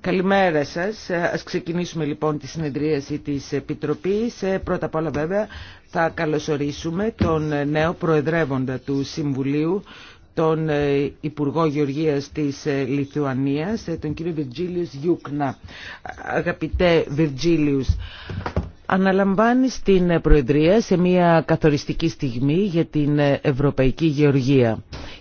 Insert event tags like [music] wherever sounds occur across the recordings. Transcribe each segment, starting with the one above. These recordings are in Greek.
Καλημέρα σας. Ας ξεκινήσουμε λοιπόν τη συνεδρίαση της Επιτροπής. Ε, πρώτα απ' όλα βέβαια θα καλωσορίσουμε τον νέο Προεδρεύοντα του Συμβουλίου, τον ε, Υπουργό Γεωργίας της ε, Λιθουανίας, ε, τον κύριο Βιρτζίλιους Γιούκνα. Αγαπητέ Βιρτζίλιους, αναλαμβάνεις την Προεδρία σε μια καθοριστική στιγμή για την Ευρωπαϊκή Γεωργία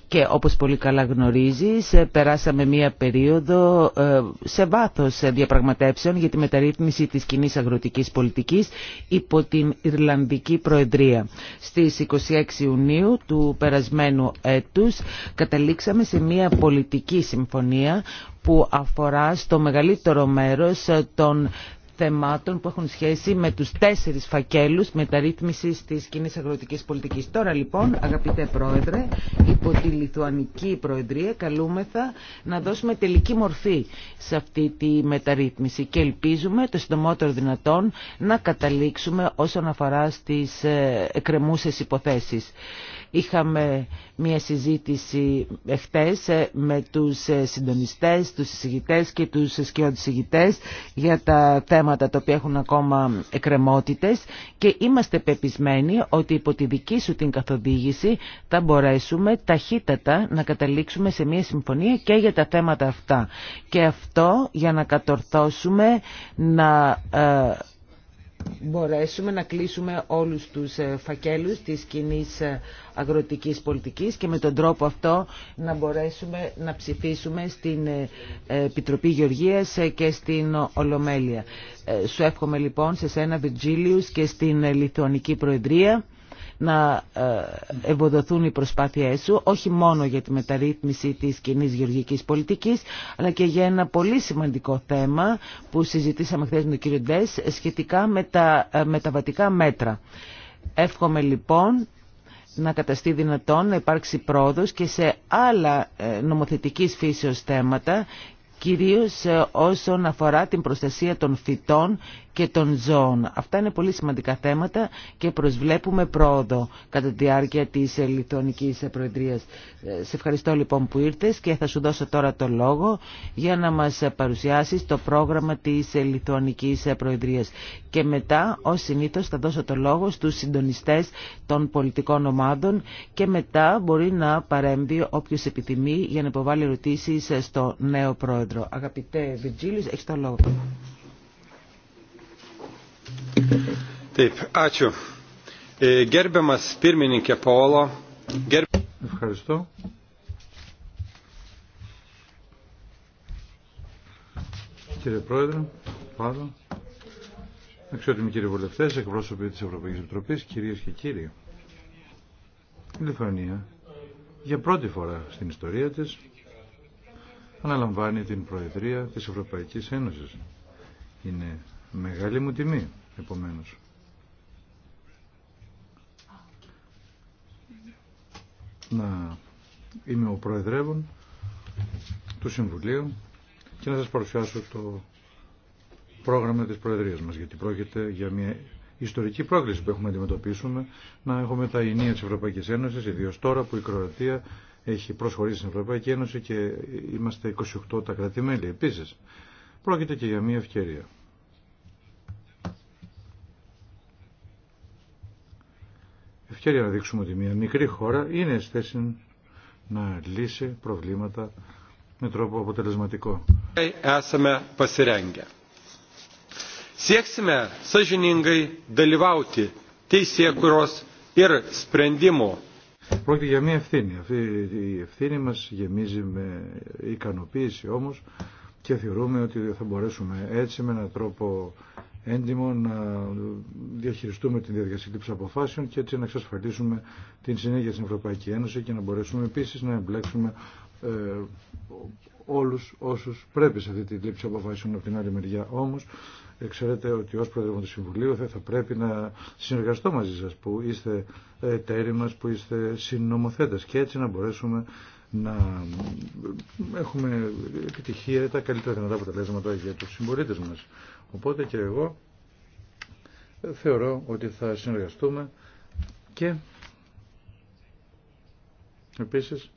και όπως πολύ καλά γνωρίζεις ε, περάσαμε μία περίοδο ε, σε βάθος διαπραγματεύσεων για τη μεταρρύθμιση της κοινή αγροτικής πολιτικής υπό την Ιρλανδική Προεδρία. Στις 26 Ιουνίου του περασμένου έτους καταλήξαμε σε μία πολιτική συμφωνία που αφορά στο μεγαλύτερο μέρος ε, των θεμάτων που έχουν σχέση με τους τέσσερις φακέλους μεταρρύθμισης της κοινή αγροτικής πολιτικής. Τώρα λοιπόν, αγαπητέ Πρόεδρε, υπό τη Λιθουανική Προεδρία καλούμεθα να δώσουμε τελική μορφή σε αυτή τη μεταρρύθμιση και ελπίζουμε το συντομότερο δυνατόν να καταλήξουμε όσον αφορά στις ε, εκκρεμούσες υποθέσεις. Είχαμε μια συζήτηση εχθές ε, με τους ε, συντονιστές, τους συζητητές και τους σκιώδης για τα θέματα τα οποία έχουν ακόμα εκκρεμότητες και είμαστε πεπισμένοι ότι υπό τη δική σου την καθοδήγηση θα μπορέσουμε ταχύτατα να καταλήξουμε σε μια συμφωνία και για τα θέματα αυτά. Και αυτό για να κατορθώσουμε να ε, μπορέσουμε να κλείσουμε όλους τους ε, φακέλους της κοινή ε, αγροτικής πολιτικής και με τον τρόπο αυτό να μπορέσουμε να ψηφίσουμε στην ε, Επιτροπή Γεωργίας και στην Ολομέλεια. Σου εύχομαι λοιπόν σε σένα Βιτζίλιους και στην Λιθουανική Προεδρία να ευοδοθούν οι προσπάθειές σου, όχι μόνο για τη μεταρρύθμιση της κοινή γεωργικής πολιτικής, αλλά και για ένα πολύ σημαντικό θέμα που συζητήσαμε χθε με τον κύριο Ντές, σχετικά με τα ε, μεταβατικά μέτρα. Εύχομαι λοιπόν να καταστεί δυνατόν να υπάρξει πρόοδος και σε άλλα ε, νομοθετικής φύσεως θέματα κυρίως ε, όσον αφορά την προστασία των φυτών και των ζώων. Αυτά είναι πολύ σημαντικά θέματα και προσβλέπουμε πρόοδο κατά τη διάρκεια της ε, Λιθουανικής ε, Προεδρίας. Σε ευχαριστώ λοιπόν που ήρθες και θα σου δώσω τώρα το λόγο για να μας παρουσιάσεις το πρόγραμμα της Λιθουανικής Προεδρίας. Και μετά, ως συνήθως, θα δώσω το λόγο στους συντονιστές των πολιτικών ομάδων και μετά μπορεί να παρέμβει όποιος επιθυμεί για να υποβάλει ερωτήσεις στο νέο πρόεδρο. Πρόεδρο. Αγαπητέ Βιτζίλη, έχει το λόγο. Ε, Ευχαριστώ. Κύριε Πρόεδρε, πάρα. αξιότιμοι κύριοι βουλευτέ, εκπρόσωποι τη Ευρωπαϊκή Επιτροπή, κυρίε και κύριοι. Η Λιθουανία για πρώτη φορά στην ιστορία της αναλαμβάνει την Προεδρία της Ευρωπαϊκής Ένωσης. Είναι μεγάλη μου τιμή, επομένως. Να είμαι ο Προεδρεύων του Συμβουλίου και να σας παρουσιάσω το πρόγραμμα της Προεδρίας μας, γιατί πρόκειται για μια ιστορική πρόκληση που έχουμε να αντιμετωπίσουμε, να έχουμε τα ενία της Ευρωπαϊκής Ένωσης, ιδίως τώρα που η Κροατία έχει προσχωρήσει στην Ευρωπαϊκή Ένωση και είμαστε 28 τα κρατημέλη. Επίσης, πρόκειται και για μια ευκαιρία. Ευκαιρία να δείξουμε ότι μια μικρή χώρα είναι θέση να λύσει προβλήματα με τρόπο αποτελεσματικό. Sieksime sažiningai dalyvauti teisėkuros ir sprendimų Πρόκειται για μια ευθύνη. Αυτή η ευθύνη μας γεμίζει με ικανοποίηση όμως και θεωρούμε ότι θα μπορέσουμε έτσι με έναν τρόπο έντιμο να διαχειριστούμε την διαδικασία λήψη αποφάσεων και έτσι να εξασφαλίσουμε την συνέχεια στην Ευρωπαϊκή Ένωση και να μπορέσουμε επίσης να εμπλέξουμε ε, όλους όσους πρέπει σε αυτή τη λήψη αποφάσεων από την άλλη μεριά όμως ε, ξέρετε ότι ως Πρόεδρο του Συμβουλίου θα, θα πρέπει να συνεργαστώ μαζί σας που είστε εταίροι μας, που είστε συνομοθέτες και έτσι να μπορέσουμε να έχουμε επιτυχία τα καλύτερα δυνατά αποτελέσματα για τους συμπολίτε μας. Οπότε και εγώ θεωρώ ότι θα συνεργαστούμε και επίσης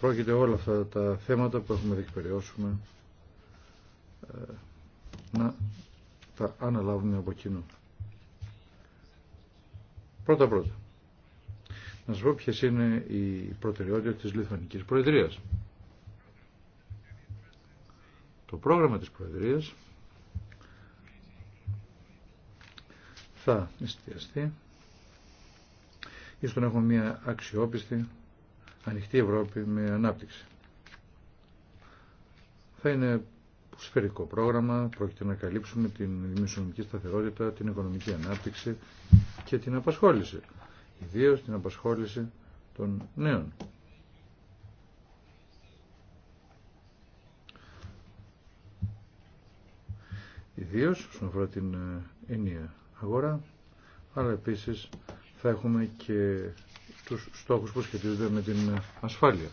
πρόκειται όλα αυτά τα θέματα που έχουμε δεκπεριώσουμε ε, να τα αναλάβουμε από κοινού. Πρώτα πρώτα. Να σας πω ποιες είναι οι προτεραιότητες της Λιθουανικής Προεδρίας. Το πρόγραμμα της Προεδρίας θα εστιαστεί ίσως να έχουμε μια αξιόπιστη ανοιχτή Ευρώπη με ανάπτυξη. Θα είναι σφαιρικό πρόγραμμα. Πρόκειται να καλύψουμε την δημοσιονομική σταθερότητα, την οικονομική ανάπτυξη και την απασχόληση. Ιδίω την απασχόληση των νέων. Ιδίω όσον αφορά την ε, ενία αγορά, αλλά επίση θα έχουμε και του στόχου που σχετίζονται με την ε, ασφάλεια.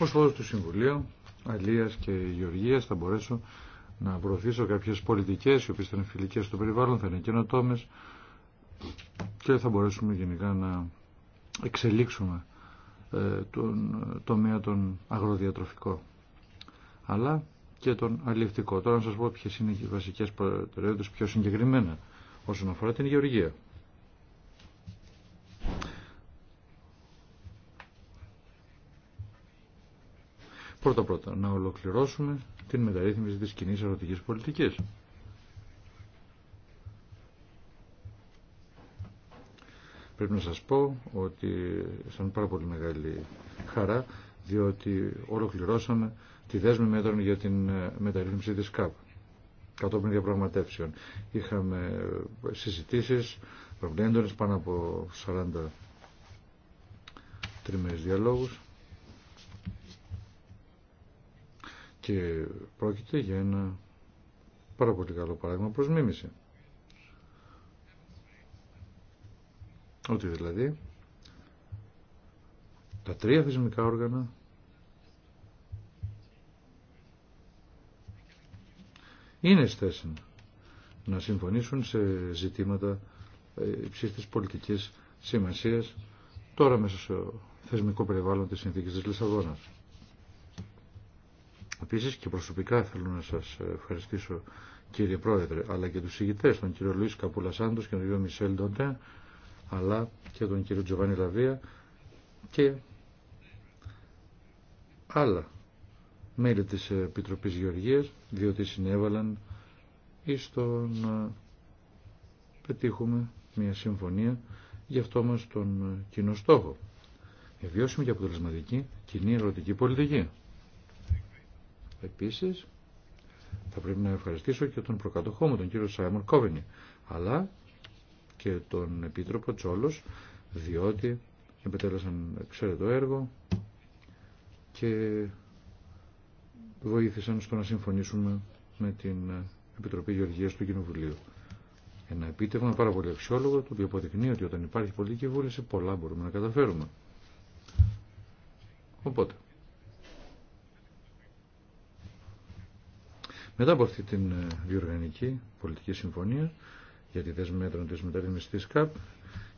Ως φόδος του Συμβουλίου Αλίας και Γεωργίας θα μπορέσω να προωθήσω κάποιες πολιτικές οι οποίες θα είναι φιλικές στο περιβάλλον, θα είναι καινοτόμε και θα μπορέσουμε γενικά να εξελίξουμε ε, τον τομέα τον αγροδιατροφικό αλλά και τον αλληλευτικό. Τώρα να σας πω ποιες είναι οι βασικές προτεραιότητες πιο συγκεκριμένα όσον αφορά την γεωργία. Πρώτα πρώτα, να ολοκληρώσουμε την μεταρρύθμιση της κοινή ερωτικής πολιτικής. Πρέπει να σας πω ότι ήταν πάρα πολύ μεγάλη χαρά, διότι ολοκληρώσαμε τη δέσμη μέτρων για την ε, μεταρρύθμιση της ΚΑΠ κατόπιν διαπραγματεύσεων. Είχαμε ε, συζητήσεις, έντονες πάνω από 40 τριμερείς διαλόγους και πρόκειται για ένα πάρα πολύ καλό παράδειγμα προς μίμηση. Ότι δηλαδή τα τρία θεσμικά όργανα είναι στέση να συμφωνήσουν σε ζητήματα ε, υψής πολιτικής σημασίας τώρα μέσα στο θεσμικό περιβάλλον της συνθήκης της Λισαβόνας. Επίσης και προσωπικά θέλω να σας ευχαριστήσω κύριε Πρόεδρε, αλλά και τους ηγητές, τον κύριο Λουίς Καπουλασάντος και τον κύριο Μισελ Ντοντέ, αλλά και τον κύριο Τζοβάνι Λαβία και άλλα μέλη της Επιτροπής Γεωργίας, διότι συνέβαλαν εις το να πετύχουμε μια συμφωνία για αυτό μας τον κοινό στόχο. Η βιώσιμη και αποτελεσματική κοινή ερωτική πολιτική. Επίσης, θα πρέπει να ευχαριστήσω και τον προκατοχό μου, τον κύριο Σάιμον Κόβενι, αλλά και τον Επίτροπο Τσόλος, διότι επιτέλεσαν εξαίρετο έργο και βοήθησαν στο να συμφωνήσουμε με την Επιτροπή Γεωργίας του Κοινοβουλίου. Ένα επίτευγμα πάρα πολύ αξιόλογο, το οποίο αποδεικνύει ότι όταν υπάρχει πολιτική βούληση, πολλά μπορούμε να καταφέρουμε. Οπότε, Μετά από αυτή την ε, διοργανική πολιτική συμφωνία για τη δέσμη μέτρων της μεταρρυθμιστής ΚΑΠ,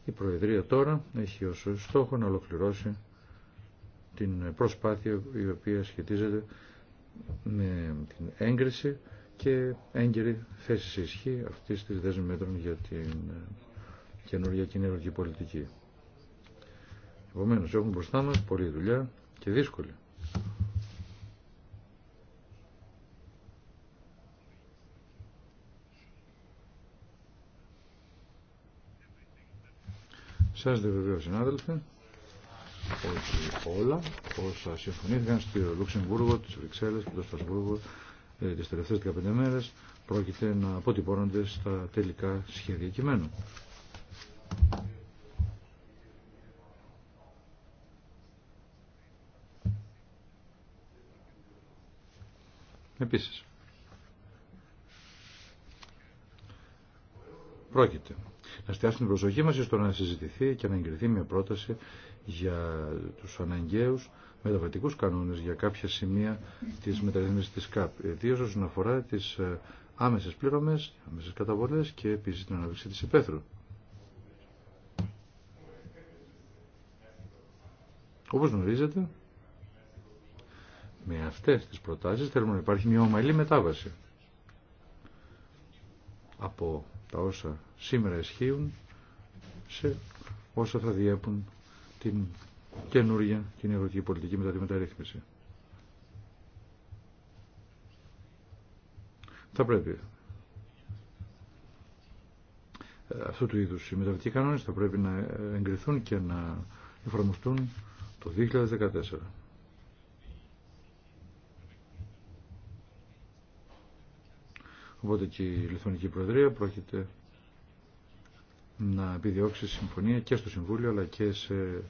η Προεδρία τώρα έχει ως στόχο να ολοκληρώσει την προσπάθεια η οποία σχετίζεται με την έγκριση και έγκαιρη θέση σε ισχύ αυτή της δέσμη μέτρων για την ε, καινούργια κοινωνική πολιτική. Επομένως, έχουμε μπροστά μας πολλή δουλειά και δύσκολη. Σας βεβαίω συνάδελφε ότι όλα όσα συμφωνήθηκαν στο Λουξεμβούργο, τις Βρυξέλλες και το Στασβούργο ε, τις τελευταίες 15 μέρες πρόκειται να αποτυπώνονται στα τελικά σχέδια κειμένου. Επίσης, πρόκειται στιάσουν την προσοχή μας στο να συζητηθεί και να εγκριθεί μια πρόταση για τους αναγκαίους μεταβατικούς κανόνες για κάποια σημεία της μεταρρύθμισης της ΚΑΠ, ιδίως όσον αφορά τις ε, άμεσες πληρωμές, άμεσες καταβολές και επίσης την ανάπτυξη της υπαίθρου. Όπως γνωρίζετε, με αυτές τις προτάσεις θέλουμε να υπάρχει μια ομαλή μετάβαση από τα όσα σήμερα ισχύουν σε όσα θα διέπουν την καινούργια την ευρωτική πολιτική μετά τη μεταρρύθμιση. Θα πρέπει ε, αυτού του είδους οι μεταβατικοί κανόνες θα πρέπει να εγκριθούν και να εφαρμοστούν το 2014. Οπότε και η Λιθουανική Προεδρία πρόκειται να επιδιώξει συμφωνία και στο Συμβούλιο αλλά και σε ε,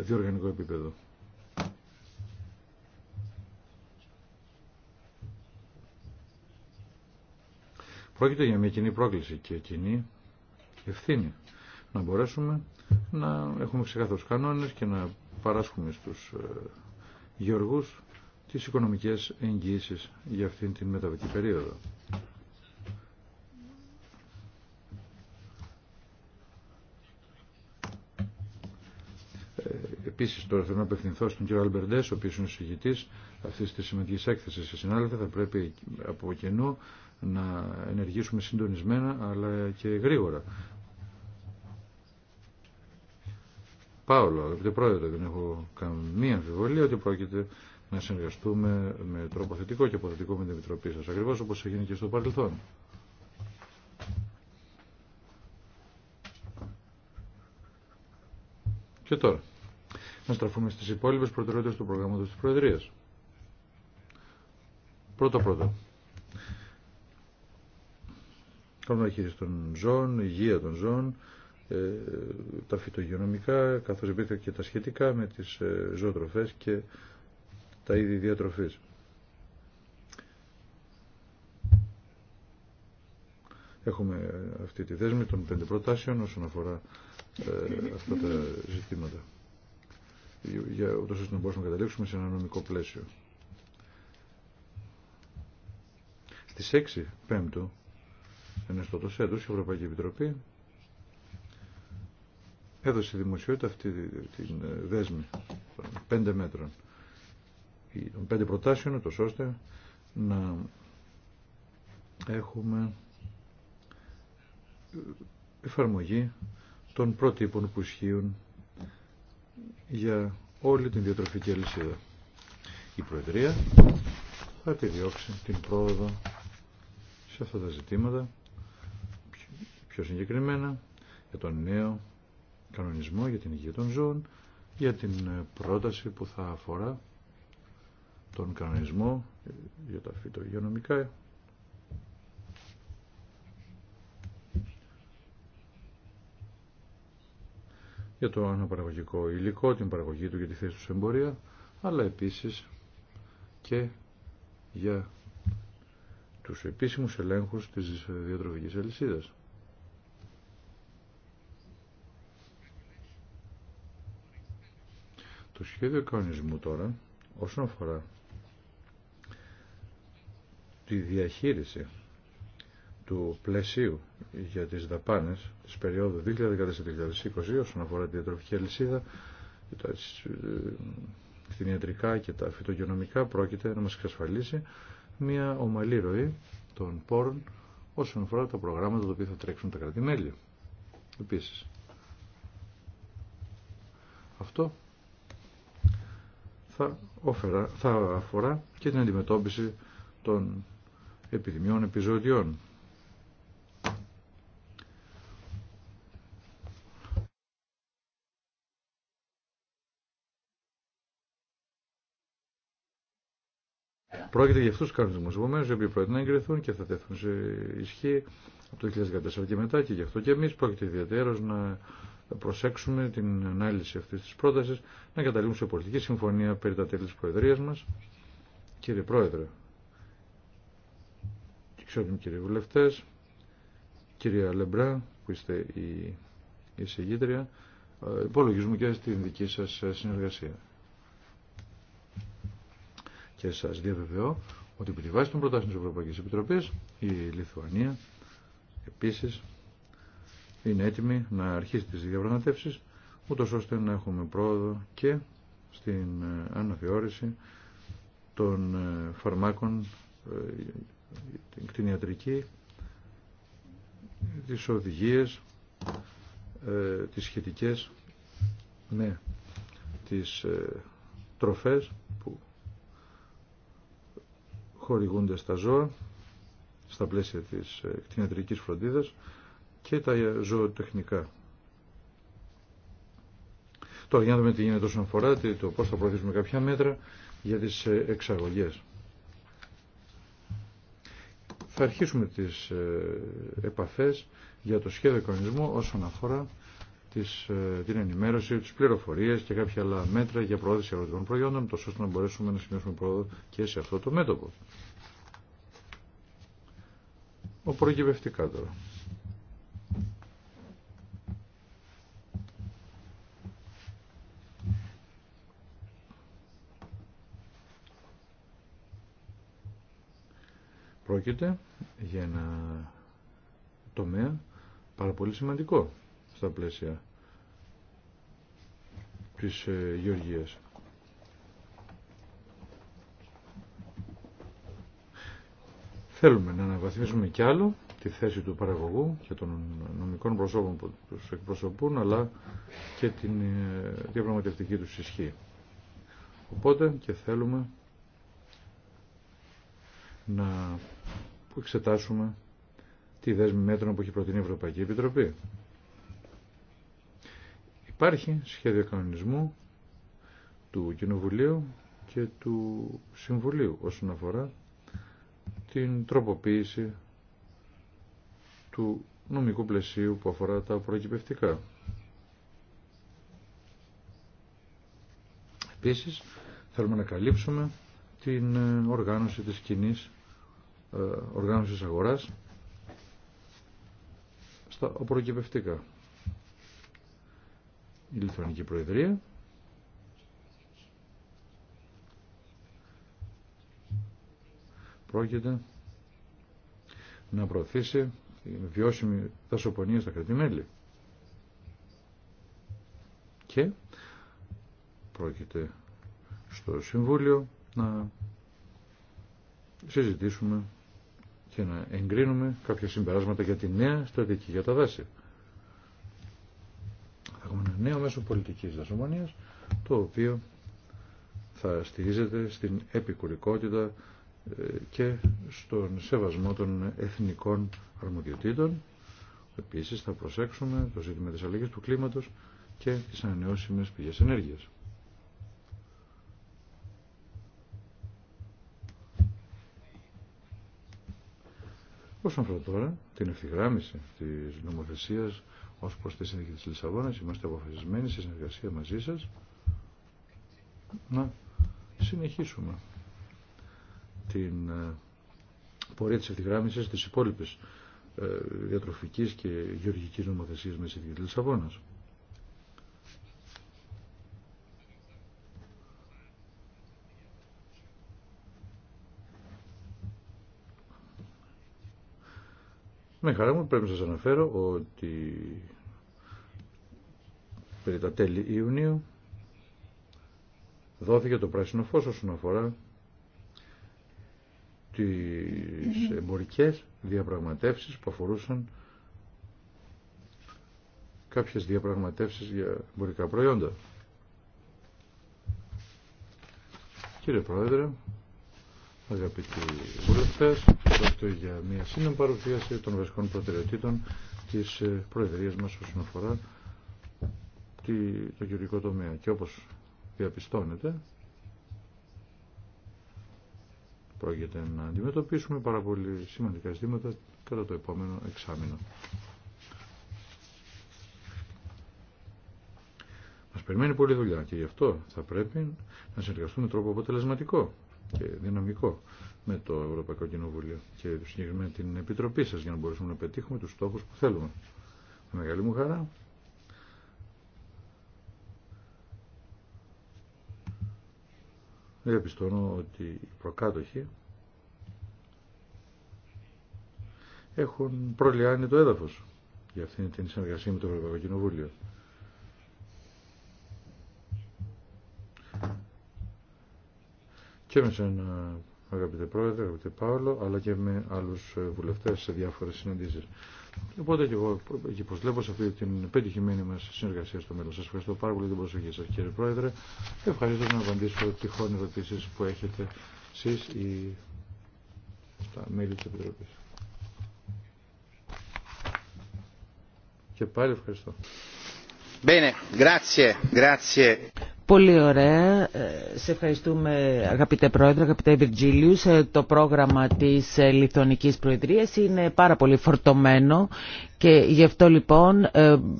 διοργανικό επίπεδο. Πρόκειται για μια κοινή πρόκληση και κοινή ευθύνη. Να μπορέσουμε να έχουμε ξεκάθαρους κανόνες και να παράσχουμε στους ε, γεωργούς τις οικονομικές εγγύησεις για αυτήν την μεταβατική περίοδο. Επίση, τώρα θέλω να απευθυνθώ στον κύριο Αλμπερντέ, ο οποίο είναι ο συγητή αυτή τη σημαντική έκθεση. σε συνάδελφοι θα πρέπει από κενού να ενεργήσουμε συντονισμένα αλλά και γρήγορα. Πάολο, αγαπητέ πρόεδρε, δεν έχω καμία αμφιβολία ότι πρόκειται να συνεργαστούμε με τρόπο θετικό και αποθετικό με την Επιτροπή σα ακριβώ όπω έγινε και στο παρελθόν. Και τώρα να στραφούμε στι υπόλοιπε προτεραιότητε του προγράμματο τη Προεδρία. πρώτο, πρώτα. Κάνουμε τον των ζώων, υγεία των ζώων, ε, τα φυτογειονομικά, καθώς υπήρχαν και τα σχετικά με τις ε, ζωοτροφές και τα είδη διατροφής. Έχουμε ε, αυτή τη δέσμη των πέντε προτάσεων όσον αφορά αυτά τα ζητήματα για ούτως ώστε να μπορούμε να καταλήξουμε σε ένα νομικό πλαίσιο. Στις 6 Πέμπτου, ενεστώτος έτους, η Ευρωπαϊκή Επιτροπή έδωσε δημοσιότητα αυτή την ε, δέσμη των πέντε μέτρων των πέντε προτάσεων, ούτως ώστε να έχουμε ε, εφαρμογή των προτύπων που ισχύουν για όλη την διατροφική αλυσίδα. Η Προεδρία θα επιδιώξει την πρόοδο σε αυτά τα ζητήματα πιο συγκεκριμένα για τον νέο κανονισμό για την υγεία των ζώων για την ε, πρόταση που θα αφορά τον κανονισμό ε, για τα φυτογειονομικά για το αναπαραγωγικό υλικό, την παραγωγή του για τη θέση του σε εμπορία, αλλά επίσης και για τους επίσημους ελέγχους της διατροφικής αλυσίδας. Το σχέδιο κανονισμού τώρα, όσον αφορά τη διαχείριση του πλαισίου για τις δαπάνες της περίοδου 2014-2020 όσον αφορά τη διατροφική αλυσίδα, τα ε, ιατρικά και τα φυτογενομικά πρόκειται να μας εξασφαλίσει μια ομαλή ροή των πόρων όσον αφορά τα προγράμματα τα οποία θα τρέξουν τα κρατημέλη. Επίσης, αυτό θα, όφερα, θα αφορά και την αντιμετώπιση των επιδημιών επιζωδιών Πρόκειται για αυτού του κανονισμού. Επομένω, οι οποίοι πρόκειται να εγκριθούν και θα τεθούν σε ισχύ από το 2014 και μετά και γι' αυτό και εμεί πρόκειται ιδιαίτερω να προσέξουμε την ανάλυση αυτή τη πρόταση, να καταλήγουμε σε πολιτική συμφωνία περί τα τέλη τη Προεδρία μα. Κύριε Πρόεδρε, εξόπινοι κύριε βουλευτέ, κυρία Λεμπρά, που είστε η εισηγήτρια, ε, υπολογίζουμε και στην δική σα συνεργασία. Και σας διαβεβαιώ ότι επί τη βάση των προτάσεων της Ευρωπαϊκής Επιτροπής η Λιθουανία επίσης είναι έτοιμη να αρχίσει τις διαπραγματεύσεις ούτως ώστε να έχουμε πρόοδο και στην αναθεώρηση των ε, φαρμάκων ε, την κτηνιατρική τις οδηγίες ε, τις σχετικές με τις τροφές που χορηγούνται στα ζώα στα πλαίσια της ε, κτηνιατρικής φροντίδας και τα ε, ζωοτεχνικά. Τώρα για να δούμε τι γίνεται όσον αφορά το πώς θα προωθήσουμε κάποια μέτρα για τις ε, εξαγωγές. Θα αρχίσουμε τις επαφές για το σχέδιο κανονισμού όσον αφορά ε, την ενημέρωση, τις πληροφορίες και κάποια άλλα μέτρα για προώθηση αγροτικών προϊόντων, τόσο ώστε να μπορέσουμε να σημειώσουμε πρόοδο και σε αυτό το μέτωπο. Ο προγευευτικά τώρα. Πρόκειται για ένα τομέα πάρα πολύ σημαντικό στα πλαίσια της ε, Γεωργίας. Θέλουμε να αναβαθμίσουμε κι άλλο τη θέση του παραγωγού και των νομικών προσώπων που τους εκπροσωπούν, αλλά και την ε, διαπραγματευτική τους ισχύ. Οπότε και θέλουμε να εξετάσουμε τι δέσμη μέτρων που έχει προτείνει η Ευρωπαϊκή Επιτροπή. Υπάρχει σχέδιο κανονισμού του Κοινοβουλίου και του Συμβουλίου όσον αφορά την τροποποίηση του νομικού πλαισίου που αφορά τα προκυπευτικά. Επίσης, θέλουμε να καλύψουμε την ε, οργάνωση της κοινή ε, οργάνωσης αγοράς στα προκυπευτικά η Λιθουανική Προεδρία πρόκειται να προωθήσει βιώσιμη δασοπονία στα κρατημέλη. Και πρόκειται στο Συμβούλιο να συζητήσουμε και να εγκρίνουμε κάποια συμπεράσματα για τη νέα στρατηγική για τα δάση νέο μέσο πολιτικής δασομονίας, το οποίο θα στηρίζεται στην επικουρικότητα ε, και στον σεβασμό των εθνικών αρμοδιοτήτων. Επίσης θα προσέξουμε το ζήτημα της αλλαγής του κλίματος και τις ανανεώσιμες πηγές ενέργειας. Όσον αφορά τώρα την ευθυγράμμιση της νομοθεσίας ω προς τη συνθήκη της Λισαβόνας είμαστε αποφασισμένοι σε συνεργασία μαζί σας να συνεχίσουμε την ε, πορεία της ευθυγράμμισης της υπόλοιπης ε, διατροφική και γεωργική νομοθεσία με τη συνθήκη τη Λισαβόνα. Με χαρά μου πρέπει να σας αναφέρω ότι περί τα τέλη Ιουνίου δόθηκε το πράσινο φως όσον αφορά τις εμπορικές διαπραγματεύσεις που αφορούσαν κάποιες διαπραγματεύσεις για εμπορικά προϊόντα. Κύριε Πρόεδρε, Αγαπητοί βουλευτέ, πρόκειται για μια σύντομη παρουσίαση των βασικών προτεραιοτήτων τη ε, Προεδρία μα όσον αφορά το γεωργικό τομέα. Και όπω διαπιστώνετε, πρόκειται να αντιμετωπίσουμε πάρα πολύ σημαντικά ζητήματα κατά το επόμενο εξάμεινο. Μας περιμένει πολλή δουλειά και γι' αυτό θα πρέπει να συνεργαστούμε τρόπο αποτελεσματικό και δυναμικό με το Ευρωπαϊκό Κοινοβούλιο και συγκεκριμένα την Επιτροπή σας για να μπορέσουμε να πετύχουμε τους στόχους που θέλουμε. Με μεγάλη μου χαρά. Διαπιστώνω ότι οι προκάτοχοι έχουν προλιάνει το έδαφος για αυτήν την συνεργασία με το Ευρωπαϊκό Κοινοβούλιο. και με σένα αγαπητέ πρόεδρε, αγαπητέ Παύλο, αλλά και με άλλους ε, βουλευτές σε διάφορες συναντήσεις. Οπότε και εγώ και προσλέπω σε αυτή την πετυχημένη μας συνεργασία στο μέλλον. Σας ευχαριστώ πάρα πολύ την προσοχή σας κύριε Πρόεδρε. Ευχαριστώ να απαντήσω τυχόν ερωτήσεις που έχετε εσείς ή τα μέλη της Επιτροπής. Και πάλι ευχαριστώ. Πολύ ωραία. Ε, σε ευχαριστούμε αγαπητέ Πρόεδρε, αγαπητέ Βιρτζίλιους. Ε, το πρόγραμμα της ε, Λιθωνικής Προεδρίας είναι πάρα πολύ φορτωμένο και γι' αυτό λοιπόν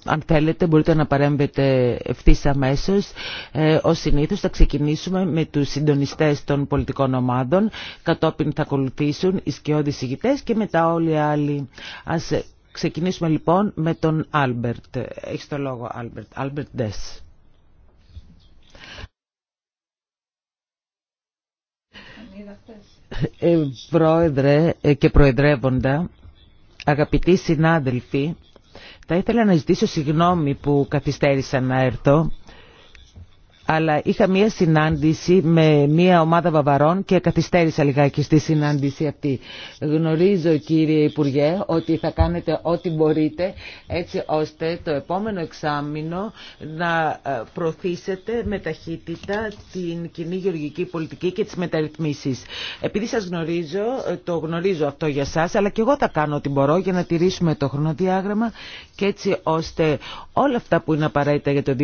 αν θέλετε μπορείτε να παρέμβετε ευθύ αμέσω. Ε, ως συνήθως θα ξεκινήσουμε με τους συντονιστές των πολιτικών ομάδων. Κατόπιν θα ακολουθήσουν οι σκιώδεις ηγητές και μετά όλοι οι άλλοι. Ας ξεκινήσουμε λοιπόν με τον Άλμπερτ. Έχει το λόγο Άλμπερτ. Άλμπερτ Ντε Ε, πρόεδρε ε, και Προεδρεύοντα, αγαπητοί συνάδελφοι, θα ήθελα να ζητήσω συγγνώμη που καθυστέρησα να έρθω αλλά είχα μία συνάντηση με μία ομάδα Βαβαρών και καθυστέρησα λιγάκι στη συνάντηση αυτή. Γνωρίζω κύριε Υπουργέ ότι θα κάνετε ό,τι μπορείτε έτσι ώστε το επόμενο εξάμεινο να ε, προωθήσετε με ταχύτητα την κοινή γεωργική πολιτική και τις μεταρρυθμίσεις. Επειδή σας γνωρίζω, ε, το γνωρίζω αυτό για σας, αλλά και εγώ θα κάνω ό,τι μπορώ για να τηρήσουμε το χρονοδιάγραμμα και έτσι ώστε όλα αυτά που είναι απαραίτητα για το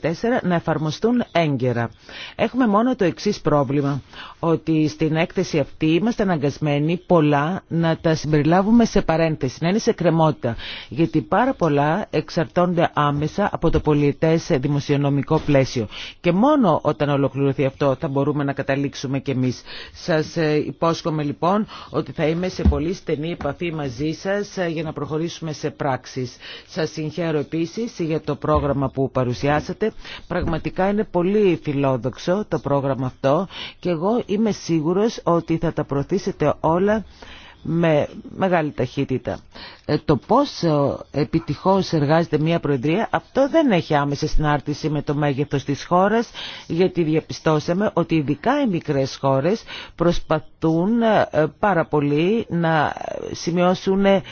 2014 να εφαρμοστούν έγκαιρα. Έχουμε μόνο το εξή πρόβλημα, ότι στην έκθεση αυτή είμαστε αναγκασμένοι πολλά να τα συμπεριλάβουμε σε παρένθεση, να είναι σε κρεμότητα, γιατί πάρα πολλά εξαρτώνται άμεσα από το πολιτές δημοσιονομικό πλαίσιο. Και μόνο όταν ολοκληρωθεί αυτό θα μπορούμε να καταλήξουμε κι εμείς. Σας ε, υπόσχομαι λοιπόν ότι θα είμαι σε πολύ στενή επαφή μαζί σας ε, για να προχωρήσουμε σε πράξεις. Σας συγχαίρω επίσης για το πρόγραμμα που παρουσιάσατε. Πραγματικά είναι πολύ φιλόδοξο το πρόγραμμα αυτό και εγώ είμαι σίγουρος ότι θα τα προωθήσετε όλα με μεγάλη ταχύτητα. Ε, το πόσο επιτυχώς εργάζεται μια Προεδρία, αυτό δεν έχει άμεση συνάρτηση με το μέγεθος της χώρας, γιατί διαπιστώσαμε ότι ειδικά οι μικρές χώρες προσπαθούν ε, πάρα πολύ να σημειώσουν ε,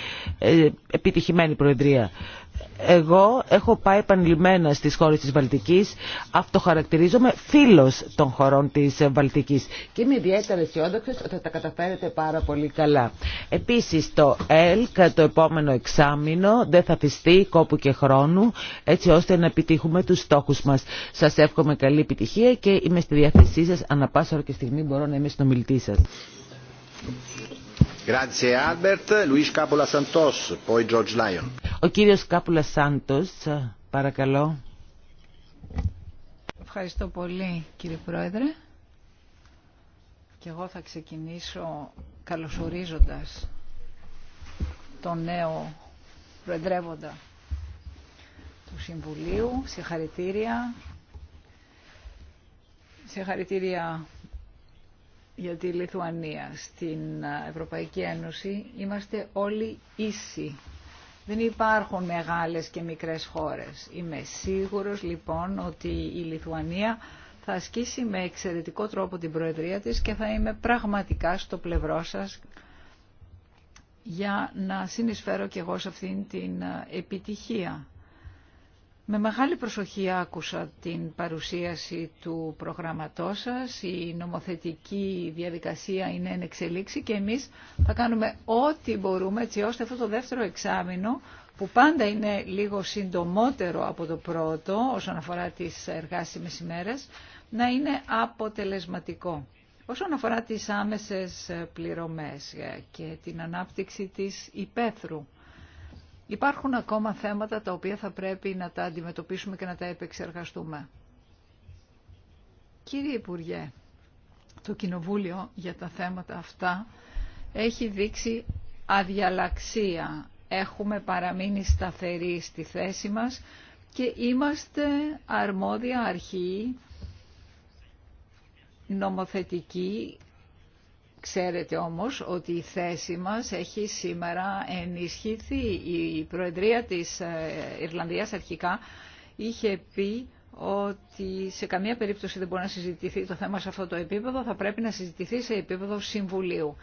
επιτυχημένη Προεδρία εγώ έχω πάει επανειλημμένα στις χώρες της Βαλτικής, αυτοχαρακτηρίζομαι φίλος των χωρών της Βαλτικής και είμαι ιδιαίτερα αισιόδοξο ότι θα τα καταφέρετε πάρα πολύ καλά. Επίσης το ΕΛΚ το επόμενο εξάμεινο δεν θα φυστεί κόπου και χρόνου έτσι ώστε να επιτύχουμε τους στόχους μας. Σας εύχομαι καλή επιτυχία και είμαι στη διάθεσή σας, ανά πάσα και στιγμή μπορώ να είμαι σας. Ο κύριος Κάπουλα Σάντος, παρακαλώ. Ευχαριστώ πολύ κύριε Πρόεδρε. Και εγώ θα ξεκινήσω καλωσορίζοντας τον νέο προεδρεύοντα του Συμβουλίου. Συγχαρητήρια. Συγχαρητήρια για η Λιθουανία στην Ευρωπαϊκή Ένωση είμαστε όλοι ίσοι. Δεν υπάρχουν μεγάλες και μικρές χώρες. Είμαι σίγουρος λοιπόν ότι η Λιθουανία θα ασκήσει με εξαιρετικό τρόπο την Προεδρία της και θα είμαι πραγματικά στο πλευρό σας για να συνεισφέρω και εγώ σε αυτήν την επιτυχία. Με μεγάλη προσοχή άκουσα την παρουσίαση του προγραμματός σας. Η νομοθετική διαδικασία είναι εν εξελίξη και εμείς θα κάνουμε ό,τι μπορούμε έτσι ώστε αυτό το δεύτερο εξάμεινο που πάντα είναι λίγο συντομότερο από το πρώτο όσον αφορά τις εργάσιμες ημέρες να είναι αποτελεσματικό. Όσον αφορά τις άμεσες πληρωμές και την ανάπτυξη της υπαίθρου Υπάρχουν ακόμα θέματα τα οποία θα πρέπει να τα αντιμετωπίσουμε και να τα επεξεργαστούμε. Κύριε Υπουργέ, το Κοινοβούλιο για τα θέματα αυτά έχει δείξει αδιαλαξία. Έχουμε παραμείνει σταθεροί στη θέση μας και είμαστε αρμόδια αρχή νομοθετική Ξέρετε όμως ότι η θέση μας έχει σήμερα ενισχυθεί. Η Προεδρία της ε, Ιρλανδίας αρχικά είχε πει ότι σε καμία περίπτωση δεν μπορεί να συζητηθεί το θέμα σε αυτό το επίπεδο, θα πρέπει να συζητηθεί σε επίπεδο Συμβουλίου.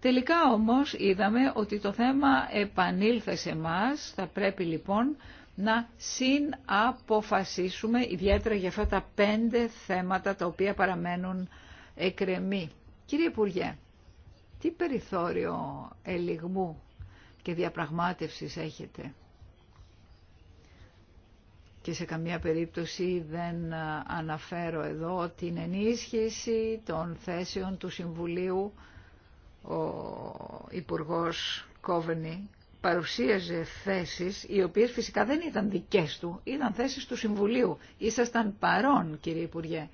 Τελικά όμως είδαμε ότι το θέμα επανήλθε σε μας, θα πρέπει λοιπόν να συναποφασίσουμε ιδιαίτερα για αυτά τα πέντε θέματα τα οποία παραμένουν εκρεμή. Κύριε Υπουργέ, τι περιθώριο ελιγμού και διαπραγμάτευσης έχετε και σε καμία περίπτωση δεν αναφέρω εδώ την ενίσχυση των θέσεων του Συμβουλίου. Ο Υπουργός Κόβενη παρουσίαζε θέσεις οι οποίες φυσικά δεν ήταν δικές του, ήταν θέσεις του Συμβουλίου. Ήσασταν παρόν κύριε Υπουργέ.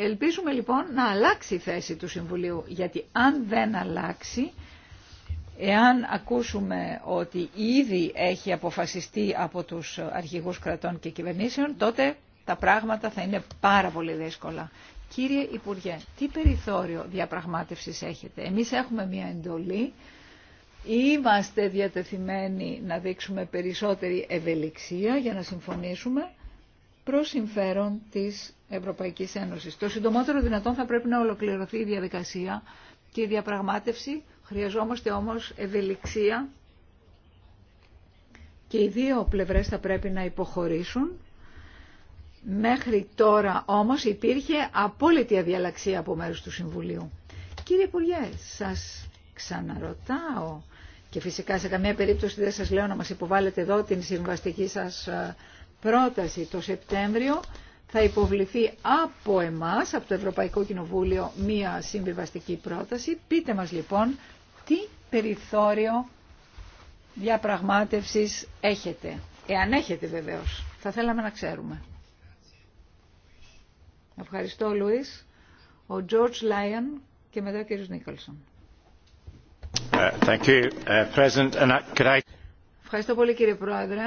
Ελπίζουμε λοιπόν να αλλάξει η θέση του Συμβουλίου, γιατί αν δεν αλλάξει, εάν ακούσουμε ότι ήδη έχει αποφασιστεί από τους αρχηγούς κρατών και κυβερνήσεων, τότε τα πράγματα θα είναι πάρα πολύ δύσκολα. Κύριε Υπουργέ, τι περιθώριο διαπραγμάτευσης έχετε. Εμείς έχουμε μια εντολή, είμαστε διατεθειμένοι να δείξουμε περισσότερη ευελιξία για να συμφωνήσουμε προς συμφέρον της Ευρωπαϊκής Ένωσης. Το συντομότερο δυνατόν θα πρέπει να ολοκληρωθεί η διαδικασία και η διαπραγμάτευση. Χρειαζόμαστε όμως ευελιξία και οι δύο πλευρές θα πρέπει να υποχωρήσουν. Μέχρι τώρα όμως υπήρχε απόλυτη αδιαλαξία από μέρους του Συμβουλίου. Κύριε Υπουργέ, σας ξαναρωτάω και φυσικά σε καμία περίπτωση δεν σας λέω να μας υποβάλλετε εδώ την συμβαστική σας ε, πρόταση το Σεπτέμβριο θα υποβληθεί από εμάς, από το Ευρωπαϊκό Κοινοβούλιο, μία συμβιβαστική πρόταση. Πείτε μας λοιπόν τι περιθώριο διαπραγμάτευσης έχετε. Εάν έχετε βεβαίως. Θα θέλαμε να ξέρουμε. Ευχαριστώ Λουίς. Ο Τζορτζ Λάιον και μετά ο κύριος Νίκολσον. Uh, thank you, uh, Ευχαριστώ πολύ κύριε Πρόεδρε.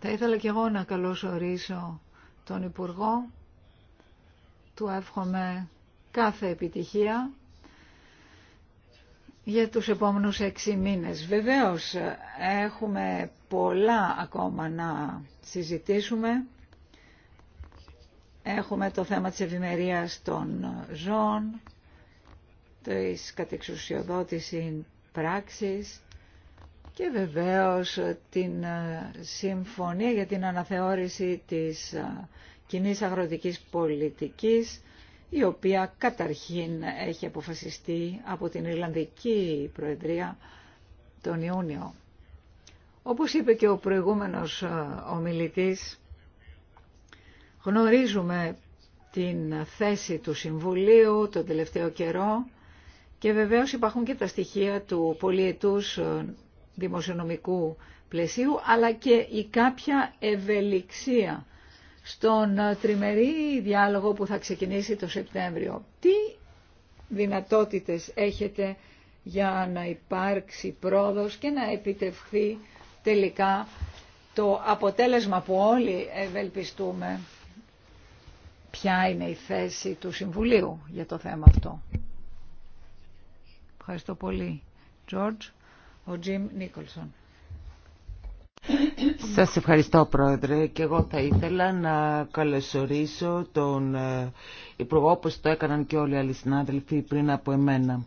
Θα ήθελα και εγώ να καλωσορίσω τον Υπουργό. Του εύχομαι κάθε επιτυχία για τους επόμενους έξι μήνες. Βεβαίως έχουμε πολλά ακόμα να συζητήσουμε. Έχουμε το θέμα της ευημερία των ζώων, της κατεξουσιοδότησης πράξης, και βεβαίως την ε, συμφωνία για την αναθεώρηση της ε, κοινή αγροτικής πολιτικής η οποία καταρχήν έχει αποφασιστεί από την Ιρλανδική Προεδρία τον Ιούνιο. Όπως είπε και ο προηγούμενος ε, ομιλητής, γνωρίζουμε την θέση του Συμβουλίου τον τελευταίο καιρό και βεβαίως υπάρχουν και τα στοιχεία του πολιετούς δημοσιονομικού πλαισίου, αλλά και η κάποια ευελιξία στον ε, τριμερή διάλογο που θα ξεκινήσει το Σεπτέμβριο. Τι δυνατότητες έχετε για να υπάρξει πρόοδος και να επιτευχθεί τελικά το αποτέλεσμα που όλοι ευελπιστούμε. Ποια είναι η θέση του Συμβουλίου για το θέμα αυτό. Ευχαριστώ πολύ. George. Ο Τζιμ Νίκολσον. Σας ευχαριστώ Πρόεδρε και εγώ θα ήθελα να καλωσορίσω τον ε, Υπουργό όπως το έκαναν και όλοι οι άλλοι συνάδελφοι πριν από εμένα.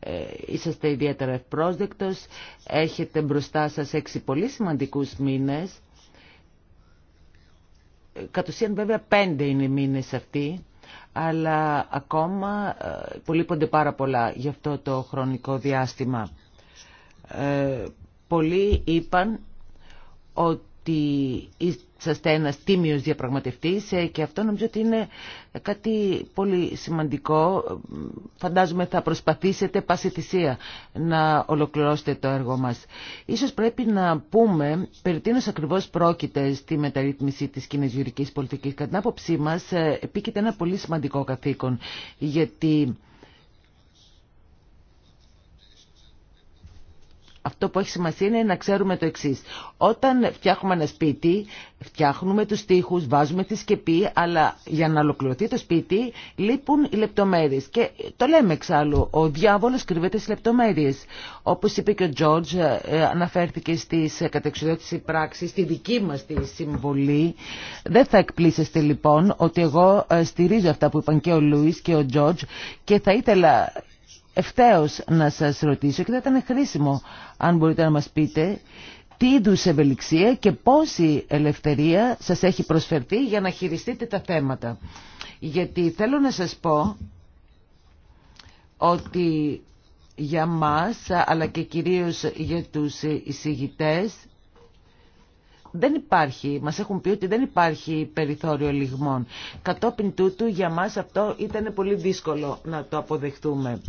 Ε, είσαστε ιδιαίτερα ευπρόσδεκτος, έχετε μπροστά σας έξι πολύ σημαντικούς μήνες. Ε, κατ' ουσίαν βέβαια πέντε είναι οι μήνες αυτοί, αλλά ακόμα υπολείπονται πάρα πολλά για αυτό το χρονικό διάστημα. Ε, πολλοί είπαν ότι είσαστε ένας τίμιος διαπραγματευτής ε, και αυτό νομίζω ότι είναι κάτι πολύ σημαντικό. Φαντάζομαι θα προσπαθήσετε πάση θυσία να ολοκληρώσετε το έργο μας. Ίσως πρέπει να πούμε περί τίνος ακριβώς πρόκειται στη μεταρρύθμιση της κοινής πολιτικής. Κατά την άποψή μας ε, επίκειται ένα πολύ σημαντικό καθήκον γιατί Αυτό που έχει σημασία είναι να ξέρουμε το εξή. Όταν φτιάχνουμε ένα σπίτι, φτιάχνουμε του τοίχου, βάζουμε τη σκεπή, αλλά για να ολοκληρωθεί το σπίτι λείπουν οι λεπτομέρειε. Και το λέμε εξάλλου, ο διάβολο κρύβεται στι λεπτομέρειε. Όπω είπε και ο Τζορτζ, ε, αναφέρθηκε στι κατεξουδότηση πράξη, στη δική μα τη συμβολή. Δεν θα εκπλήσεστε λοιπόν ότι εγώ ε, στηρίζω αυτά που είπαν και ο Λουί και ο Τζορτζ και θα ήθελα ευθέως να σας ρωτήσω και θα ήταν χρήσιμο αν μπορείτε να μας πείτε τι είδου ευελιξία και πόση ελευθερία σας έχει προσφερθεί για να χειριστείτε τα θέματα. Γιατί θέλω να σας πω ότι για μας αλλά και κυρίως για τους εισηγητές δεν υπάρχει, μας έχουν πει ότι δεν υπάρχει περιθώριο λιγμών. Κατόπιν τούτου για μας αυτό ήταν πολύ δύσκολο να το αποδεχτούμε.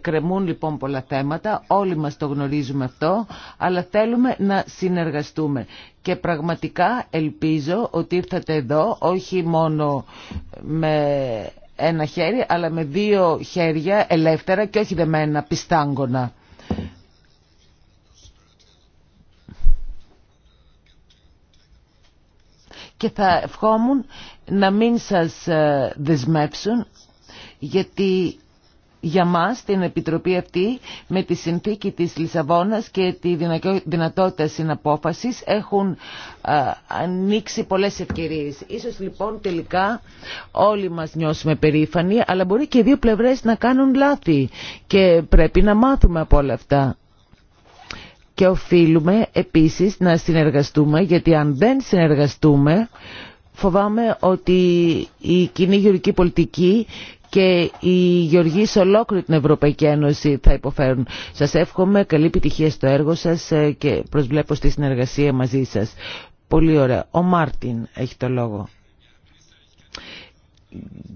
Κρεμούν λοιπόν πολλά θέματα, όλοι μας το γνωρίζουμε αυτό, αλλά θέλουμε να συνεργαστούμε. Και πραγματικά ελπίζω ότι ήρθατε εδώ όχι μόνο με ένα χέρι, αλλά με δύο χέρια ελεύθερα και όχι δεμένα πιστάγκονα. και θα ευχόμουν να μην σας ε, δεσμεύσουν γιατί για μας την Επιτροπή αυτή με τη συνθήκη της Λισαβόνας και τη δυνατότητα συναπόφασης έχουν ε, ανοίξει πολλές ευκαιρίες. Ίσως λοιπόν τελικά όλοι μας νιώσουμε περήφανοι αλλά μπορεί και οι δύο πλευρές να κάνουν λάθη και πρέπει να μάθουμε από όλα αυτά και οφείλουμε επίσης να συνεργαστούμε γιατί αν δεν συνεργαστούμε φοβάμαι ότι η κοινή γεωργική πολιτική και η γεωργοί σε ολόκληρη την Ευρωπαϊκή Ένωση θα υποφέρουν. Σας εύχομαι καλή επιτυχία στο έργο σας ε, και προσβλέπω στη συνεργασία μαζί σας. Πολύ ωραία. Ο Μάρτιν έχει το λόγο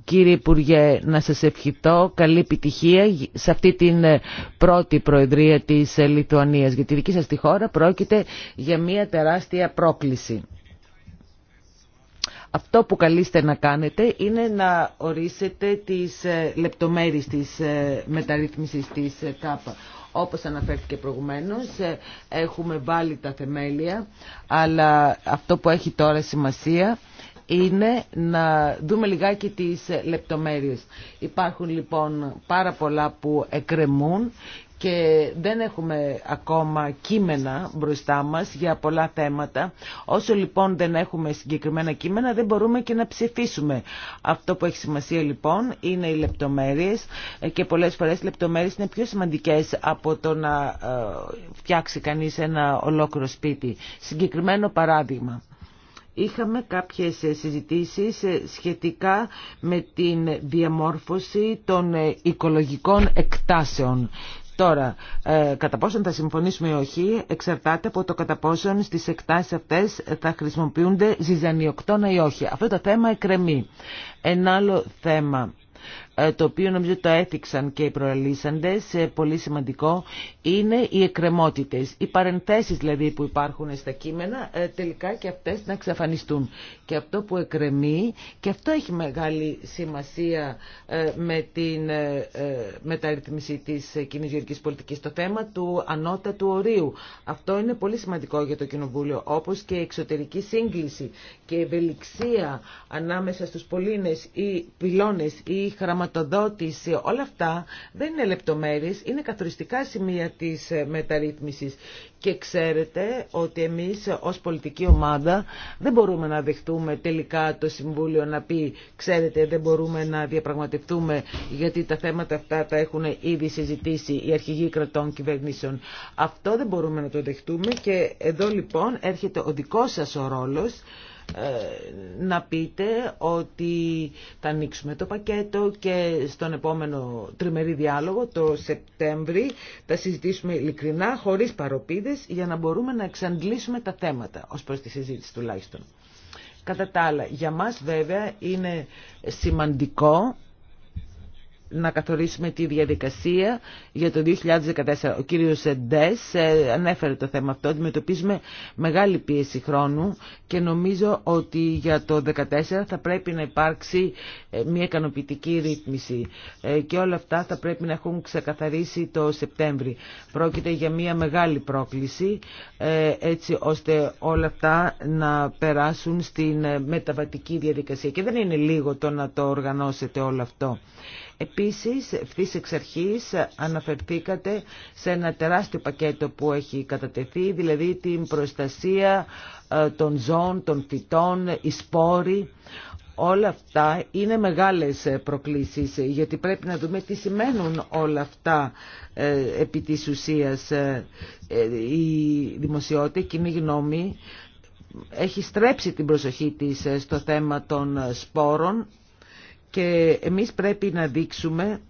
κύριε Υπουργέ να σας ευχηθώ καλή επιτυχία σε αυτή την ε, πρώτη προεδρία της ε, Λιτουανίας γιατί δική σας τη χώρα πρόκειται για μια τεράστια πρόκληση. Αυτό που καλείστε να κάνετε είναι να ορίσετε τις ε, λεπτομέρειες της μεταρρύθμισης της ΚΑΠΑ. Όπως αναφέρθηκε προηγουμένως, έχουμε βάλει τα θεμέλια, αλλά αυτό που έχει τώρα σημασία είναι να δούμε λιγάκι τις λεπτομέρειες. Υπάρχουν λοιπόν πάρα πολλά που εκκρεμούν και δεν έχουμε ακόμα κείμενα μπροστά μας για πολλά θέματα. Όσο λοιπόν δεν έχουμε συγκεκριμένα κείμενα δεν μπορούμε και να ψηφίσουμε. Αυτό που έχει σημασία λοιπόν είναι οι λεπτομέρειες και πολλές φορές οι λεπτομέρειες είναι πιο σημαντικές από το να ε, φτιάξει κανείς ένα ολόκληρο σπίτι. Συγκεκριμένο παράδειγμα είχαμε κάποιες ε, συζητήσεις ε, σχετικά με την διαμόρφωση των ε, οικολογικών εκτάσεων. Τώρα, κατά πόσον θα συμφωνήσουμε ή όχι, εξαρτάται από το κατά πόσον στις εκτάσεις αυτές θα χρησιμοποιούνται ζυζανιοκτώνα ή όχι. Αυτό το θέμα εκρεμεί. Ένα άλλο θέμα ε, το οποίο νομίζω το έθιξαν και οι προαλήσαντες, πολύ σημαντικό, είναι οι εκκρεμότητες. Οι παρενθέσεις δηλαδή που υπάρχουν στα κείμενα, ε, τελικά και αυτές να εξαφανιστούν. Και αυτό που εκκρεμεί, και αυτό έχει μεγάλη σημασία ε, με την μεταρρύθμιση της κοινή γεωργικής πολιτικής, το θέμα του ανώτατου ορίου. Αυτό είναι πολύ σημαντικό για το Κοινοβούλιο, όπως και η εξωτερική σύγκληση και η ευελιξία ανάμεσα στους πολίνε ή πυλώνες ή χραματοδοτές χρηματοδότηση, όλα αυτά δεν είναι λεπτομέρειες, είναι καθοριστικά σημεία της ε, μεταρρύθμισης. Και ξέρετε ότι εμείς ως πολιτική ομάδα δεν μπορούμε να δεχτούμε τελικά το Συμβούλιο να πει «Ξέρετε, δεν μπορούμε να διαπραγματευτούμε γιατί τα θέματα αυτά τα έχουν ήδη συζητήσει οι αρχηγοί κρατών κυβερνήσεων». Αυτό δεν μπορούμε να το δεχτούμε και εδώ λοιπόν έρχεται ο δικός σας ο ρόλος ε, να πείτε ότι θα ανοίξουμε το πακέτο και στον επόμενο τριμερή διάλογο το Σεπτέμβρη θα συζητήσουμε ειλικρινά χωρίς παροπίδες για να μπορούμε να εξαντλήσουμε τα θέματα ως προς τη συζήτηση τουλάχιστον. Κατά τα άλλα, για μας βέβαια είναι σημαντικό να καθορίσουμε τη διαδικασία για το 2014. Ο κύριος Ντες ε, ανέφερε το θέμα αυτό, αντιμετωπίζουμε μεγάλη πίεση χρόνου και νομίζω ότι για το 2014 θα πρέπει να υπάρξει ε, μια ικανοποιητική ρύθμιση ε, και όλα αυτά θα πρέπει να έχουν ξεκαθαρίσει το Σεπτέμβρη. Πρόκειται για μια μεγάλη πρόκληση έτσι ώστε όλα αυτά να περάσουν στην μεταβατική διαδικασία και δεν είναι λίγο το να το οργανώσετε όλο αυτό. Επίσης, ευθύς εξ αρχής αναφερθήκατε σε ένα τεράστιο πακέτο που έχει κατατεθεί, δηλαδή την προστασία ε, των ζώων, των φυτών, οι σπόροι. Όλα αυτά είναι μεγάλες ε, προκλήσεις, ε, γιατί πρέπει να δούμε τι σημαίνουν όλα αυτά επί της ουσίας. Η δημοσιότητα, η κοινή γνώμη, έχει στρέψει την προσοχή της στο θέμα των σπόρων και εμείς πρέπει να δείξουμε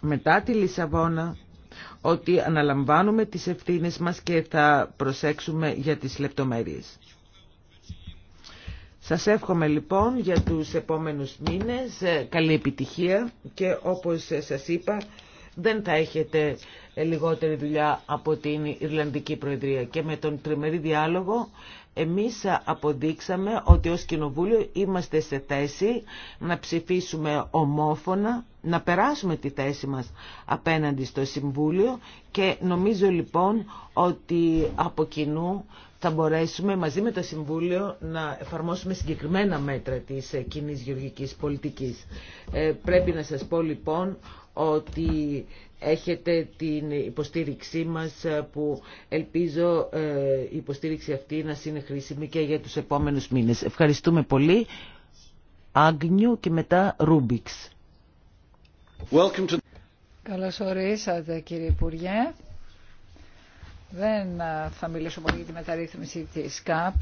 μετά τη Λισαβόνα ότι αναλαμβάνουμε τις ευθύνες μας και θα προσέξουμε για τις λεπτομέρειες. Σας εύχομαι λοιπόν για τους επόμενους μήνες ε, καλή επιτυχία και όπως σας είπα δεν θα έχετε ε, λιγότερη δουλειά από την Ιρλανδική Προεδρία και με τον τριμερή διάλογο εμείς αποδείξαμε ότι ως Κοινοβούλιο είμαστε σε θέση να ψηφίσουμε ομόφωνα, να περάσουμε τη θέση μας απέναντι στο Συμβούλιο και νομίζω λοιπόν ότι από κοινού θα μπορέσουμε μαζί με το Συμβούλιο να εφαρμόσουμε συγκεκριμένα μέτρα της ε, κοινή γεωργικής πολιτικής. Ε, πρέπει να σας πω λοιπόν ότι έχετε την υποστήριξή μας ε, που ελπίζω ε, η υποστήριξη αυτή να είναι χρήσιμη και για τους επόμενους μήνες. Ευχαριστούμε πολύ. Άγνιου και μετά Ρούμπιξ. Καλώς ορίσατε κύριε Υπουργέ. Δεν θα μιλήσω πολύ για τη μεταρρύθμιση της ΚΑΠ,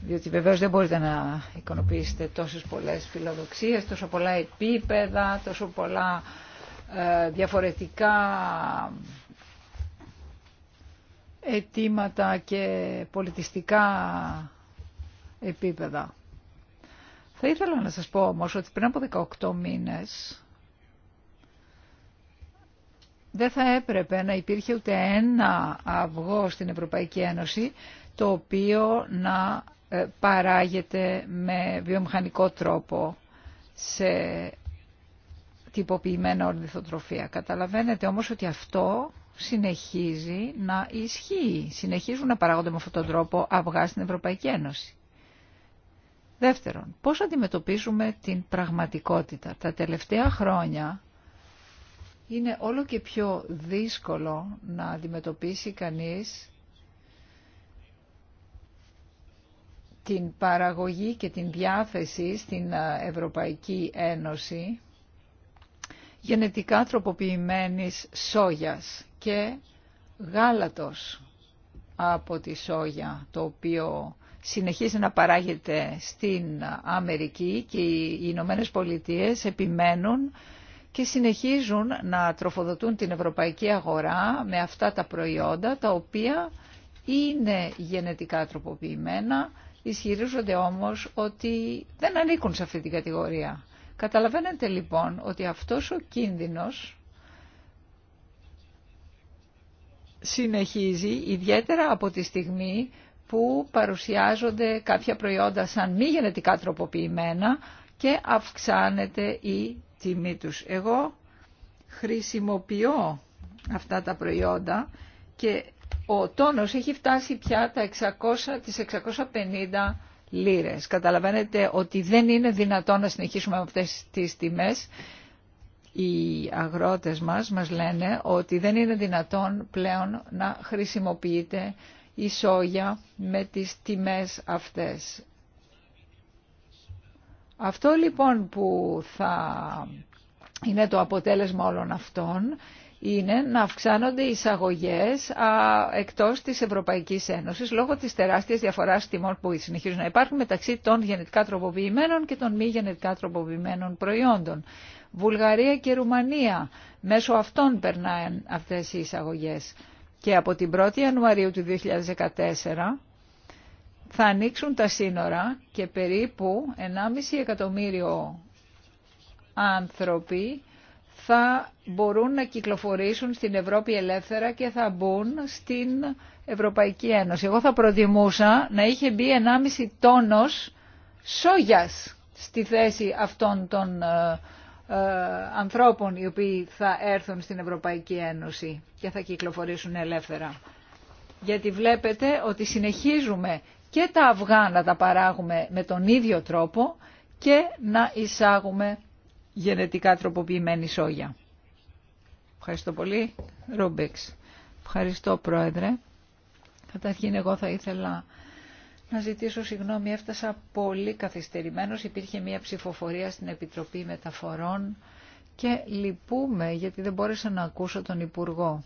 διότι βεβαίως δεν μπορείτε να εικονοποιήσετε τόσες πολλές φιλοδοξίες, τόσο πολλά επίπεδα, τόσο πολλά ε, διαφορετικά αιτήματα και πολιτιστικά επίπεδα. Θα ήθελα να σας πω όμως ότι πριν από 18 μήνες δεν θα έπρεπε να υπήρχε ούτε ένα αυγό στην Ευρωπαϊκή Ένωση το οποίο να ε, παράγεται με βιομηχανικό τρόπο σε τυποποιημένα ορνηθοτροφία. Καταλαβαίνετε όμως ότι αυτό συνεχίζει να ισχύει. Συνεχίζουν να παράγονται με αυτόν τον τρόπο αυγά στην Ευρωπαϊκή Ένωση. Δεύτερον, πώς αντιμετωπίζουμε την πραγματικότητα. Τα τελευταία χρόνια είναι όλο και πιο δύσκολο να αντιμετωπίσει κανείς την παραγωγή και την διάθεση στην Ευρωπαϊκή Ένωση γενετικά τροποποιημένης σόγιας και γάλατος από τη σόγια, το οποίο συνεχίζει να παράγεται στην Αμερική και οι Ηνωμένε Πολιτείες επιμένουν και συνεχίζουν να τροφοδοτούν την ευρωπαϊκή αγορά με αυτά τα προϊόντα τα οποία είναι γενετικά τροποποιημένα, ισχυρίζονται όμως ότι δεν ανήκουν σε αυτή την κατηγορία. Καταλαβαίνετε λοιπόν ότι αυτός ο κίνδυνος συνεχίζει ιδιαίτερα από τη στιγμή που παρουσιάζονται κάποια προϊόντα σαν μη γενετικά τροποποιημένα και αυξάνεται η τιμή Εγώ χρησιμοποιώ αυτά τα προϊόντα και ο τόνος έχει φτάσει πια τα 600, τις 650 λίρες. Καταλαβαίνετε ότι δεν είναι δυνατόν να συνεχίσουμε με αυτές τις τιμές. Οι αγρότες μας μας λένε ότι δεν είναι δυνατόν πλέον να χρησιμοποιείται η σόγια με τις τιμές αυτές. Αυτό λοιπόν που θα είναι το αποτέλεσμα όλων αυτών είναι να αυξάνονται οι εισαγωγές α, εκτός της Ευρωπαϊκής Ένωσης λόγω της τεράστιας διαφοράς τιμών που συνεχίζουν να υπάρχουν μεταξύ των γενετικά τροποποιημένων και των μη γενετικά τροποποιημένων προϊόντων. Βουλγαρία και Ρουμανία, μέσω αυτών περνάνε αυτές οι εισαγωγές. Και από την 1η Ιανουαρίου του 2014 θα ανοίξουν τα σύνορα και περίπου 1,5 εκατομμύριο άνθρωποι θα μπορούν να κυκλοφορήσουν στην Ευρώπη ελεύθερα και θα μπουν στην Ευρωπαϊκή Ένωση. Εγώ θα προτιμούσα να είχε μπει 1,5 τόνος σόγιας στη θέση αυτών των ε, ε, ανθρώπων οι οποίοι θα έρθουν στην Ευρωπαϊκή Ένωση και θα κυκλοφορήσουν ελεύθερα. Γιατί βλέπετε ότι συνεχίζουμε και τα αυγά να τα παράγουμε με τον ίδιο τρόπο και να εισάγουμε γενετικά τροποποιημένη σόγια. Ευχαριστώ πολύ, Ρούμπιξ. Ευχαριστώ, Πρόεδρε. Καταρχήν, εγώ θα ήθελα να ζητήσω συγγνώμη. Έφτασα πολύ καθυστερημένος. Υπήρχε μια ψηφοφορία στην Επιτροπή Μεταφορών και λυπούμε γιατί δεν μπόρεσα να ακούσω τον Υπουργό.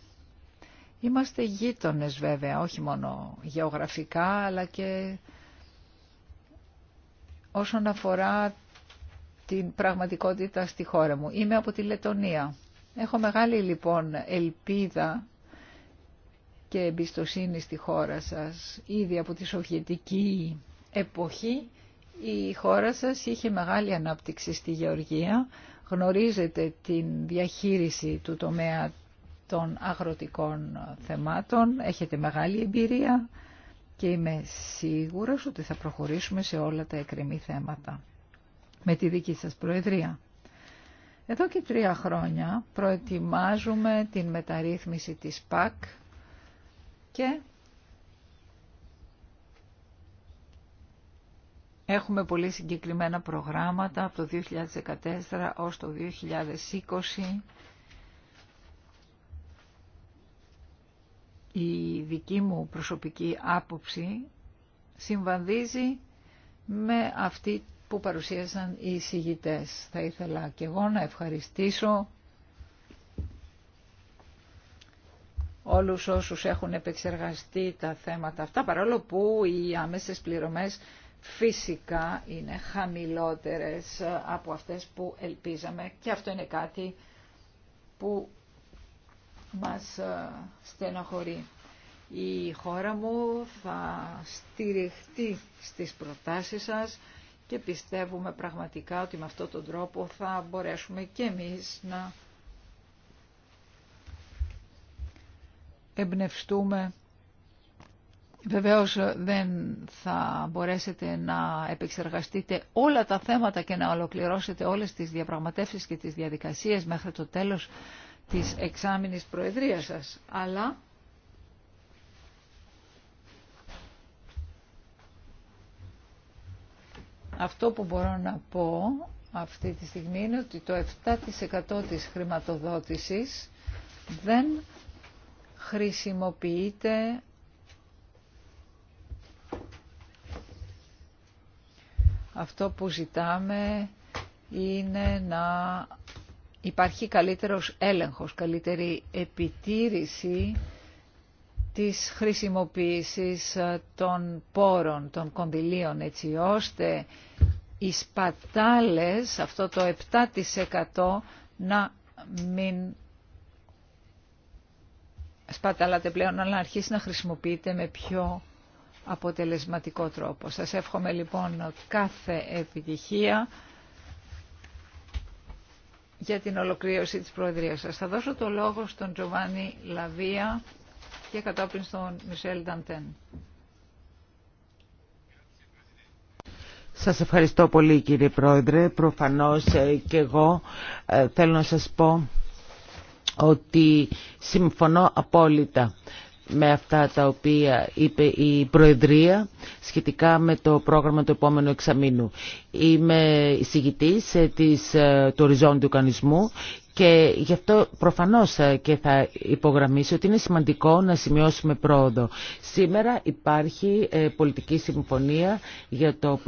Είμαστε γείτονες βέβαια, όχι μόνο γεωγραφικά, αλλά και όσον αφορά την πραγματικότητα στη χώρα μου. Είμαι από τη Λετωνία. Έχω μεγάλη λοιπόν ελπίδα και εμπιστοσύνη στη χώρα σας. Ήδη από τη Σοβιετική εποχή η χώρα σας είχε μεγάλη ανάπτυξη στη γεωργία. Γνωρίζετε την διαχείριση του τομέα των αγροτικών θεμάτων. Έχετε μεγάλη εμπειρία και είμαι σίγουρος ότι θα προχωρήσουμε σε όλα τα εκκρεμή θέματα. Με τη δική σας Προεδρία. Εδώ και τρία χρόνια προετοιμάζουμε την μεταρρύθμιση της ΠΑΚ και Έχουμε πολύ συγκεκριμένα προγράμματα από το 2014 ως το 2020 η δική μου προσωπική άποψη συμβαδίζει με αυτή που παρουσίασαν οι εισηγητές. Θα ήθελα και εγώ να ευχαριστήσω όλους όσους έχουν επεξεργαστεί τα θέματα αυτά, παρόλο που οι άμεσες πληρωμές φυσικά είναι χαμηλότερες από αυτές που ελπίζαμε και αυτό είναι κάτι που μας ε, στεναχωρεί. Η χώρα μου θα στηριχτεί στις προτάσεις σας και πιστεύουμε πραγματικά ότι με αυτόν τον τρόπο θα μπορέσουμε και εμείς να εμπνευστούμε. Βεβαίως ε, δεν θα μπορέσετε να επεξεργαστείτε όλα τα θέματα και να ολοκληρώσετε όλες τις διαπραγματεύσεις και τις διαδικασίες μέχρι το τέλος της εξάμηνης προεδρίας σας, αλλά αυτό που μπορώ να πω αυτή τη στιγμή είναι ότι το 7% της χρηματοδότησης δεν χρησιμοποιείται αυτό που ζητάμε είναι να υπάρχει καλύτερος έλεγχος, καλύτερη επιτήρηση της χρησιμοποίησης ε, των πόρων, των κονδυλίων, έτσι ώστε οι σπατάλες, αυτό το 7% να μην σπαταλάτε πλέον, αλλά να αρχίσει να χρησιμοποιείτε με πιο αποτελεσματικό τρόπο. Σας εύχομαι λοιπόν κάθε επιτυχία για την ολοκλήρωση της Προεδρίας σας. Θα δώσω το λόγο στον Τζοβάνι Λαβία και κατόπιν στον Μισελ Νταντέν. Σας ευχαριστώ πολύ κύριε Πρόεδρε. Προφανώς ε, και εγώ ε, θέλω να σας πω ότι συμφωνώ απόλυτα με αυτά τα οποία είπε η Προεδρία σχετικά με το πρόγραμμα του επόμενου εξαμήνου. Είμαι εισηγητής ε, της, ε, του οριζόντου κανισμού και γι' αυτό προφανώς ε, και θα υπογραμμίσω ότι είναι σημαντικό να σημειώσουμε πρόοδο. Σήμερα υπάρχει ε, πολιτική συμφωνία για το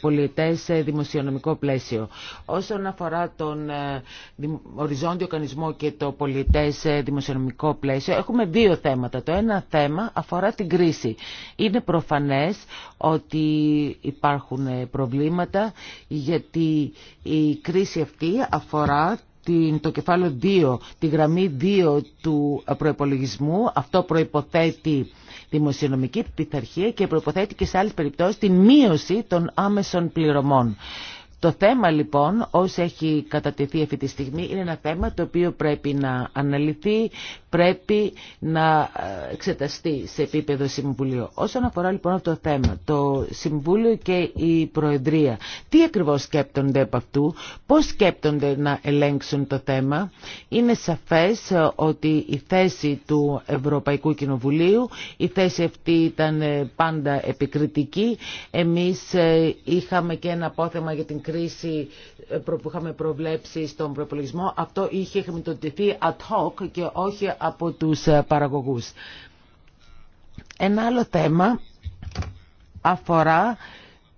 πολιτές ε, δημοσιονομικό πλαίσιο. Όσον αφορά τον οριζόντιο κανισμό και το πολιτές δημοσιονομικό πλαίσιο, έχουμε δύο θέματα. Το ένα θέμα αφορά την κρίση. Είναι προφανές ότι υπάρχουν προβλήματα γιατί η κρίση αυτή αφορά το κεφάλαιο 2, τη γραμμή 2 του προϋπολογισμού. Αυτό προϋποθέτει δημοσιονομική πειθαρχία και προϋποθέτει και σε άλλες περιπτώσεις την μείωση των άμεσων πληρωμών. Το θέμα λοιπόν όσο έχει κατατεθεί αυτή τη στιγμή είναι ένα θέμα το οποίο πρέπει να αναλυθεί, πρέπει να ε, εξεταστεί σε επίπεδο Συμβουλίου. Όσον αφορά λοιπόν αυτό το θέμα, το Συμβούλιο και η Προεδρία, τι ακριβώς σκέπτονται από αυτού, πώς σκέπτονται να ελέγξουν το θέμα. Είναι σαφές ε, ότι η θέση του Ευρωπαϊκού Κοινοβουλίου, η θέση αυτή ήταν ε, πάντα επικριτική. Εμείς είχαμε και ένα απόθεμα για την ε, που είχαμε προβλέψει στον προπολογισμό, αυτό είχε χρηματοδοτηθεί ad hoc και όχι από τους ε, παραγωγούς. Ένα άλλο θέμα αφορά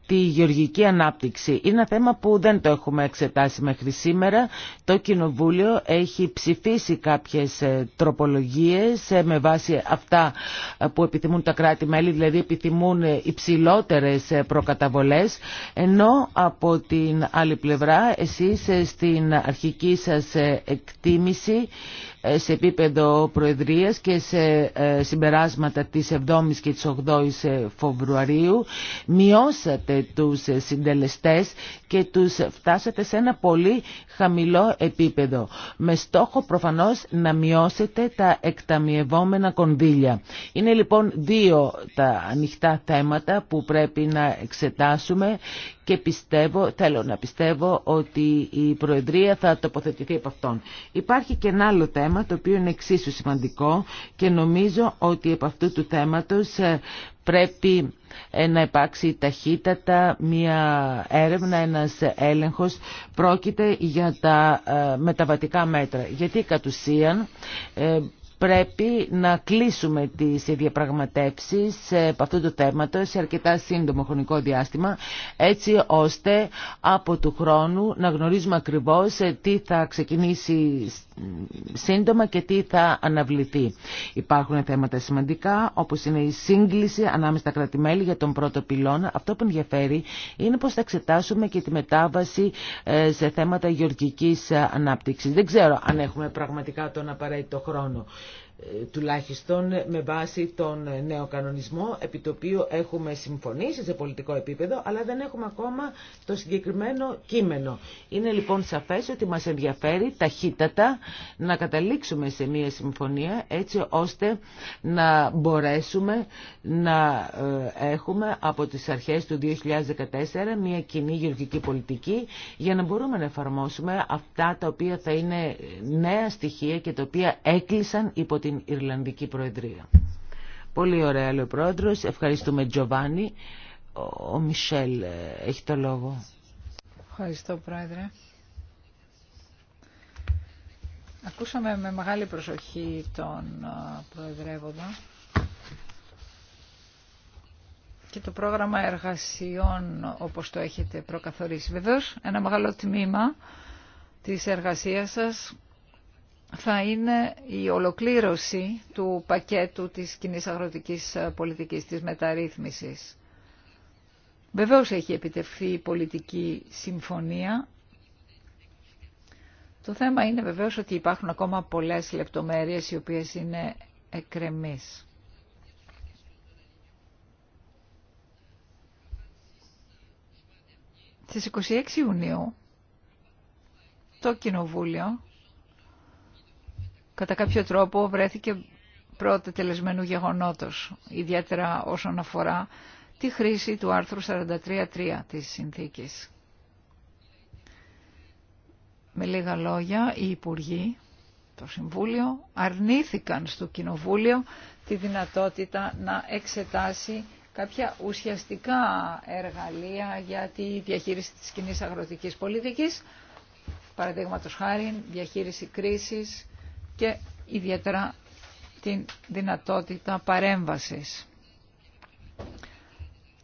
τη γεωργική ανάπτυξη. Είναι ένα θέμα που δεν το έχουμε εξετάσει μέχρι σήμερα. Το Κοινοβούλιο έχει ψηφίσει κάποιες ε, τροπολογίες ε, με βάση αυτά ε, που επιθυμούν τα κράτη-μέλη, δηλαδή επιθυμούν υψηλότερες προκαταβολές, ενώ από την άλλη πλευρά εσείς στην αρχική σας εκτίμηση ε, σε επίπεδο Προεδρίας και σε ε, συμπεράσματα της 7ης και της 8ης ε, Φεβρουαρίου μειώσατε τους συντελεστές και τους φτάσατε σε ένα πολύ χαμηλό επίπεδο με στόχο προφανώς να μειώσετε τα εκταμιευόμενα κονδύλια. Είναι λοιπόν δύο τα ανοιχτά θέματα που πρέπει να εξετάσουμε και πιστεύω, θέλω να πιστεύω ότι η Προεδρία θα τοποθετηθεί από αυτόν. Υπάρχει και ένα άλλο θέμα το οποίο είναι εξίσου σημαντικό και νομίζω ότι από αυτού του θέματος ε, πρέπει ε, να υπάρξει ταχύτατα μια έρευνα, ένας έλεγχος. Πρόκειται για τα ε, μεταβατικά μέτρα. Γιατί κατ' ουσίαν ε, πρέπει να κλείσουμε τις διαπραγματεύσεις ε, από αυτό το θέμα σε αρκετά σύντομο χρονικό διάστημα έτσι ώστε από του χρόνου να γνωρίζουμε ακριβώς ε, τι θα ξεκινήσει σύντομα και τι θα αναβληθεί. Υπάρχουν θέματα σημαντικά όπως είναι η σύγκληση ανάμεσα στα κρατημέλη για τον πρώτο πυλώνα. Αυτό που ενδιαφέρει είναι πως θα εξετάσουμε και τη μετάβαση ε, σε θέματα γεωργικής ανάπτυξης. Δεν ξέρω αν έχουμε πραγματικά τον απαραίτητο χρόνο τουλάχιστον με βάση τον νέο κανονισμό επί το οποίο έχουμε συμφωνήσει σε πολιτικό επίπεδο αλλά δεν έχουμε ακόμα το συγκεκριμένο κείμενο. Είναι λοιπόν σαφές ότι μας ενδιαφέρει ταχύτατα να καταλήξουμε σε μια συμφωνία έτσι ώστε να μπορέσουμε να ε, έχουμε από τις αρχές του 2014 μια κοινή γεωργική πολιτική για να μπορούμε να εφαρμόσουμε αυτά τα οποία θα είναι νέα στοιχεία και τα οποία έκλεισαν υπό την Ιρλανδική Προεδρία. Πολύ ωραία, λέει ο Πρόεδρος. Ευχαριστούμε, Τζοβάνι. Ο Μισελ ε, έχει το λόγο. Ευχαριστώ, Πρόεδρε. Ακούσαμε με μεγάλη προσοχή τον ε, Προεδρεύοντα και το πρόγραμμα εργασιών όπως το έχετε προκαθορίσει. Βεβαίως, ένα μεγάλο τμήμα της εργασίας σας θα είναι η ολοκλήρωση του πακέτου της κοινή αγροτικής ε, πολιτικής, της μεταρρύθμισης. Βεβαίως έχει επιτευχθεί η πολιτική συμφωνία. Το θέμα είναι βεβαίως ότι υπάρχουν ακόμα πολλές λεπτομέρειες οι οποίες είναι εκρεμείς. Στις 26 Ιουνίου το Κοινοβούλιο κατά κάποιο τρόπο βρέθηκε πρώτο τελεσμένου γεγονότος, ιδιαίτερα όσον αφορά τη χρήση του άρθρου 43.3 της συνθήκης. Με λίγα λόγια, οι Υπουργοί, το Συμβούλιο, αρνήθηκαν στο Κοινοβούλιο τη δυνατότητα να εξετάσει κάποια ουσιαστικά εργαλεία για τη διαχείριση της κοινή αγροτικής πολιτικής, παραδείγματος χάρη διαχείριση κρίσης, και ιδιαίτερα την δυνατότητα παρέμβασης.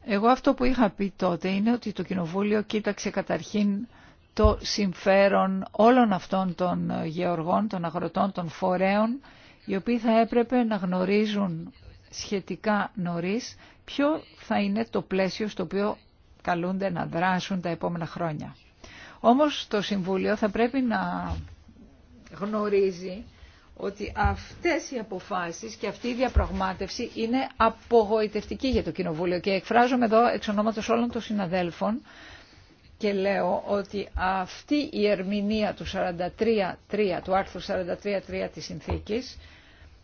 Εγώ αυτό που είχα πει τότε είναι ότι το Κοινοβούλιο κοίταξε καταρχήν το συμφέρον όλων αυτών των γεωργών, των αγροτών, των φορέων, οι οποίοι θα έπρεπε να γνωρίζουν σχετικά νωρίς ποιο θα είναι το πλαίσιο στο οποίο καλούνται να δράσουν τα επόμενα χρόνια. Όμως το Συμβούλιο θα πρέπει να γνωρίζει ότι αυτές οι αποφάσεις και αυτή η διαπραγμάτευση είναι απογοητευτική για το Κοινοβούλιο και εκφράζομαι εδώ εξ ονόματος όλων των συναδέλφων και λέω ότι αυτή η ερμηνεία του 43.3, του άρθρου 43.3 της συνθήκης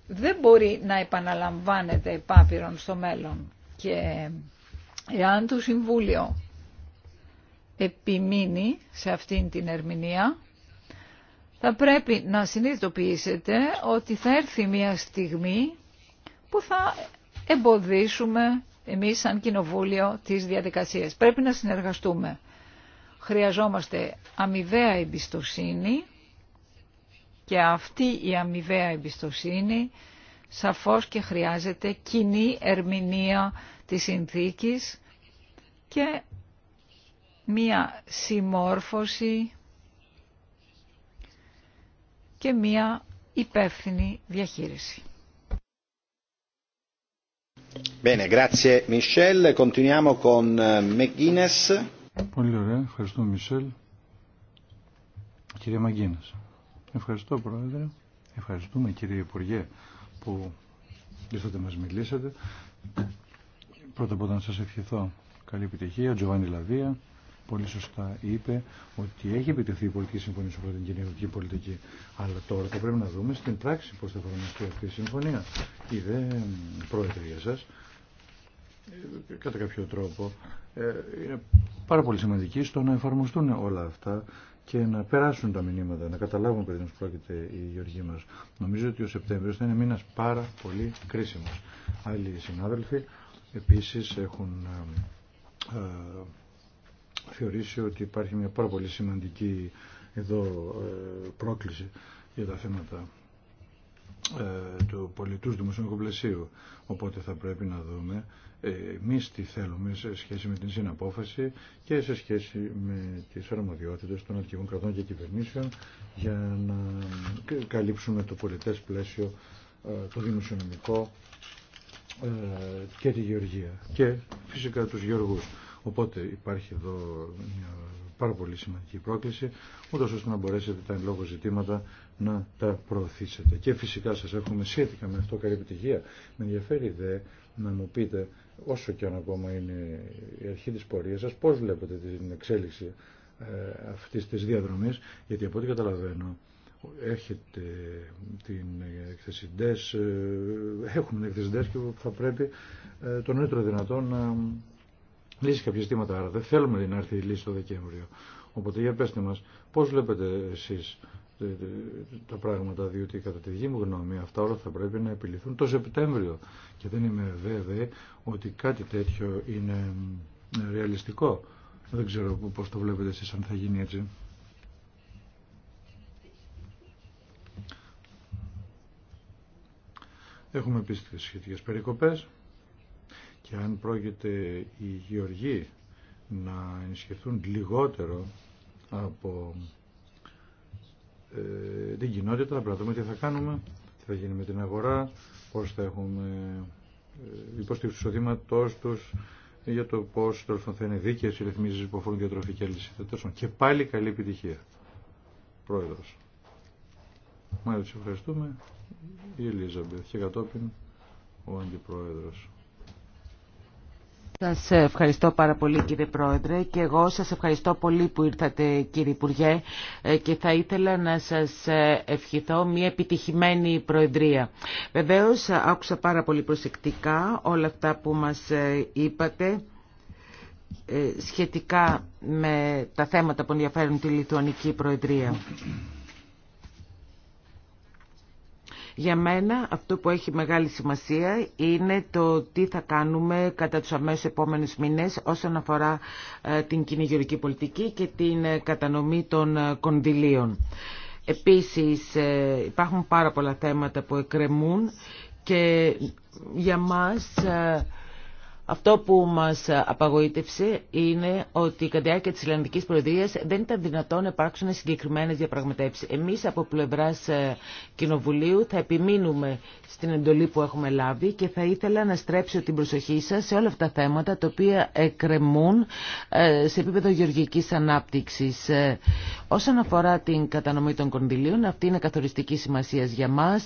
δεν μπορεί να επαναλαμβάνεται επάπειρον στο μέλλον. Και εάν το Συμβούλιο επιμείνει σε αυτήν την ερμηνεία, θα πρέπει να συνειδητοποιήσετε ότι θα έρθει μια στιγμή που θα εμποδίσουμε εμείς σαν κοινοβούλιο τις διαδικασίες. Πρέπει να συνεργαστούμε. Χρειαζόμαστε αμοιβαία εμπιστοσύνη και αυτή η αμοιβαία εμπιστοσύνη σαφώς και χρειάζεται κοινή ερμηνεία της συνθήκης και μία συμμόρφωση και μία υπεύθυνη διαχείριση. Bene, grazie Michel. Continuiamo con eh, McGuinness. Πολύ ωραία, ευχαριστώ Μισελ. Κυρία Μαγκίνες, ευχαριστώ Πρόεδρε, ευχαριστούμε κύριε Υπουργέ που ήρθατε μας μιλήσατε. Πρώτα απ' όλα να σας ευχηθώ καλή επιτυχία, Τζοβάνι Λαβία πολύ σωστά είπε ότι έχει επιτεθεί η πολιτική συμφωνία σε την κοινωνική πολιτική. Αλλά τώρα θα πρέπει να δούμε στην πράξη πώ θα εφαρμοστεί αυτή η συμφωνία. Η δε για σα, ε, κατά κάποιο τρόπο, ε, είναι πάρα πολύ σημαντική στο να εφαρμοστούν όλα αυτά και να περάσουν τα μηνύματα, να καταλάβουν περί τίνο πρόκειται η γεωργία μα. Νομίζω ότι ο Σεπτέμβριο θα είναι μήνα πάρα πολύ κρίσιμο. Άλλοι συνάδελφοι επίση έχουν ε, θεωρήσει ότι υπάρχει μια πάρα πολύ σημαντική εδώ ε, πρόκληση για τα θέματα ε, του πολιτού δημοσιονομικού πλαισίου. Οπότε θα πρέπει να δούμε ε, εμεί τι θέλουμε σε σχέση με την συναπόφαση και σε σχέση με τι αρμοδιότητε των αρχηγών κρατών και κυβερνήσεων για να καλύψουμε το πολιτέ πλαίσιο, το δημοσιονομικό και τη γεωργία και φυσικά τους γεωργούς. Οπότε υπάρχει εδώ μια πάρα πολύ σημαντική πρόκληση, ούτως ώστε να μπορέσετε τα εν λόγω ζητήματα να τα προωθήσετε. Και φυσικά σας έχουμε σχετικά με αυτό καλή επιτυχία. Με ενδιαφέρει δε να μου πείτε, όσο και αν ακόμα είναι η αρχή της πορείας σας, πώς βλέπετε την εξέλιξη ε, αυτής της διαδρομής, γιατί από ό,τι καταλαβαίνω, έχετε την εκθεσιντές, ε, έχουμε την εκθεσιντές και θα πρέπει ε, τον έτρο δυνατό να λύσει κάποια ζητήματα. Άρα δεν θέλουμε να έρθει η λύση το Δεκέμβριο. Οπότε για πέστε μας πώς βλέπετε εσείς ε, ε, τα πράγματα, διότι κατά τη δική μου γνώμη αυτά όλα θα πρέπει να επιληθούν το Σεπτέμβριο. Και δεν είμαι βέβαιη ότι κάτι τέτοιο είναι ε, ρεαλιστικό. Δεν ξέρω πώς το βλέπετε εσείς αν θα γίνει έτσι. Έχουμε επίσης σχετικές περικοπές και αν πρόκειται οι γεωργοί να ενισχυθούν λιγότερο από ε, την κοινότητα, πρέπει να δούμε τι θα κάνουμε, τι θα γίνει με την αγορά, πώς θα έχουμε ε, υποστήριξη του εισοδήματός τους, για το πώς θα είναι δίκαιες οι ρυθμίσεις που αφορούν διατροφή και αλυσίδα. Και πάλι καλή επιτυχία. Πρόεδρος. Μάλιστα, ευχαριστούμε. Η Ελίζαμπεθ και κατόπιν ο Αντιπρόεδρος. Σας ευχαριστώ πάρα πολύ κύριε Πρόεδρε και εγώ σας ευχαριστώ πολύ που ήρθατε κύριε Υπουργέ ε, και θα ήθελα να σας ε, ευχηθώ μια επιτυχημένη Προεδρία. Βεβαίως άκουσα πάρα πολύ προσεκτικά όλα αυτά που μας ε, είπατε σχετικά με τα θέματα που ενδιαφέρουν τη Λιθουανική Προεδρία. Για μένα αυτό που έχει μεγάλη σημασία είναι το τι θα κάνουμε κατά τους αμέσως επόμενους μήνες όσον αφορά ε, την κυνηγιορική πολιτική και την ε, κατανομή των ε, κονδυλίων. Επίσης υπάρχουν πάρα πολλά θέματα που εκκρεμούν και για μας αυτό που μας απαγοήτευσε είναι ότι κατά τη διάρκεια της Ιλλανδικής Προεδρίας δεν ήταν δυνατόν να υπάρξουν συγκεκριμένες διαπραγματεύσεις. Εμείς από πλευράς ε, Κοινοβουλίου θα επιμείνουμε στην εντολή που έχουμε λάβει και θα ήθελα να στρέψω την προσοχή σας σε όλα αυτά τα θέματα τα οποία εκκρεμούν ε, σε επίπεδο γεωργικής ανάπτυξης. Ε, όσον αφορά την κατανομή των κονδυλίων, αυτή είναι καθοριστική σημασία για μας.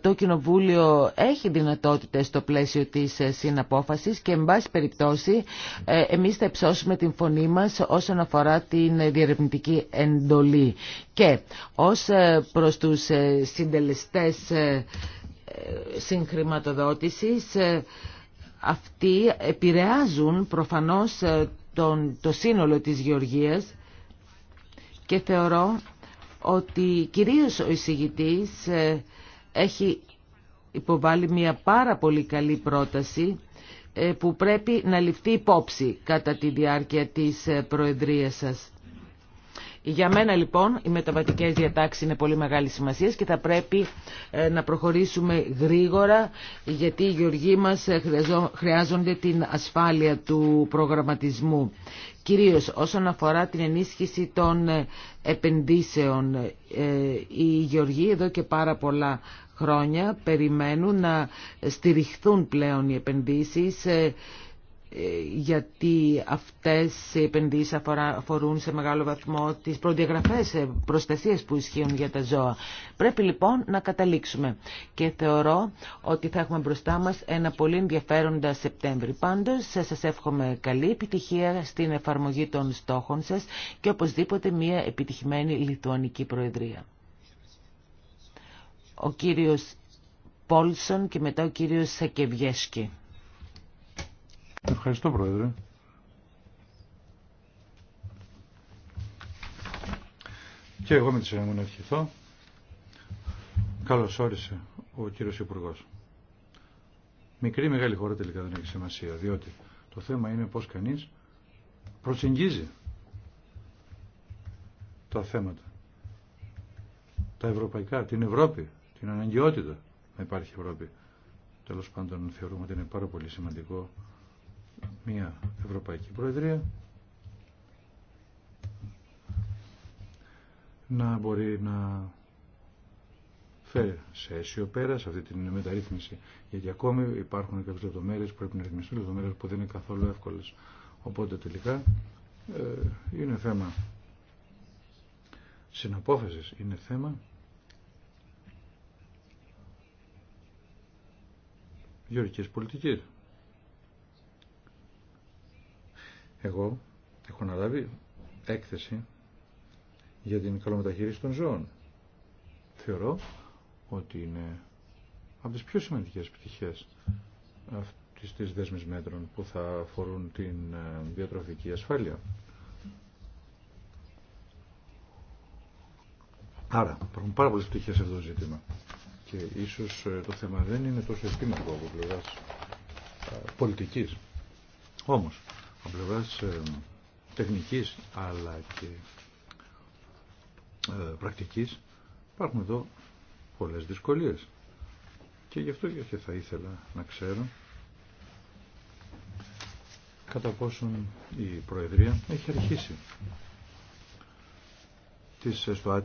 Το Κοινοβούλιο έχει δυνατότητε στο πλαίσιο της συναπόφασης και εν πάση περιπτώσει ε, εμείς θα υψώσουμε την φωνή μας όσον αφορά την διερευνητική εντολή. Και ως ε, προς τους ε, συντελεστές συγχρηματοδότησης αυτοί επηρεάζουν προφανώς τον, το σύνολο της Γεωργίας και θεωρώ ότι κυρίως ο εισηγητής έχει υποβάλει μια πάρα πολύ καλή πρόταση ε, που πρέπει να ληφθεί υπόψη κατά τη διάρκεια της ε, προεδρίας σας. Για μένα λοιπόν οι μεταβατικές διατάξεις είναι πολύ μεγάλη σημασία και θα πρέπει ε, να προχωρήσουμε γρήγορα γιατί οι γεωργοί μας ε, χρειάζονται την ασφάλεια του προγραμματισμού. Κυρίως όσον αφορά την ενίσχυση των ε, επενδύσεων, οι γεωργοί εδώ και πάρα πολλά χρόνια περιμένουν να στηριχθούν πλέον οι επενδύσεις γιατί αυτές οι επενδύσεις αφορούν σε μεγάλο βαθμό τις προδιαγραφές προστασίες που ισχύουν για τα ζώα. Πρέπει λοιπόν να καταλήξουμε και θεωρώ ότι θα έχουμε μπροστά μας ένα πολύ ενδιαφέροντα Σεπτέμβρη. Πάντως σας εύχομαι καλή επιτυχία στην εφαρμογή των στόχων σας και οπωσδήποτε μια επιτυχημένη Λιθουανική Προεδρία. Ο κύριος Πόλσον και μετά ο κύριος Ευχαριστώ Πρόεδρε. Και εγώ με τη σειρά μου να ευχηθώ. Καλώς όρισε ο κύριος Υπουργό. Μικρή ή μεγάλη χώρα τελικά δεν έχει σημασία, διότι το θέμα είναι πώς κανείς προσεγγίζει τα θέματα. Τα ευρωπαϊκά, την Ευρώπη, την αναγκαιότητα να υπάρχει Ευρώπη. Τέλος πάντων θεωρούμε ότι είναι πάρα πολύ σημαντικό μια Ευρωπαϊκή Προεδρία να μπορεί να φέρει σε αίσιο πέρα σε αυτή την μεταρρύθμιση. Γιατί ακόμη υπάρχουν κάποιες λεπτομέρειες που πρέπει να ρυθμιστούν, λεπτομέρειε που δεν είναι καθόλου εύκολες Οπότε τελικά ε, είναι θέμα συναπόφαση, είναι θέμα γεωργική πολιτική. Εγώ έχω αναλάβει έκθεση για την καλομεταχείριση των ζώων. Θεωρώ ότι είναι από τις πιο σημαντικές επιτυχίες αυτής της δέσμης μέτρων που θα αφορούν την ε, διατροφική ασφάλεια. Άρα, υπάρχουν πάρα πολλές πτυχές σε αυτό το ζήτημα και ίσως ε, το θέμα δεν είναι τόσο επίμαχο από πλευράς ε, πολιτικής. Όμως, από ε, τεχνικής αλλά και ε, πρακτικής υπάρχουν εδώ πολλές δυσκολίες και γι' αυτό και θα ήθελα να ξέρω κατά πόσον η Προεδρία έχει αρχίσει τις στο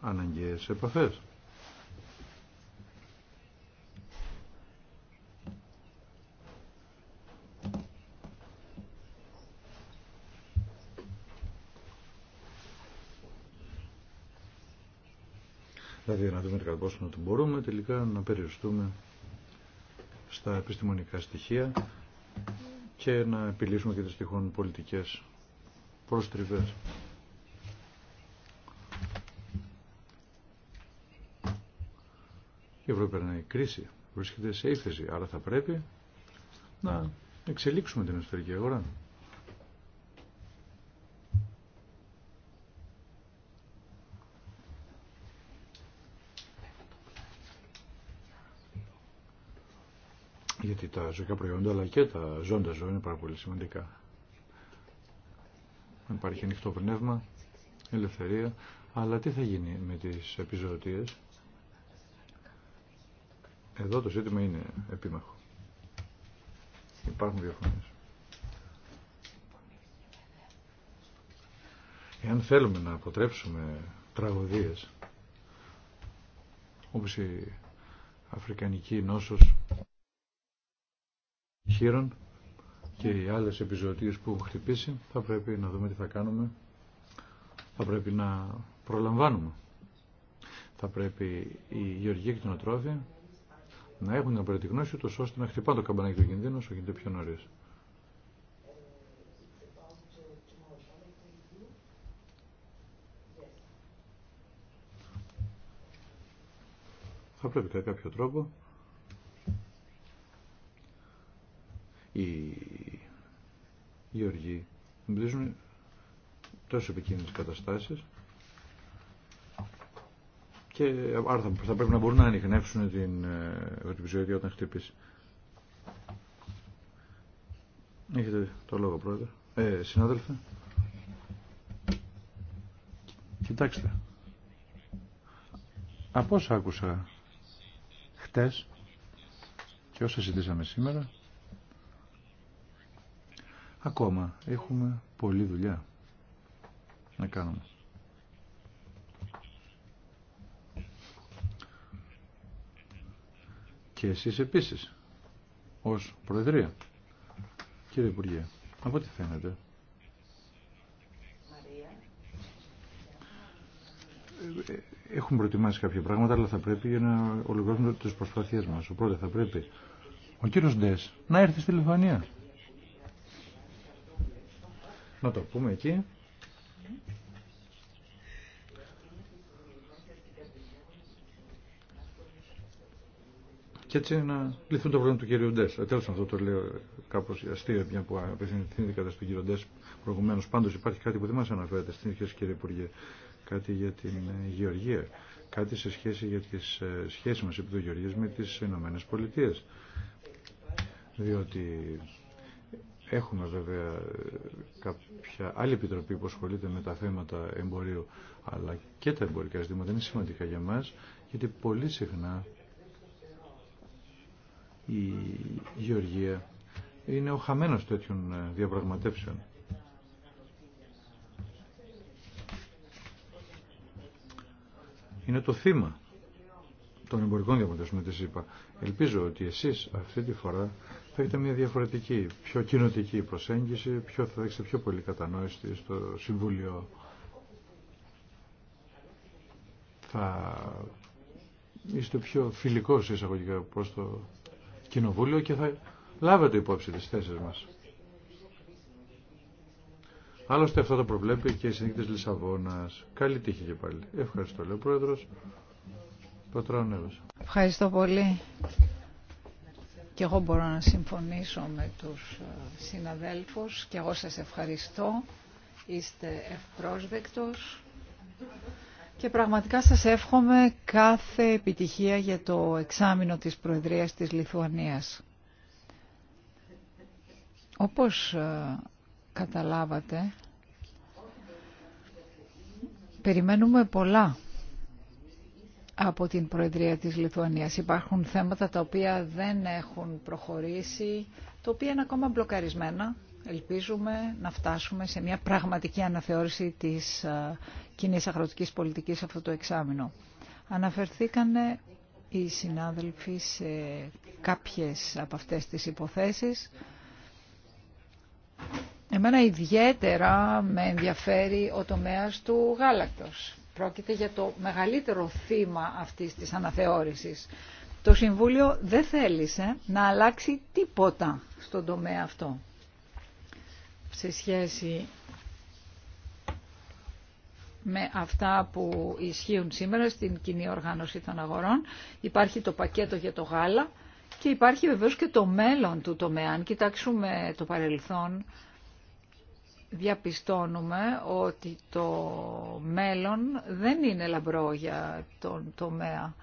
αναγκαίες επαφές. θα διανατούμε κατά πόσο να το μπορούμε τελικά να περιοριστούμε στα επιστημονικά στοιχεία και να επιλύσουμε και τις τυχόν πολιτικές προστριβές. Η Ευρώπη περνάει κρίση, βρίσκεται σε ύφεση, άρα θα πρέπει να εξελίξουμε την εσωτερική αγορά. τα ζωικά προϊόντα αλλά και τα ζώντα ζώα είναι πάρα πολύ σημαντικά. Υπάρχει ανοιχτό πνεύμα, ελευθερία, αλλά τι θα γίνει με τις επιζωτίες. Εδώ το ζήτημα είναι επίμαχο. Υπάρχουν διαφωνίες. Εάν θέλουμε να αποτρέψουμε τραγωδίες, όπως η αφρικανική νόσος και οι άλλες επιζωτίες που έχουν χτυπήσει θα πρέπει να δούμε τι θα κάνουμε θα πρέπει να προλαμβάνουμε θα πρέπει οι γεωργοί κτηνοτρόφοι να έχουν την απαραίτητη γνώση ώστε να χτυπά το καμπανάκι του κινδύνου όσο γίνεται πιο νωρί. Θα πρέπει κατά κάποιο τρόπο οι γεωργοί εμπλίζουν τόσο επικίνδυνες καταστάσεις και που θα πρέπει να μπορούν να ανοιχνεύσουν την ευρωτυπησιότητα όταν χτυπήσει. Έχετε το λόγο πρόεδρε. Ε, συνάδελφε. Κοιτάξτε. Από όσα άκουσα χτες και όσα συζητήσαμε σήμερα, Ακόμα έχουμε πολλή δουλειά να κάνουμε. Και εσείς επίσης, ως Προεδρία, κύριε Υπουργέ, από τι φαίνεται. Έχουμε προετοιμάσει κάποια πράγματα, αλλά θα πρέπει για να ολοκληρώσουμε τις προσπάθειές μας. Οπότε θα πρέπει ο κύριος Ντές να έρθει στη Λιθουανία να το πούμε εκεί. Και έτσι να λυθούν το πρόβλημα του κυρίου Ντέ. Ε, Τέλο, αυτό το λέω κάπω αστείο, μια που απευθυνθήκατε στον κύριο Ντέ προηγουμένω. Πάντω υπάρχει κάτι που δεν μα αναφέρεται στην αρχή, κύριε Υπουργέ. Κάτι για την ε, Γεωργία. Κάτι σε σχέση για τι ε, σχέσει μα επί του με τι Ηνωμένε Πολιτείε. Διότι Έχουμε βέβαια κάποια άλλη επιτροπή που ασχολείται με τα θέματα εμπορίου, αλλά και τα εμπορικά ζητήματα είναι σημαντικά για μας, γιατί πολύ συχνά η Γεωργία είναι ο χαμένος τέτοιων ε, διαπραγματεύσεων. Είναι το θύμα των εμπορικών διαπραγματεύσεων όπως είπα. Ελπίζω ότι εσείς αυτή τη φορά θα έχετε μια διαφορετική, πιο κοινοτική προσέγγιση, πιο, θα έχετε πιο πολύ κατανόηση, στο Συμβούλιο. Θα είστε πιο φιλικός εισαγωγικά προς το Κοινοβούλιο και θα λάβετε υπόψη τις θέσεις μας. Άλλωστε αυτό το προβλέπει και η συνήθεια της Λισαβόνας. Καλή τύχη και πάλι. Ευχαριστώ, λέει ο Πρόεδρος. Πατρόν ναι, Ευχαριστώ πολύ. Και εγώ μπορώ να συμφωνήσω με τους ε, συναδέλφους και εγώ σας ευχαριστώ. Είστε ευπρόσδεκτος και πραγματικά σας εύχομαι κάθε επιτυχία για το εξάμεινο της Προεδρίας της Λιθουανίας. Όπως ε, καταλάβατε, περιμένουμε πολλά από την Προεδρία της Λιθουανίας. Υπάρχουν θέματα τα οποία δεν έχουν προχωρήσει, τα οποία είναι ακόμα μπλοκαρισμένα. Ελπίζουμε να φτάσουμε σε μια πραγματική αναθεώρηση της ε, κοινή αγροτικής πολιτικής αυτό το εξάμεινο. Αναφερθήκανε οι συνάδελφοι σε κάποιες από αυτές τις υποθέσεις. Εμένα ιδιαίτερα με ενδιαφέρει ο τομέας του γάλακτος. Πρόκειται για το μεγαλύτερο θύμα αυτής της αναθεώρησης. Το Συμβούλιο δεν θέλησε να αλλάξει τίποτα στον τομέα αυτό. Σε σχέση με αυτά που ισχύουν σήμερα στην κοινή οργάνωση των αγορών. Υπάρχει το πακέτο για το γάλα και υπάρχει βεβαίως και το μέλλον του τομέα. Αν κοιτάξουμε το παρελθόν, διαπιστώνουμε ότι το μέλλον δεν είναι λαμπρό για τον τομέα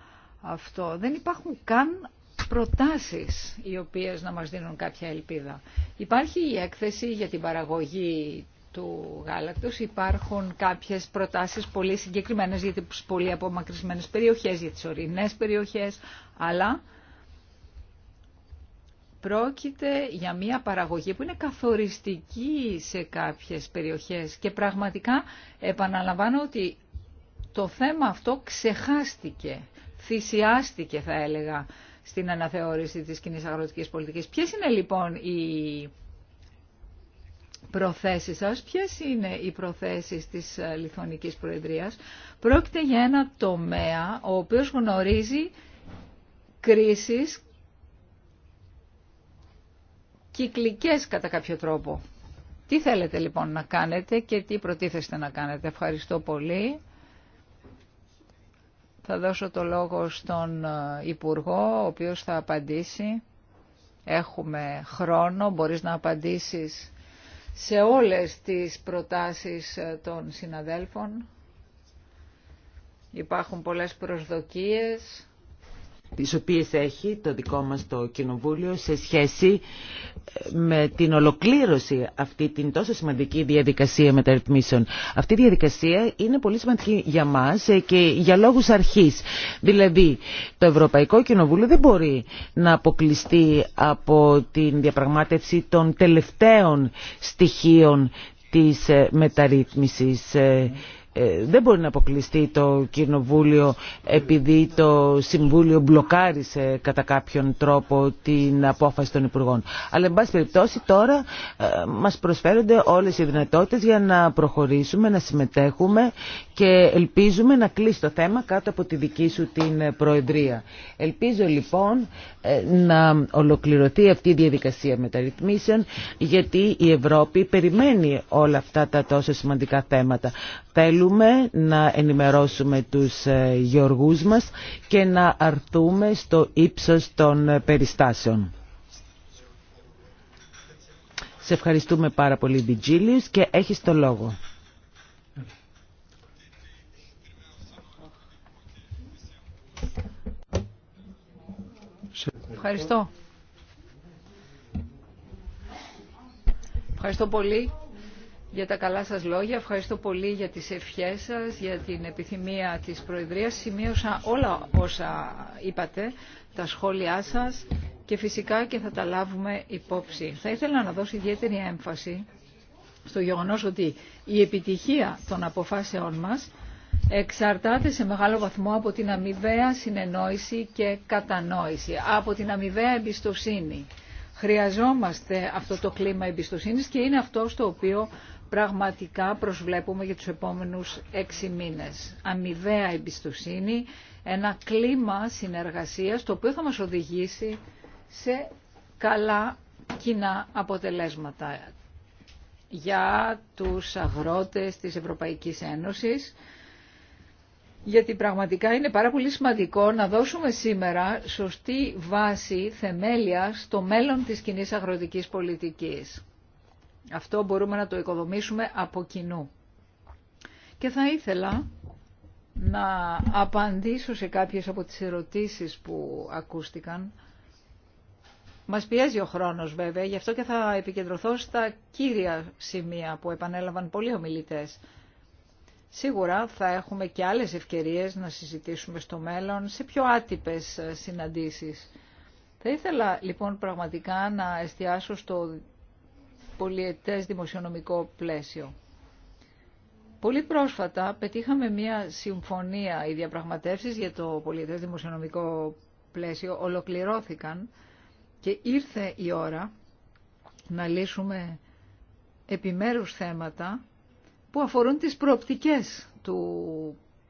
αυτό. Δεν υπάρχουν καν προτάσεις οι οποίες να μας δίνουν κάποια ελπίδα. Υπάρχει η έκθεση για την παραγωγή του γάλακτος, υπάρχουν κάποιες προτάσεις πολύ συγκεκριμένες για τις πολύ απομακρυσμένες περιοχές, για τις ορεινές περιοχές, αλλά Πρόκειται για μια παραγωγή που είναι καθοριστική σε κάποιες περιοχές και πραγματικά επαναλαμβάνω ότι το θέμα αυτό ξεχάστηκε, θυσιάστηκε θα έλεγα στην αναθεώρηση της κοινή αγροτικής πολιτικής. Ποιες είναι λοιπόν οι προθέσεις σας, ποιες είναι οι προθέσεις της Λιθωνικής Προεδρίας. Πρόκειται για ένα τομέα ο οποίος γνωρίζει κρίσεις κυκλικές κατά κάποιο τρόπο. Τι θέλετε λοιπόν να κάνετε και τι προτίθεστε να κάνετε. Ευχαριστώ πολύ. Θα δώσω το λόγο στον ε, Υπουργό, ο οποίος θα απαντήσει. Έχουμε χρόνο, μπορείς να απαντήσεις σε όλες τις προτάσεις ε, των συναδέλφων. Υπάρχουν πολλές προσδοκίες τις οποίες έχει το δικό μας το Κοινοβούλιο σε σχέση ε, με την ολοκλήρωση αυτή την τόσο σημαντική διαδικασία μεταρρυθμίσεων. Αυτή η διαδικασία είναι πολύ σημαντική για μας ε, και για λόγους αρχής. Δηλαδή, το Ευρωπαϊκό Κοινοβούλιο δεν μπορεί να αποκλειστεί από την διαπραγμάτευση των τελευταίων στοιχείων της ε, μεταρρύθμισης ε, δεν μπορεί να αποκλειστεί το Κοινοβούλιο επειδή το Συμβούλιο μπλοκάρισε κατά κάποιον τρόπο την απόφαση των Υπουργών. Αλλά, εν πάση περιπτώσει, τώρα ε, μας προσφέρονται όλες οι δυνατότητες για να προχωρήσουμε, να συμμετέχουμε και ελπίζουμε να κλείσει το θέμα κάτω από τη δική σου την Προεδρία. Ελπίζω, λοιπόν, ε, να ολοκληρωθεί αυτή η διαδικασία μεταρρυθμίσεων γιατί η Ευρώπη περιμένει όλα αυτά τα τόσο σημαντικά θέματα. Θέλουμε να ενημερώσουμε τους ε, γεωργούς μας και να αρθούμε στο ύψος των ε, περιστάσεων. Σε ευχαριστούμε πάρα πολύ, Βιτζίλιους, και έχεις το λόγο. Ευχαριστώ. Ευχαριστώ πολύ για τα καλά σας λόγια. Ευχαριστώ πολύ για τις ευχές σας, για την επιθυμία της Προεδρίας. Σημείωσα όλα όσα είπατε, τα σχόλιά σας και φυσικά και θα τα λάβουμε υπόψη. Θα ήθελα να δώσω ιδιαίτερη έμφαση στο γεγονός ότι η επιτυχία των αποφάσεών μας εξαρτάται σε μεγάλο βαθμό από την αμοιβαία συνεννόηση και κατανόηση, από την αμοιβαία εμπιστοσύνη. Χρειαζόμαστε αυτό το κλίμα εμπιστοσύνης και είναι αυτό στο οποίο πραγματικά προσβλέπουμε για τους επόμενους έξι μήνες. Αμοιβαία εμπιστοσύνη, ένα κλίμα συνεργασίας το οποίο θα μας οδηγήσει σε καλά κοινά αποτελέσματα για τους αγρότες της Ευρωπαϊκής Ένωσης γιατί πραγματικά είναι πάρα πολύ σημαντικό να δώσουμε σήμερα σωστή βάση θεμέλια στο μέλλον της κοινή αγροτικής πολιτικής. Αυτό μπορούμε να το οικοδομήσουμε από κοινού. Και θα ήθελα να απαντήσω σε κάποιες από τις ερωτήσεις που ακούστηκαν. Μας πιέζει ο χρόνος βέβαια, γι' αυτό και θα επικεντρωθώ στα κύρια σημεία που επανέλαβαν πολλοί ομιλητές. Σίγουρα θα έχουμε και άλλες ευκαιρίες να συζητήσουμε στο μέλλον σε πιο άτυπες συναντήσεις. Θα ήθελα λοιπόν πραγματικά να εστιάσω στο πολιετές δημοσιονομικό πλαίσιο. Πολύ πρόσφατα πετύχαμε μια συμφωνία, οι διαπραγματεύσεις για το πολιετές δημοσιονομικό πλαίσιο ολοκληρώθηκαν και ήρθε η ώρα να λύσουμε επιμέρους θέματα που αφορούν τις προοπτικές του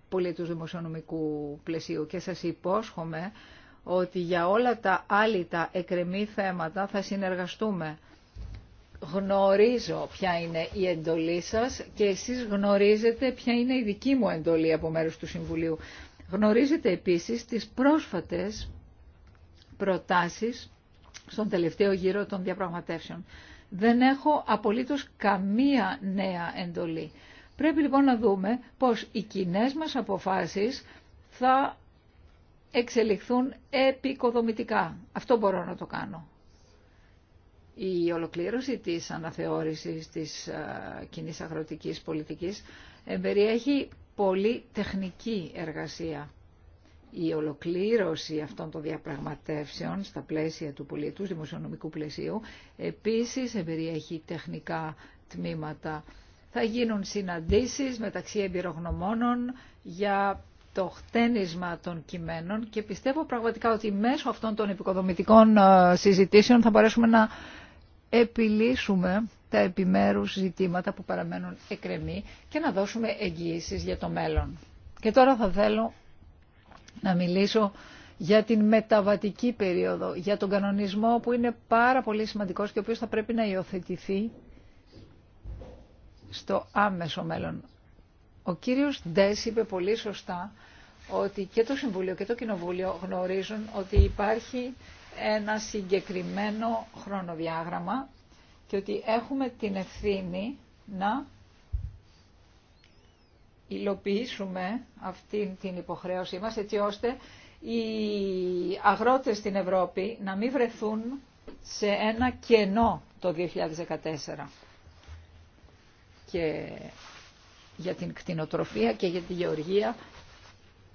πολίτου δημοσιονομικού πλαισίου και σας υπόσχομαι ότι για όλα τα άλλη τα εκρεμή θέματα θα συνεργαστούμε γνωρίζω ποια είναι η εντολή σας και εσείς γνωρίζετε ποια είναι η δική μου εντολή από μέρους του Συμβουλίου. Γνωρίζετε επίσης τις πρόσφατες προτάσεις στον τελευταίο γύρο των διαπραγματεύσεων. Δεν έχω απολύτως καμία νέα εντολή. Πρέπει λοιπόν να δούμε πως οι κοινέ μας αποφάσεις θα εξελιχθούν επικοδομητικά. Αυτό μπορώ να το κάνω. Η ολοκλήρωση της αναθεώρησης της κοινή αγροτικής πολιτικής εμπεριέχει πολύ τεχνική εργασία. Η ολοκλήρωση αυτών των διαπραγματεύσεων στα πλαίσια του πολιτού δημοσιονομικού πλαισίου επίσης εμπεριέχει τεχνικά τμήματα. Θα γίνουν συναντήσεις μεταξύ εμπειρογνωμόνων για το χτένισμα των κειμένων και πιστεύω πραγματικά ότι μέσω αυτών των επικοδομητικών συζητήσεων θα μπορέσουμε να επιλύσουμε τα επιμέρους ζητήματα που παραμένουν εκρεμή και να δώσουμε εγγυήσεις για το μέλλον. Και τώρα θα θέλω να μιλήσω για την μεταβατική περίοδο, για τον κανονισμό που είναι πάρα πολύ σημαντικός και ο οποίος θα πρέπει να υιοθετηθεί στο άμεσο μέλλον. Ο κύριος Ντές είπε πολύ σωστά ότι και το Συμβούλιο και το Κοινοβούλιο γνωρίζουν ότι υπάρχει ένα συγκεκριμένο χρονοδιάγραμμα και ότι έχουμε την ευθύνη να υλοποιήσουμε αυτή την υποχρέωσή μας έτσι ώστε οι αγρότες στην Ευρώπη να μην βρεθούν σε ένα κενό το 2014. Και για την κτηνοτροφία και για τη γεωργία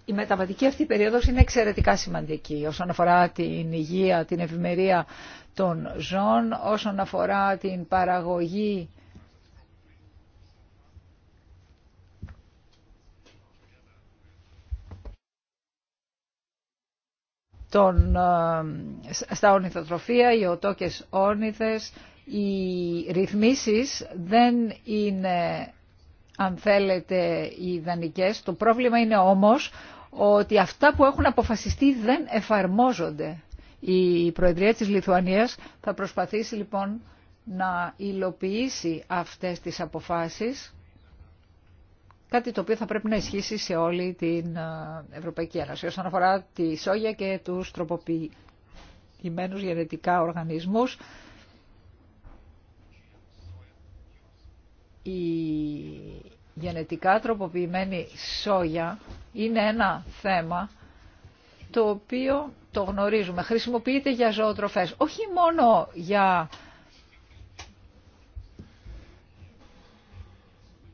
η μεταβατική αυτή περίοδος είναι εξαιρετικά σημαντική όσον αφορά την υγεία, την ευημερία των ζώων, όσον αφορά την παραγωγή των, ε, στα ορνηθοτροφία, οι οτόκες όρνηθες, οι ρυθμίσεις δεν είναι αν θέλετε, οι ιδανικές. Το πρόβλημα είναι όμως ότι αυτά που έχουν αποφασιστεί δεν εφαρμόζονται. Η Προεδρία της Λιθουανίας θα προσπαθήσει λοιπόν να υλοποιήσει αυτές τις αποφάσεις, κάτι το οποίο θα πρέπει να ισχύσει σε όλη την ε, Ευρωπαϊκή Ένωση, όσον αφορά τη σόγια και τους τροποποιημένους γενετικά οργανισμούς. η γενετικά τροποποιημένη σόγια είναι ένα θέμα το οποίο το γνωρίζουμε. Χρησιμοποιείται για ζωοτροφές, όχι μόνο για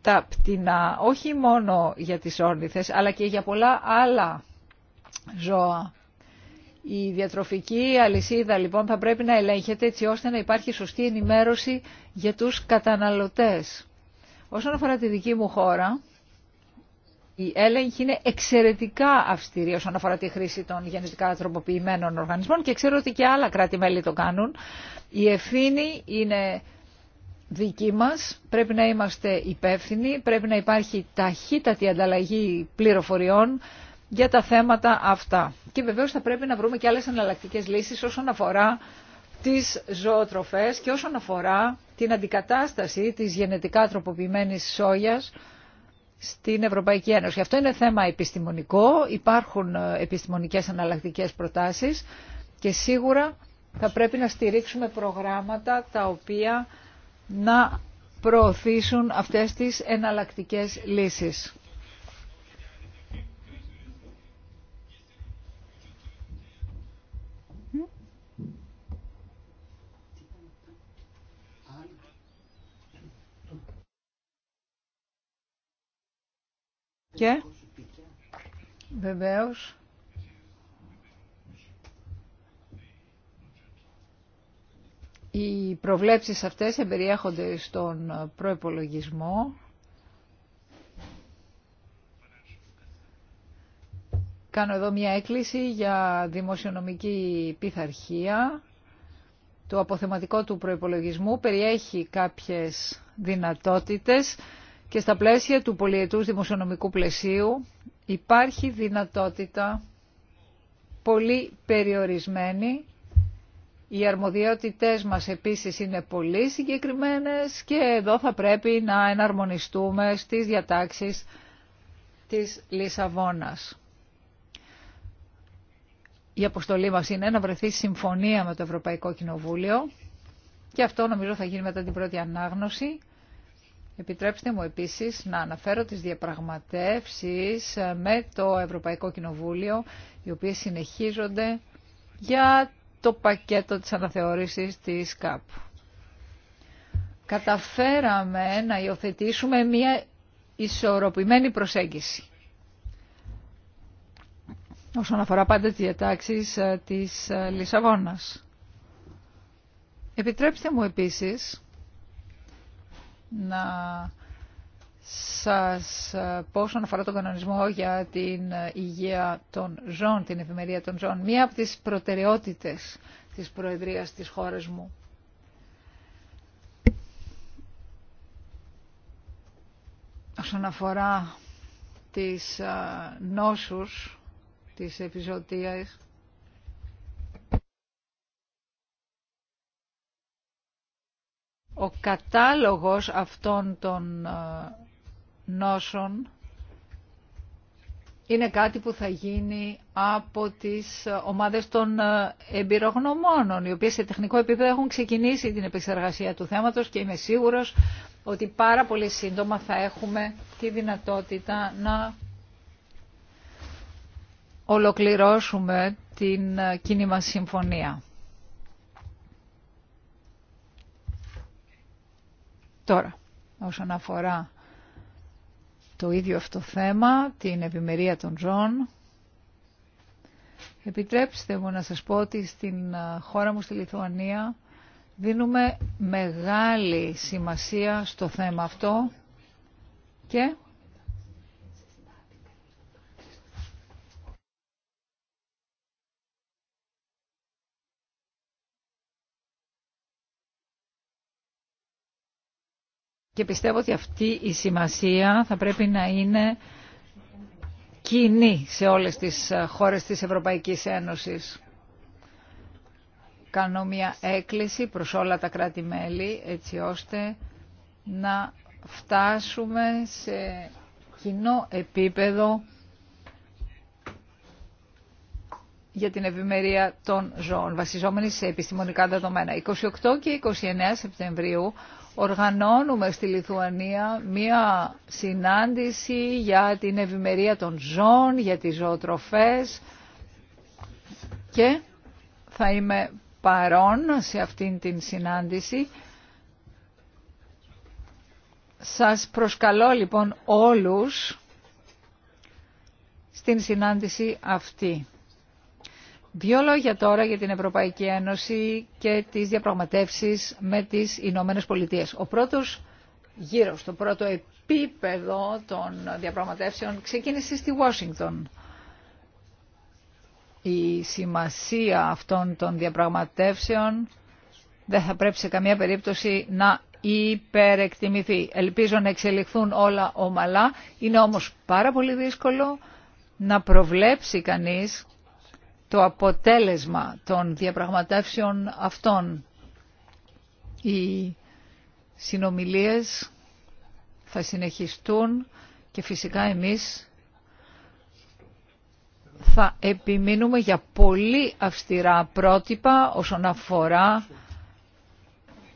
τα πτηνά, όχι μόνο για τις όρνηθες, αλλά και για πολλά άλλα ζώα. Η διατροφική αλυσίδα λοιπόν θα πρέπει να ελέγχεται έτσι ώστε να υπάρχει σωστή ενημέρωση για τους καταναλωτές. Όσον αφορά τη δική μου χώρα, η έλεγχη είναι εξαιρετικά αυστηρή όσον αφορά τη χρήση των γενετικά τροποποιημένων οργανισμών και ξέρω ότι και άλλα κράτη-μέλη το κάνουν. Η ευθύνη είναι δική μας, πρέπει να είμαστε υπεύθυνοι, πρέπει να υπάρχει ταχύτατη ανταλλαγή πληροφοριών για τα θέματα αυτά. Και βεβαίως θα πρέπει να βρούμε και άλλες εναλλακτικές λύσεις όσον αφορά τις ζωοτροφές και όσον αφορά την αντικατάσταση της γενετικά τροποποιημένης σόγιας στην Ευρωπαϊκή Ένωση. Αυτό είναι θέμα επιστημονικό, υπάρχουν ε, επιστημονικές αναλλακτικές προτάσεις και σίγουρα θα πρέπει να στηρίξουμε προγράμματα τα οποία να προωθήσουν αυτές τις εναλλακτικές λύσεις. Και βεβαίως οι προβλέψεις αυτές εμπεριέχονται στον προϋπολογισμό Κάνω εδώ μια έκκληση για δημοσιονομική πειθαρχία. Το αποθεματικό του προϋπολογισμού περιέχει κάποιες δυνατότητες και στα πλαίσια του πολιετούς δημοσιονομικού πλαισίου υπάρχει δυνατότητα πολύ περιορισμένη. Οι αρμοδιότητές μας επίσης είναι πολύ συγκεκριμένες και εδώ θα πρέπει να εναρμονιστούμε στις διατάξεις της Λισαβόνας. Η αποστολή μας είναι να βρεθεί συμφωνία με το Ευρωπαϊκό Κοινοβούλιο και αυτό νομίζω θα γίνει μετά την πρώτη ανάγνωση Επιτρέψτε μου επίσης να αναφέρω τις διαπραγματεύσεις με το Ευρωπαϊκό Κοινοβούλιο, οι οποίες συνεχίζονται για το πακέτο της αναθεωρήσης της ΚΑΠ. Καταφέραμε να υιοθετήσουμε μια ισορροπημένη προσέγγιση. Όσον αφορά πάντα τις διατάξεις ε, της ε, Λισαβόνας. Επιτρέψτε μου επίσης να σας πω όσον αφορά τον κανονισμό για την υγεία των ζώων, την ευημερία των ζώων, μία από τις προτεραιότητες της Προεδρίας της χώρας μου. Όσον αφορά τις νόσους, τις επιζωτίες, Ο κατάλογος αυτών των ε, νόσων είναι κάτι που θα γίνει από τις ε, ομάδες των ε, εμπειρογνωμόνων, οι οποίες σε τεχνικό επίπεδο έχουν ξεκινήσει την επεξεργασία του θέματος και είμαι σίγουρος ότι πάρα πολύ σύντομα θα έχουμε τη δυνατότητα να ολοκληρώσουμε την κίνημα συμφωνία. Τώρα, όσον αφορά το ίδιο αυτό θέμα, την ευημερία των ζώων, επιτρέψτε μου να σας πω ότι στην χώρα μου στη Λιθουανία δίνουμε μεγάλη σημασία στο θέμα αυτό και και πιστεύω ότι αυτή η σημασία θα πρέπει να είναι κοινή σε όλες τις ε, χώρες της Ευρωπαϊκής Ένωσης. Κάνω μια έκκληση προς όλα τα κράτη-μέλη έτσι ώστε να φτάσουμε σε κοινό επίπεδο για την ευημερία των ζώων, βασιζόμενη σε επιστημονικά δεδομένα. 28 και 29 Σεπτεμβρίου οργανώνουμε στη Λιθουανία μία συνάντηση για την ευημερία των ζώων, για τις ζωοτροφές και θα είμαι παρόν σε αυτήν την συνάντηση. Σας προσκαλώ λοιπόν όλους στην συνάντηση αυτή. Δύο λόγια τώρα για την Ευρωπαϊκή Ένωση και τις διαπραγματεύσεις με τις Ηνωμένες Πολιτείες. Ο πρώτος γύρος, το πρώτο επίπεδο των διαπραγματεύσεων ξεκίνησε στη Ουάσιγκτον. Η σημασία αυτών των διαπραγματεύσεων δεν θα πρέπει σε καμία περίπτωση να υπερεκτιμηθεί. Ελπίζω να εξελιχθούν όλα ομαλά. Είναι όμως πάρα πολύ δύσκολο να προβλέψει κανείς το αποτέλεσμα των διαπραγματεύσεων αυτών. Οι συνομιλίες θα συνεχιστούν και φυσικά εμείς θα επιμείνουμε για πολύ αυστηρά πρότυπα όσον αφορά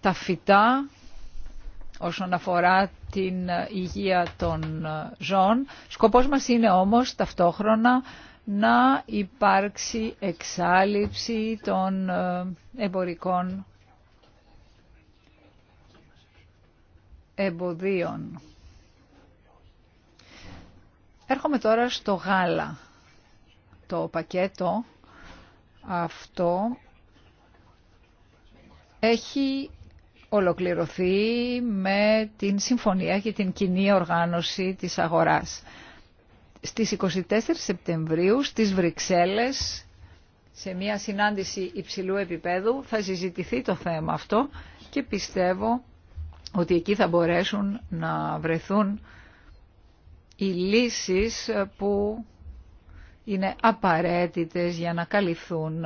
τα φυτά, όσον αφορά την υγεία των ζώων. Σκοπός μας είναι όμως ταυτόχρονα να υπάρξει εξάλληψη των ε, εμπορικών εμποδίων. Έρχομαι τώρα στο γάλα. Το πακέτο αυτό έχει ολοκληρωθεί με την συμφωνία και την κοινή οργάνωση της αγοράς στις 24 Σεπτεμβρίου στις Βρυξέλλες σε μια συνάντηση υψηλού επίπεδου θα συζητηθεί το θέμα αυτό και πιστεύω ότι εκεί θα μπορέσουν να βρεθούν οι λύσεις που είναι απαραίτητες για να καλυφθούν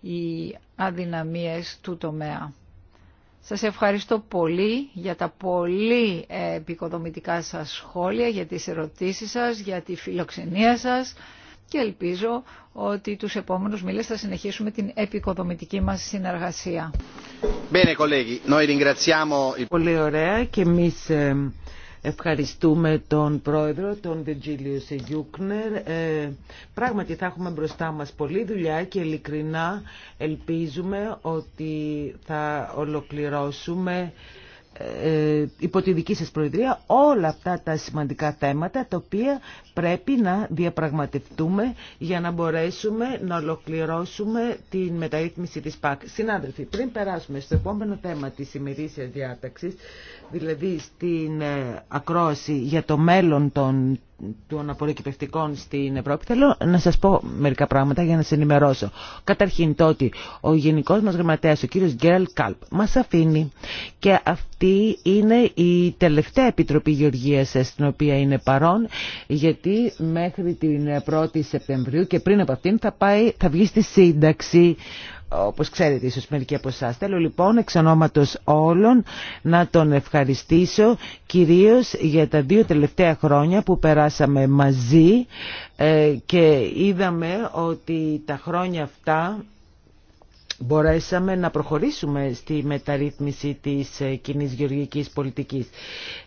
οι αδυναμίες του τομέα. Σας ευχαριστώ πολύ για τα πολύ ε, επικοδομητικά σας σχόλια, για τις ερωτήσεις σας, για τη φιλοξενία σας και ελπίζω ότι τους επόμενους μήλες θα συνεχίσουμε την επικοδομητική μας συνεργασία. Πολύ ωραία και εμείς ε, Ευχαριστούμε τον πρόεδρο, τον Δετζίλιο Σεγιούκνερ. Ε, πράγματι θα έχουμε μπροστά μας πολλή δουλειά και ειλικρινά ελπίζουμε ότι θα ολοκληρώσουμε ε, υπό τη δική σας προεδρία όλα αυτά τα σημαντικά θέματα τα οποία πρέπει να διαπραγματευτούμε για να μπορέσουμε να ολοκληρώσουμε την μεταρρύθμιση της ΠΑΚ. Συνάδελφοι, πριν περάσουμε στο επόμενο θέμα της ημερήσιας διάταξης, δηλαδή στην ε, ακρόαση για το μέλλον των των απορροκυπευτικών στην Ευρώπη, θέλω να σας πω μερικά πράγματα για να σε ενημερώσω. Καταρχήν το ότι ο γενικό μα γραμματέας, ο κύριος Γκέρλ Κάλπ, μας αφήνει και αυτή είναι η τελευταία Επιτροπή γεωργία στην οποία είναι παρόν, γιατί μέχρι την 1η Σεπτεμβρίου και πριν από αυτήν θα, πάει, θα βγει στη σύνταξη όπως ξέρετε ίσως μερικοί από εσά. Θέλω λοιπόν εξ όλων να τον ευχαριστήσω κυρίως για τα δύο τελευταία χρόνια που περάσαμε μαζί ε, και είδαμε ότι τα χρόνια αυτά μπορέσαμε να προχωρήσουμε στη μεταρρύθμιση της ε, κοινή γεωργικής πολιτικής.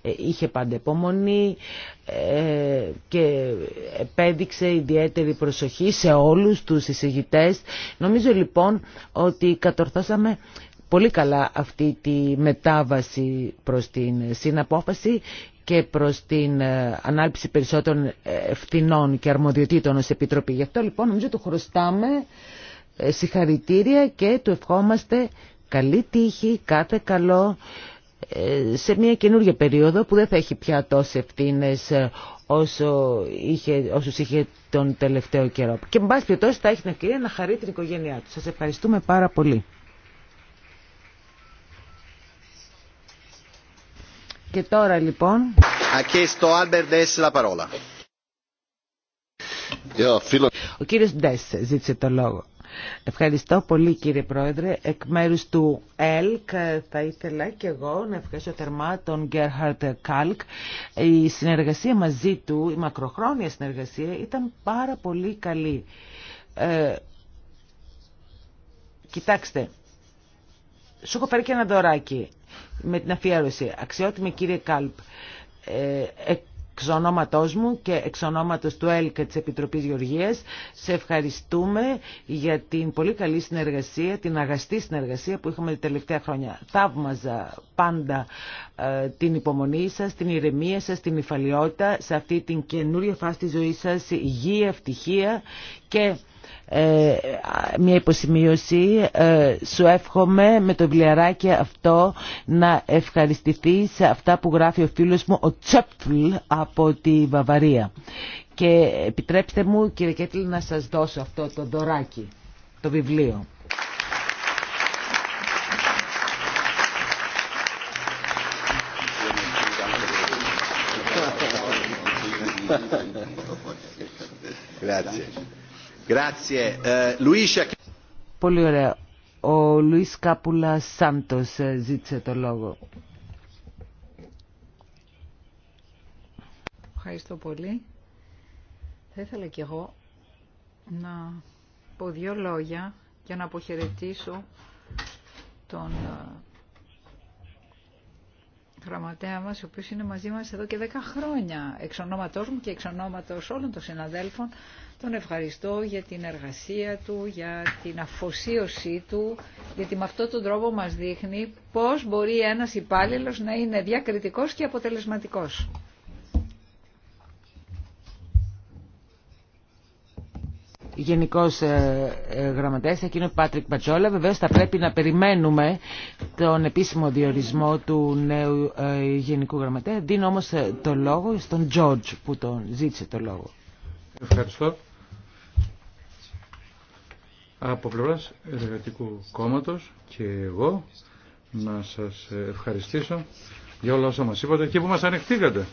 Ε, είχε πάντα υπομονή ε, και επέδειξε ιδιαίτερη προσοχή σε όλους τους εισηγητές. Νομίζω λοιπόν ότι κατορθώσαμε πολύ καλά αυτή τη μετάβαση προς την συναπόφαση και προς την ανάλυση περισσότερων ευθυνών και αρμοδιοτήτων ως Επιτροπή. Γι' αυτό λοιπόν νομίζω το χρωστάμε ε, συγχαρητήρια και του ευχόμαστε καλή τύχη, κάθε καλό ε, σε μια καινούργια περίοδο που δεν θα έχει πια τόσες ευθύνε ε, όσο είχε, όσους είχε τον τελευταίο καιρό. Και με πάση περιπτώσει θα έχει την ευκαιρία να χαρεί την οικογένειά του. Σας ευχαριστούμε πάρα πολύ. Και τώρα λοιπόν... Ο κύριος Ντες ζήτησε το λόγο. Ευχαριστώ πολύ κύριε Πρόεδρε. Εκ μέρους του ΕΛΚ ε, θα ήθελα και εγώ να ευχαριστώ θερμά τον Γκέρχαρτ Κάλκ. Η συνεργασία μαζί του, η μακροχρόνια συνεργασία ήταν πάρα πολύ καλή. Ε, κοιτάξτε, σου έχω φέρει και ένα δωράκι με την αφιέρωση. Αξιότιμη κύριε Κάλπ, ονόματός μου και εξ ονόματος του ΕΛΚΑ της Επιτροπής Γεωργίας σε ευχαριστούμε για την πολύ καλή συνεργασία, την αγαστή συνεργασία που είχαμε τα τελευταία χρόνια. Θαύμαζα πάντα ε, την υπομονή σας, την ηρεμία σας, την υφαλιότητα σε αυτή την καινούρια φάση της ζωής σας, υγεία, ευτυχία και ε, μια υποσημείωση. Ε, σου εύχομαι με το βιβλιαράκι αυτό να ευχαριστηθεί σε αυτά που γράφει ο φίλος μου ο Τσέπφλ από τη Βαβαρία. Και επιτρέψτε μου κύριε Κέτλ να σας δώσω αυτό το δωράκι, το βιβλίο. Ε, πολύ ωραία. Ο Λουίς Κάπουλα Σάντος ε, ζήτησε το λόγο. Ευχαριστώ πολύ. Θα ήθελα κι εγώ να πω δύο λόγια για να αποχαιρετήσω τον ε, γραμματέα μας, ο οποίος είναι μαζί μας εδώ και 10 χρόνια, εξ ονόματός μου και εξ ονόματος όλων των συναδέλφων τον ευχαριστώ για την εργασία του, για την αφοσίωσή του, γιατί με αυτόν τον τρόπο μας δείχνει πώς μπορεί ένας υπάλληλος να είναι διακριτικός και αποτελεσματικός. Γενικό ε, ε, Γραμματέα, εκείνο Πάτρικ Πατσόλα. Βεβαίω θα πρέπει να περιμένουμε τον επίσημο διορισμό του νέου ε, Γενικού Γραμματέα. Δίνω όμω το λόγο στον Τζορτζ που τον ζήτησε το λόγο. Ευχαριστώ από πλευράς Εργατικού Κόμματος και εγώ να σας ευχαριστήσω για όλα όσα μας είπατε και που μας ανεχτήκατε.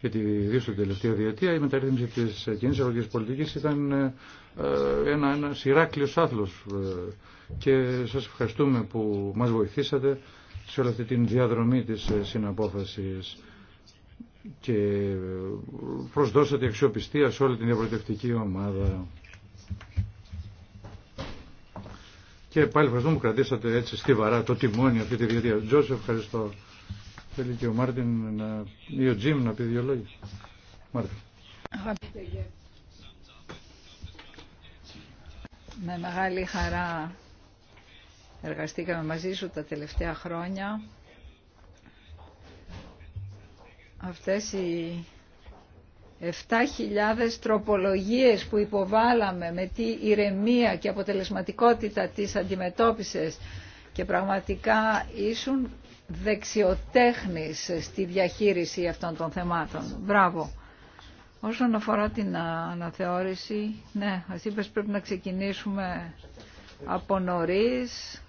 Γιατί ιδίω την τελευταία διετία η μεταρρύθμιση τη κοινή αγροτική πολιτική ήταν ε, ένα, ένα άθλος άθλο. Ε, και σας ευχαριστούμε που μας βοηθήσατε σε όλη αυτή την διαδρομή της συναπόφασης και προσδώσατε αξιοπιστία σε όλη την ευρωτευτική ομάδα. Και πάλι ευχαριστώ που κρατήσατε έτσι στιβαρά το τιμόνι αυτή τη διαδικασία. Τζόσεφ, ευχαριστώ. Θέλει και ο Μάρτιν να... ή ο Τζιμ να πει δύο λόγια. Μάρτιν. Με μεγάλη χαρά εργαστήκαμε μαζί σου τα τελευταία χρόνια αυτές οι 7.000 τροπολογίες που υποβάλαμε με τι ηρεμία και αποτελεσματικότητα τις αντιμετώπισης και πραγματικά ήσουν δεξιοτέχνης στη διαχείριση αυτών των θεμάτων. Μπράβο. Όσον αφορά την αναθεώρηση, ναι, ας είπες πρέπει να ξεκινήσουμε από νωρίς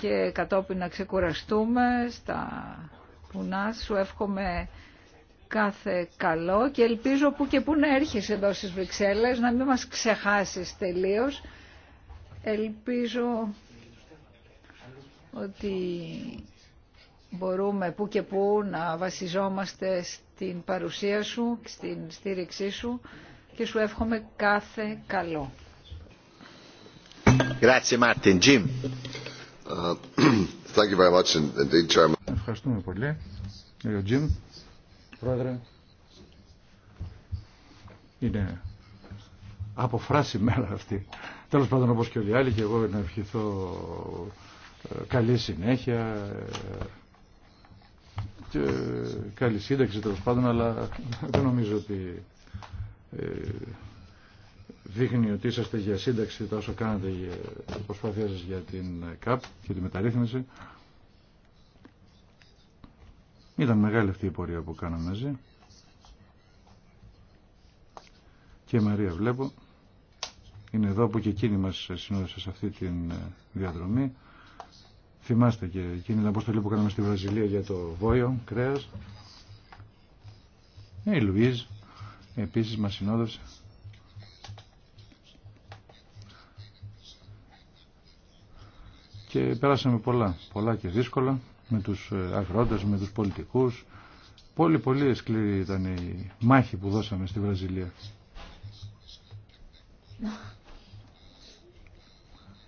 και κατόπιν να ξεκουραστούμε στα πουνά σου. Εύχομαι κάθε καλό και ελπίζω που και που να έρχεσαι εδώ στις Βρυξέλλες να μην μας ξεχάσεις τελείως. Ελπίζω ότι μπορούμε που και που να βασιζόμαστε στην παρουσία σου, στην στήριξή σου και σου εύχομαι κάθε καλό. Ευχαριστούμε πολύ. Κύριο Jim. Πρόεδρε, είναι απόφραση μέρα αυτή. Τέλο πάντων, όπως και όλοι οι άλλοι, και εγώ να ευχηθώ ε, καλή συνέχεια ε, και καλή σύνταξη τέλο πάντων, αλλά δεν νομίζω ότι ε, δείχνει ότι είσαστε για σύνταξη τόσο κάνατε για προσπάθειά σας για την ΚΑΠ και τη μεταρρύθμιση. Ήταν μεγάλη αυτή η πορεία που κάναμε μαζί. Και Μαρία βλέπω, είναι εδώ που και εκείνη μας συνόδευσε σε αυτή τη ε, διαδρομή. Θυμάστε και εκείνη την αποστολή που κάναμε στη Βραζιλία για το βόλιο κρέας. Ε, η Λουίζ επίσης μας συνόδευσε. Και περάσαμε πολλά, πολλά και δύσκολα με τους ε, αγρότες, με τους πολιτικούς. Πολύ πολύ σκληρή ήταν η μάχη που δώσαμε στη Βραζιλία.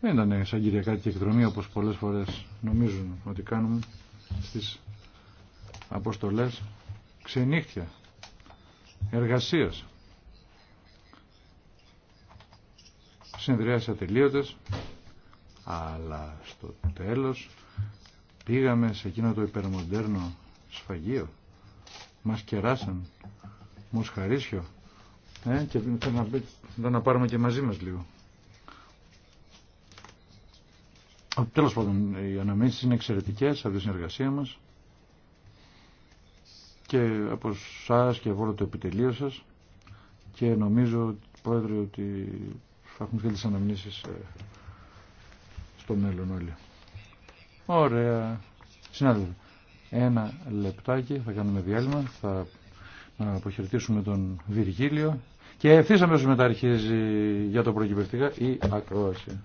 Δεν ήταν σαν κυριακάτικη εκδρομή όπως πολλές φορές νομίζουν ότι κάνουμε στις αποστολές ξενύχτια, εργασίας, συνεδριάσεις ατελείωτες, αλλά στο τέλος Πήγαμε σε εκείνο το υπερμοντέρνο σφαγείο. Μας κεράσαν. Μοσχαρίσιο. Ε, και θα να, να πάρουμε και μαζί μας λίγο. Ε, τέλος πάντων, οι αναμνήσεις είναι εξαιρετικές από τη συνεργασία μας και από εσά και από όλο το επιτελείο σας και νομίζω, Πρόεδρε, ότι θα έχουμε και τις ε, στο μέλλον όλοι. Ωραία. Συνάδελφοι, ένα λεπτάκι, θα κάνουμε διάλειμμα, θα αποχαιρετήσουμε τον Βυργίλιο και ευθύσαμε αμέσως μετά αρχίζει για το προκυπευτικά η ακρόαση.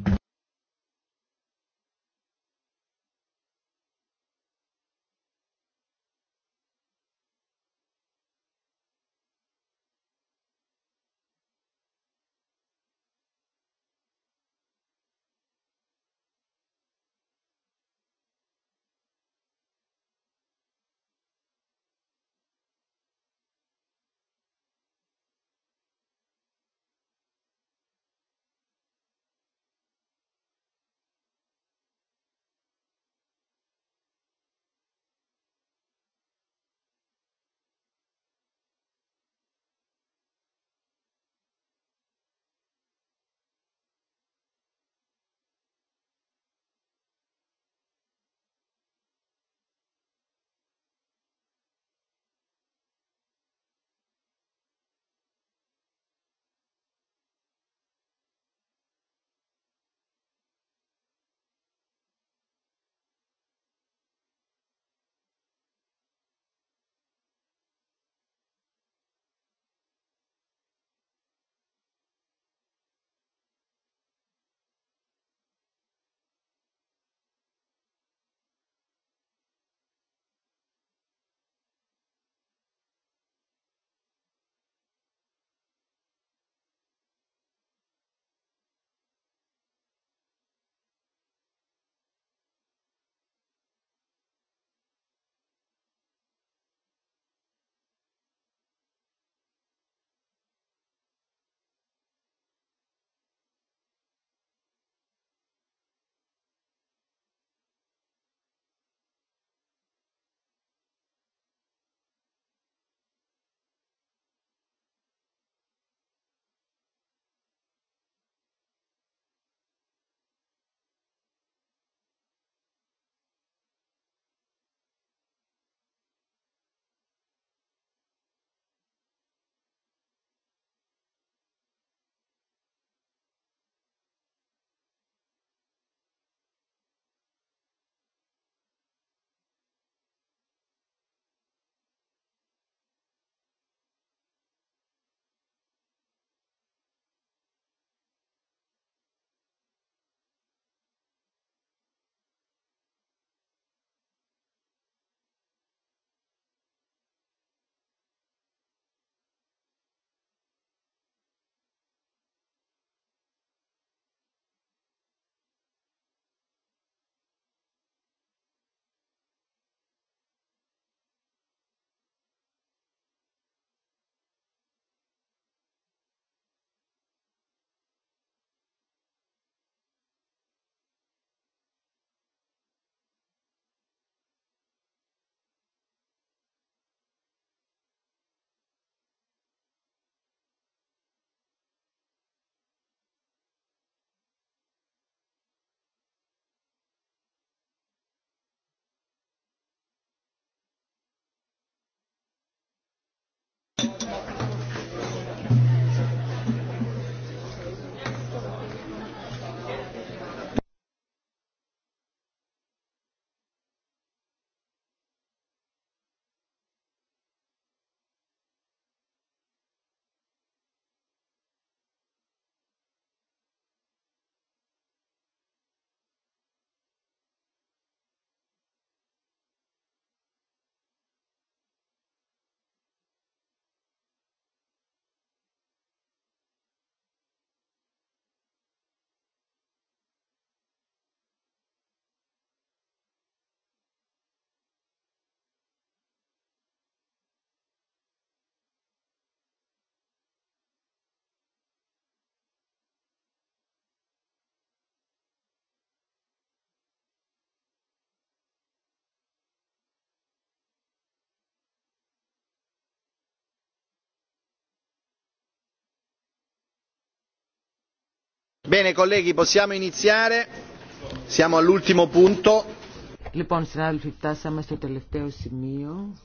Λοιπόν, συνάδελφοι, φτάσαμε στο τελευταίο σημείο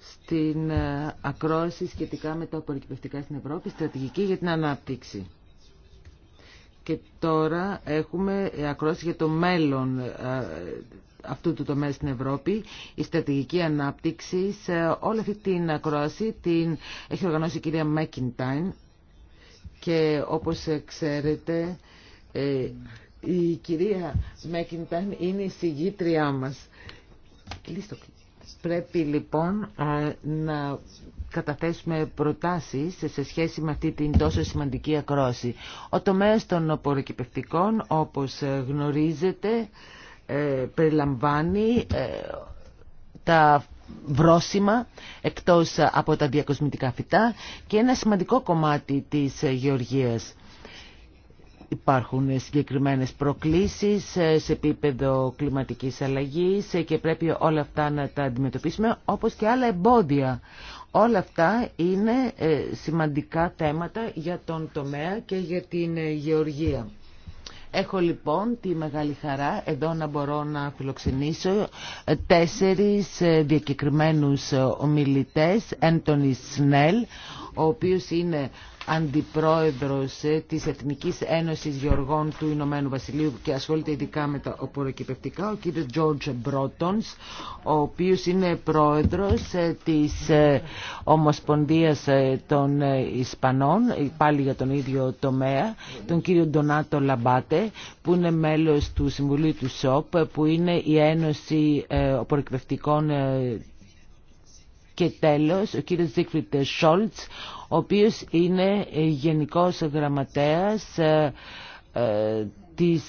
στην ε, ακρόαση σχετικά με τα απορροκυπευτικά στην Ευρώπη, στρατηγική για την ανάπτυξη. Και τώρα έχουμε ε, ακρόαση για το μέλλον ε, αυτού του τομέα στην Ευρώπη, η στρατηγική ανάπτυξη. Σε όλη αυτή την ακρόαση την έχει οργανώσει η κυρία Μέκιντάιν και όπως ξέρετε ε, η κυρία Μέκινταν είναι η συγγήτριά μας. Πρέπει λοιπόν να καταθέσουμε προτάσεις σε σχέση με αυτή την τόσο σημαντική ακρόση. Ο τομέας των απορροκυπευτικών, όπως γνωρίζετε ε, περιλαμβάνει ε, τα βρόσιμα εκτός από τα διακοσμητικά φυτά και ένα σημαντικό κομμάτι της γεωργίας. Υπάρχουν συγκεκριμένες προκλήσεις σε επίπεδο κλιματικής αλλαγής και πρέπει όλα αυτά να τα αντιμετωπίσουμε όπως και άλλα εμπόδια. Όλα αυτά είναι ε, σημαντικά θέματα για τον τομέα και για την γεωργία. Έχω λοιπόν τη μεγάλη χαρά εδώ να μπορώ να φιλοξενήσω τέσσερις ε, διακεκριμένους ε, ομιλητές, Έντονι Σνέλ, ο οποίος είναι αντιπρόεδρος ε, της Εθνικής Ένωσης Γεωργών του Ηνωμένου Βασιλείου και ασχολείται ειδικά με τα οποροκυπευτικά, ο κύριος George Μπρότονς, ο οποίος είναι πρόεδρος ε, της ε, Ομοσπονδίας των Ισπανών, πάλι για τον ίδιο τομέα, τον κύριο Ντονάτο Λαμπάτε, που είναι μέλος του Συμβουλίου του ΣΟΠ, που είναι η Ένωση Οποροκυπευτικών και τέλος, ο κύριος Δίκφριτ Σόλτς, ο οποίος είναι ε, γενικός γραμματέας ε, ε, της,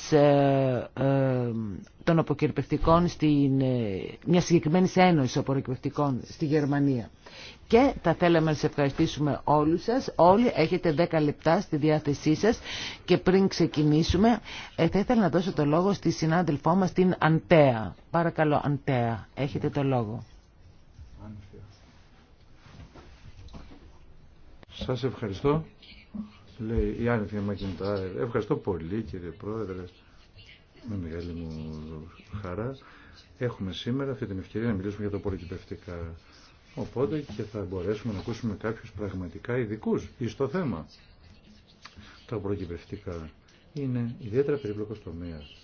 των αποκερπευτικών μια συγκεκριμένη ένωση αποκερπευτικών στη Γερμανία. Και θα θέλαμε να σας ευχαριστήσουμε όλους σας. Όλοι έχετε 10 λεπτά στη διάθεσή σας και πριν ξεκινήσουμε θα ήθελα να δώσω το λόγο στη συνάδελφό μας την Αντέα. Παρακαλώ Αντέα, έχετε το λόγο. Σας ευχαριστώ. Λέει η Άννη Μακιντάερ. Ευχαριστώ πολύ κύριε Πρόεδρε. Με μεγάλη μου χαρά. Έχουμε σήμερα αυτή την ευκαιρία να μιλήσουμε για το πολυκυπευτικά. Οπότε και θα μπορέσουμε να ακούσουμε κάποιους πραγματικά ειδικού ή στο θέμα. Τα προκυπευτικά είναι ιδιαίτερα περίπλοκος τομέας.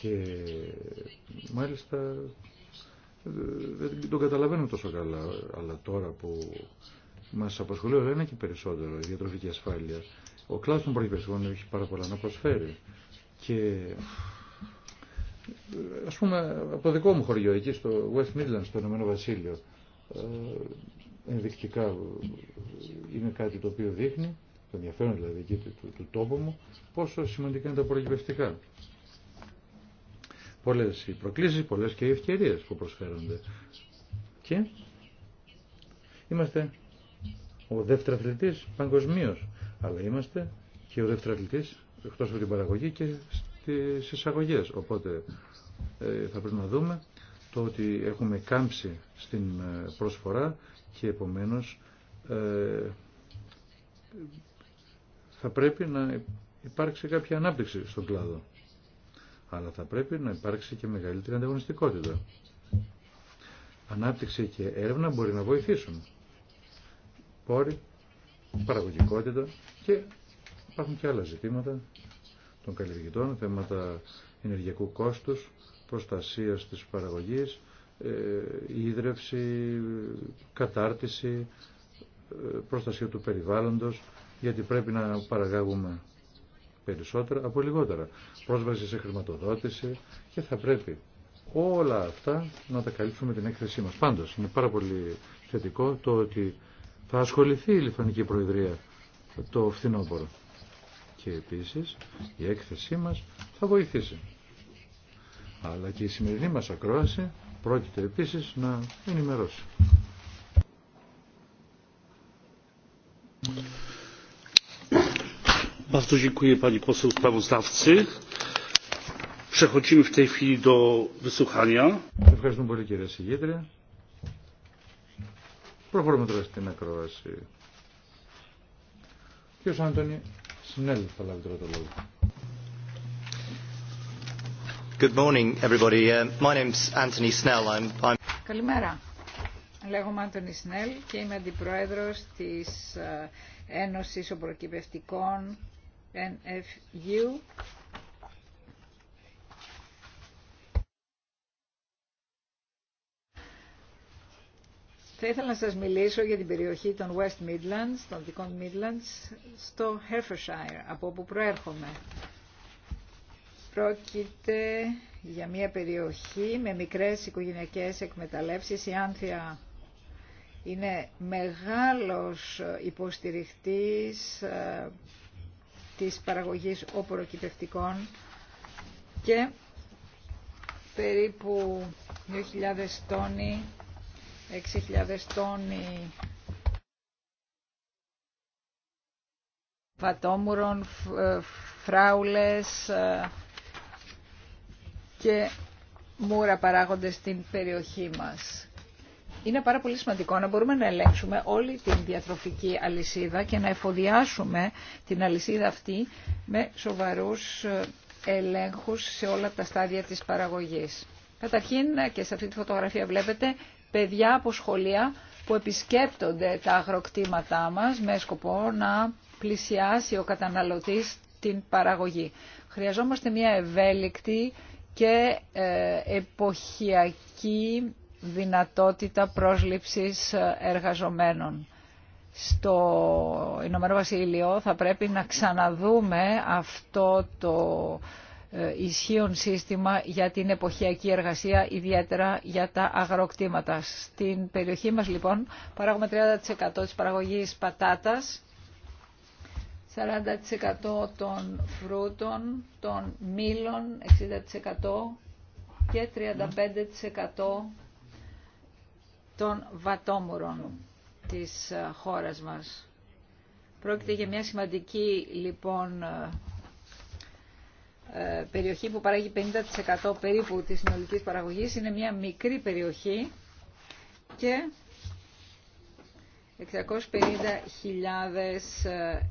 Και μάλιστα ε, δεν τον καταλαβαίνω τόσο καλά, αλλά τώρα που Μα απασχολεί όλο ένα και περισσότερο η διατροφική ασφάλεια. Ο κλάδο των προεκπαιδευτικών έχει πάρα πολλά να προσφέρει. Και ε, ας πούμε από το δικό μου χωριό εκεί στο West Midlands, στο Ηνωμένο Βασίλειο, ε, ενδεικτικά ε, είναι κάτι το οποίο δείχνει, το ενδιαφέρον δηλαδή εκεί του, του, τόπου μου, πόσο σημαντικά είναι τα προεκπαιδευτικά. Πολλές οι προκλήσεις, πολλές και οι ευκαιρίες που προσφέρονται. Και είμαστε ο αθλητή παγκοσμίω. Αλλά είμαστε και ο αθλητή εκτός από την παραγωγή και στις εισαγωγέ. Οπότε ε, θα πρέπει να δούμε το ότι έχουμε κάμψει στην ε, προσφορά και επομένως ε, θα πρέπει να υπάρξει κάποια ανάπτυξη στον κλάδο. Αλλά θα πρέπει να υπάρξει και μεγαλύτερη ανταγωνιστικότητα. Ανάπτυξη και έρευνα μπορεί να βοηθήσουν πόροι, παραγωγικότητα και υπάρχουν και άλλα ζητήματα των καλλιεργητών, θέματα ενεργειακού κόστους, προστασίας της παραγωγής, ε, ίδρευση, κατάρτιση, ε, προστασία του περιβάλλοντος, γιατί πρέπει να παραγάγουμε περισσότερα από λιγότερα. Πρόσβαση σε χρηματοδότηση και θα πρέπει όλα αυτά να τα καλύψουμε την έκθεσή μας. Πάντως, είναι πάρα πολύ θετικό το ότι θα ασχοληθεί η Λιθουανική Προεδρία το φθινόπωρο. Και επίσης η έκθεσή μας θα βοηθήσει. Αλλά και η σημερινή μας ακρόαση πρόκειται επίσης να ενημερώσει. Bardzo dziękuję pani poseł sprawozdawcy. Przechodzimy w tej chwili do wysłuchania. Ευχαριστούμε πολύ κύριε Συγγήτρια. Προχωρούμε τώρα στην ακρόαση. Κύριος Αντώνη Σνέλ θα λάβει τώρα το λόγο. Good morning everybody. Uh, my name's Anthony Snell. I'm, I'm... Καλημέρα. Λέγομαι Άντωνη Σνέλ και είμαι αντιπρόεδρος της ε, Ένωσης Οπροκυπευτικών NFU Θα ήθελα να σας μιλήσω για την περιοχή των West Midlands, των δικών Midlands, στο Hertfordshire, από όπου προέρχομαι. Πρόκειται για μια περιοχή με μικρές οικογενειακές εκμεταλλεύσεις. Η Άνθια είναι μεγάλος υποστηριχτής ε, της παραγωγής οποροκυπευτικών και περίπου 2.000 τόνοι 6.000 τόνοι βατόμουρων, ε, φράουλες ε, και μούρα παράγονται στην περιοχή μας. Είναι πάρα πολύ σημαντικό να μπορούμε να ελέγξουμε όλη την διατροφική αλυσίδα και να εφοδιάσουμε την αλυσίδα αυτή με σοβαρούς ε, ελέγχους σε όλα τα στάδια της παραγωγής. Καταρχήν και σε αυτή τη φωτογραφία βλέπετε παιδιά από σχολεία που επισκέπτονται τα αγροκτήματά μας με σκοπό να πλησιάσει ο καταναλωτής την παραγωγή. Χρειαζόμαστε μια ευέλικτη και ε, εποχιακή δυνατότητα πρόσληψης ε, εργαζομένων. Στο Ηνωμένο Βασίλειο θα πρέπει να ξαναδούμε αυτό το ε, ισχύον σύστημα για την εποχιακή εργασία, ιδιαίτερα για τα αγροκτήματα. Στην περιοχή μας λοιπόν παράγουμε 30% της παραγωγής πατάτας, 40% των φρούτων, των μήλων, 60% και 35% των βατόμουρων της ε, χώρας μας. Πρόκειται για μια σημαντική λοιπόν ε, ε, περιοχή που παράγει 50% περίπου της συνολικής παραγωγής. Είναι μια μικρή περιοχή και 650.000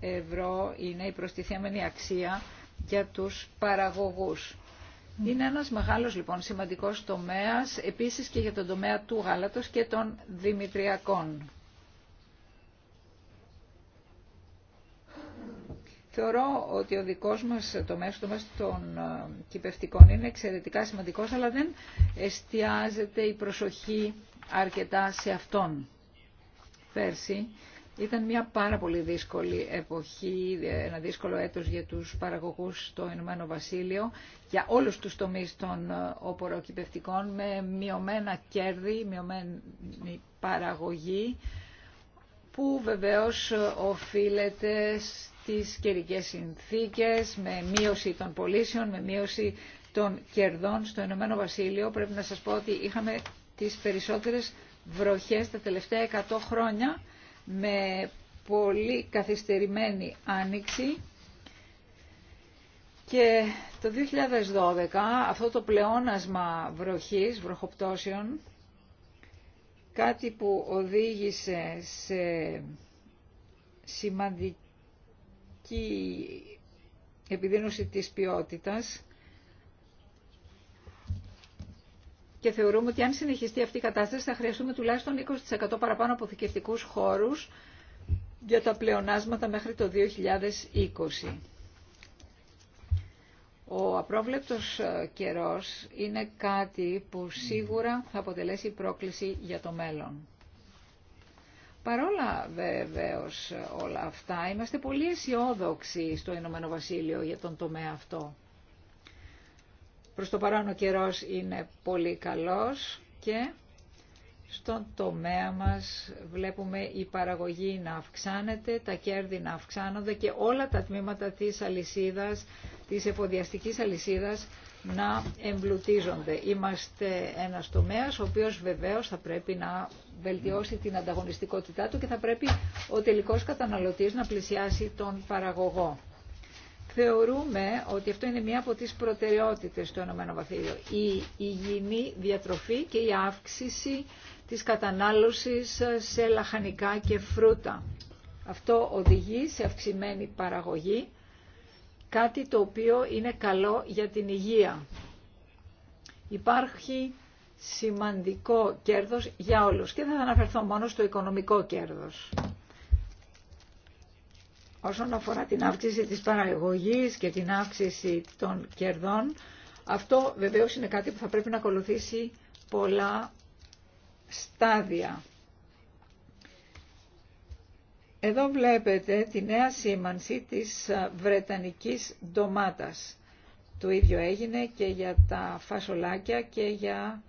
ε, ευρώ είναι η προστιθέμενη αξία για τους παραγωγούς. Είναι ένας μεγάλος λοιπόν σημαντικός τομέας, επίσης και για τον τομέα του γάλατος και των δημητριακών. Θεωρώ ότι ο δικός μας τομέας, το τομέας των ε, κυπευτικών είναι εξαιρετικά σημαντικός, αλλά δεν εστιάζεται η προσοχή αρκετά σε αυτόν. Πέρσι ήταν μια πάρα πολύ δύσκολη εποχή, ε, ένα δύσκολο έτος για τους παραγωγούς στο Ηνωμένο Βασίλειο, για όλους τους τομείς των ε, οποροκυπευτικών, με μειωμένα κέρδη, μειωμένη παραγωγή, που βεβαίως οφείλεται τις καιρικέ συνθήκες, με μείωση των πωλήσεων, με μείωση των κερδών στο Ηνωμένο Βασίλειο. Πρέπει να σας πω ότι είχαμε τις περισσότερες βροχές τα τελευταία 100 χρόνια με πολύ καθυστερημένη άνοιξη και το 2012 αυτό το πλεόνασμα βροχής, βροχοπτώσεων, κάτι που οδήγησε σε σημαντική η επιδείνωση της ποιότητας και θεωρούμε ότι αν συνεχιστεί αυτή η κατάσταση θα χρειαστούμε τουλάχιστον 20% παραπάνω αποθηκευτικούς χώρους για τα πλεονάσματα μέχρι το 2020. Ο απρόβλεπτος καιρός είναι κάτι που σίγουρα θα αποτελέσει πρόκληση για το μέλλον. Παρόλα βεβαίω όλα αυτά, είμαστε πολύ αισιόδοξοι στο Ηνωμένο Βασίλειο για τον τομέα αυτό. Προς το παρόν ο καιρός είναι πολύ καλός και στον τομέα μας βλέπουμε η παραγωγή να αυξάνεται, τα κέρδη να αυξάνονται και όλα τα τμήματα της αλυσίδας, της εφοδιαστικής αλυσίδας να εμπλουτίζονται. Είμαστε ένας τομέας ο οποίος βεβαίως θα πρέπει να βελτιώσει την ανταγωνιστικότητά του και θα πρέπει ο τελικός καταναλωτής να πλησιάσει τον παραγωγό. Θεωρούμε ότι αυτό είναι μία από τις προτεραιότητες του ΕΒ. Η υγιεινή διατροφή και η αύξηση της κατανάλωσης σε λαχανικά και φρούτα. Αυτό οδηγεί σε αυξημένη παραγωγή, κάτι το οποίο είναι καλό για την υγεία. Υπάρχει σημαντικό κέρδος για όλους. Και δεν θα αναφερθώ μόνο στο οικονομικό κέρδος. Όσον αφορά την αύξηση της παραγωγής και την αύξηση των κερδών, αυτό βεβαίως είναι κάτι που θα πρέπει να ακολουθήσει πολλά στάδια. Εδώ βλέπετε τη νέα σήμανση της βρετανικής ντομάτας. Το ίδιο έγινε και για τα φασολάκια και για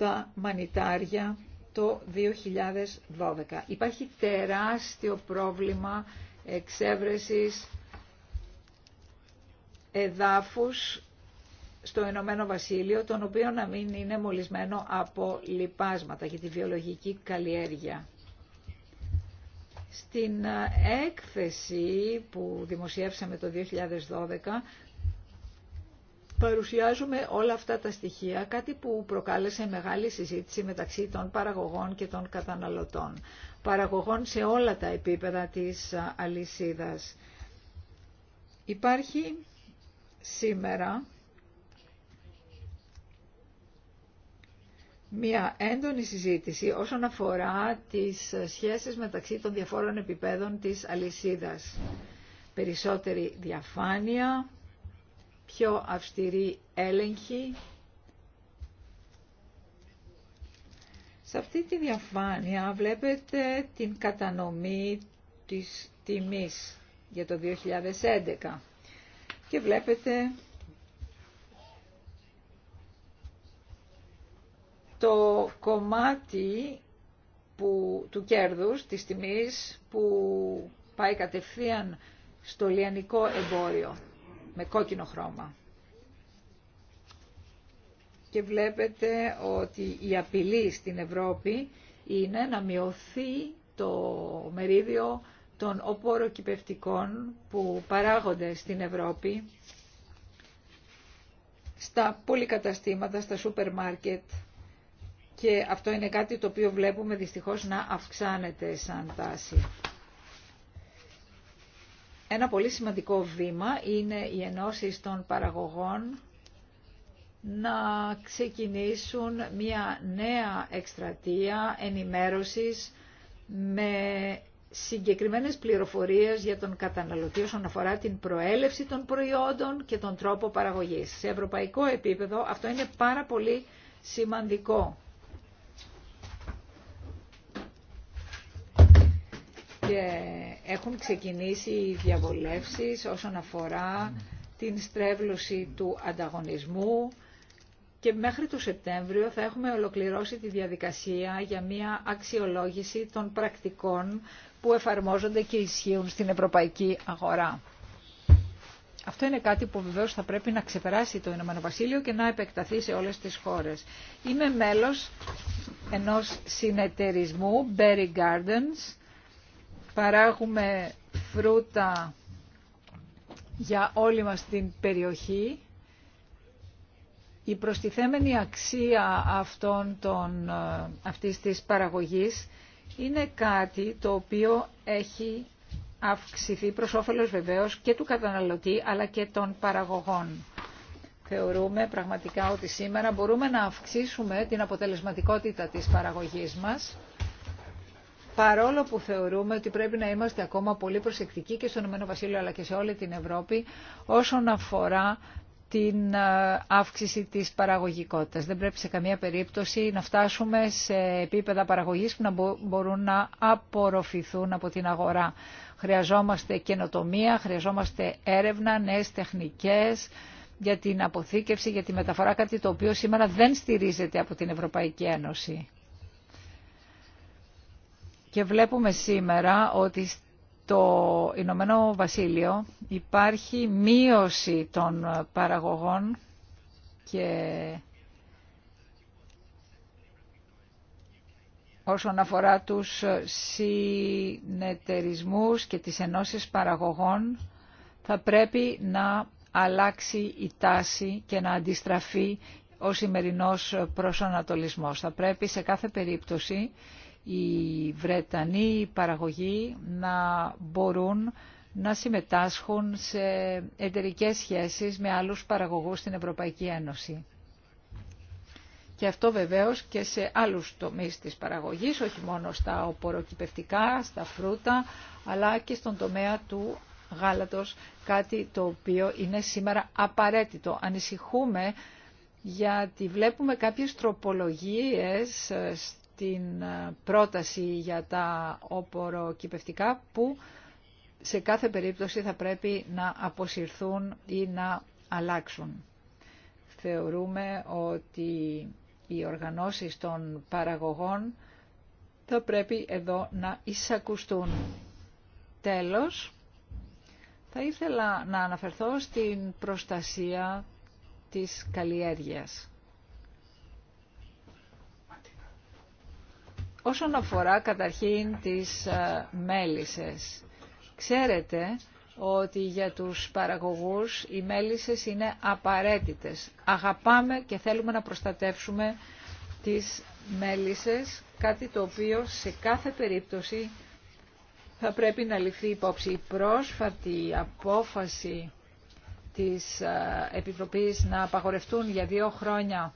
τα μανιτάρια το 2012. Υπάρχει τεράστιο πρόβλημα εξέβρεσης εδάφους στο Ηνωμένο Βασίλειο, τον οποίο να μην είναι μολυσμένο από λιπάσματα για τη βιολογική καλλιέργεια. Στην ε, έκθεση που δημοσιεύσαμε το 2012 παρουσιάζουμε όλα αυτά τα στοιχεία, κάτι που προκάλεσε μεγάλη συζήτηση μεταξύ των παραγωγών και των καταναλωτών. Παραγωγών σε όλα τα επίπεδα της αλυσίδας. Υπάρχει σήμερα μια έντονη συζήτηση όσον αφορά τις σχέσεις μεταξύ των διαφόρων επιπέδων της αλυσίδας. Περισσότερη διαφάνεια, πιο αυστηρή έλεγχη. Σε αυτή τη διαφάνεια βλέπετε την κατανομή της τιμής για το 2011 και βλέπετε το κομμάτι που, του κέρδους, της τιμής που πάει κατευθείαν στο λιανικό εμπόριο με κόκκινο χρώμα. Και βλέπετε ότι η απειλή στην Ευρώπη είναι να μειωθεί το μερίδιο των οποροκυπευτικών που παράγονται στην Ευρώπη στα πολυκαταστήματα, στα σούπερ μάρκετ και αυτό είναι κάτι το οποίο βλέπουμε δυστυχώς να αυξάνεται σαν τάση. Ένα πολύ σημαντικό βήμα είναι οι ενώσεις των παραγωγών να ξεκινήσουν μια νέα εκστρατεία ενημέρωσης με συγκεκριμένες πληροφορίες για τον καταναλωτή όσον αφορά την προέλευση των προϊόντων και τον τρόπο παραγωγής. Σε ευρωπαϊκό επίπεδο αυτό είναι πάρα πολύ σημαντικό. Έχουν ξεκινήσει οι διαβολεύσεις όσον αφορά την στρέβλωση του ανταγωνισμού και μέχρι το Σεπτέμβριο θα έχουμε ολοκληρώσει τη διαδικασία για μια αξιολόγηση των πρακτικών που εφαρμόζονται και ισχύουν στην ευρωπαϊκή αγορά. Αυτό είναι κάτι που βεβαίω θα πρέπει να ξεπεράσει το Ηνωμένο Βασίλειο και να επεκταθεί σε όλες τις χώρες. Είμαι μέλος ενός συνεταιρισμού Berry Gardens παράγουμε φρούτα για όλη μας την περιοχή. Η προστιθέμενη αξία αυτών των, ε, αυτής της παραγωγής είναι κάτι το οποίο έχει αυξηθεί προς όφελος βεβαίως και του καταναλωτή αλλά και των παραγωγών. Θεωρούμε πραγματικά ότι σήμερα μπορούμε να αυξήσουμε την αποτελεσματικότητα της παραγωγής μας παρόλο που θεωρούμε ότι πρέπει να είμαστε ακόμα πολύ προσεκτικοί και στον Ηνωμένο αλλά και σε όλη την Ευρώπη όσον αφορά την ε, αύξηση της παραγωγικότητας. Δεν πρέπει σε καμία περίπτωση να φτάσουμε σε επίπεδα παραγωγής που να μπορούν να απορροφηθούν από την αγορά. Χρειαζόμαστε καινοτομία, χρειαζόμαστε έρευνα, νέες τεχνικές για την αποθήκευση, για τη μεταφορά, κάτι το οποίο σήμερα δεν στηρίζεται από την Ευρωπαϊκή Ένωση. Και βλέπουμε σήμερα ότι στο Ηνωμένο Βασίλειο υπάρχει μείωση των παραγωγών και όσον αφορά τους συνεταιρισμούς και τις ενώσεις παραγωγών θα πρέπει να αλλάξει η τάση και να αντιστραφεί ο σημερινός προσανατολισμός. Θα πρέπει σε κάθε περίπτωση οι Βρετανοί παραγωγοί να μπορούν να συμμετάσχουν σε εταιρικέ σχέσεις με άλλους παραγωγούς στην Ευρωπαϊκή Ένωση. Και αυτό βεβαίως και σε άλλους τομείς της παραγωγής, όχι μόνο στα οποροκυπευτικά, στα φρούτα, αλλά και στον τομέα του γάλατος, κάτι το οποίο είναι σήμερα απαραίτητο. Ανησυχούμε γιατί βλέπουμε κάποιες τροπολογίες ε, την ε, πρόταση για τα όπορο κυπευτικά που σε κάθε περίπτωση θα πρέπει να αποσυρθούν ή να αλλάξουν. Θεωρούμε ότι οι οργανώσεις των παραγωγών θα πρέπει εδώ να εισακουστούν. Τέλος, θα ήθελα να αναφερθώ στην προστασία της καλλιέργειας. Όσον αφορά καταρχήν τις ε, μέλισσες, ξέρετε ότι για τους παραγωγούς οι μέλισσες είναι απαραίτητες. Αγαπάμε και θέλουμε να προστατεύσουμε τις μέλισσες, κάτι το οποίο σε κάθε περίπτωση θα πρέπει να ληφθεί υπόψη. Η πρόσφατη απόφαση της ε, Επιτροπής να απαγορευτούν για δύο χρόνια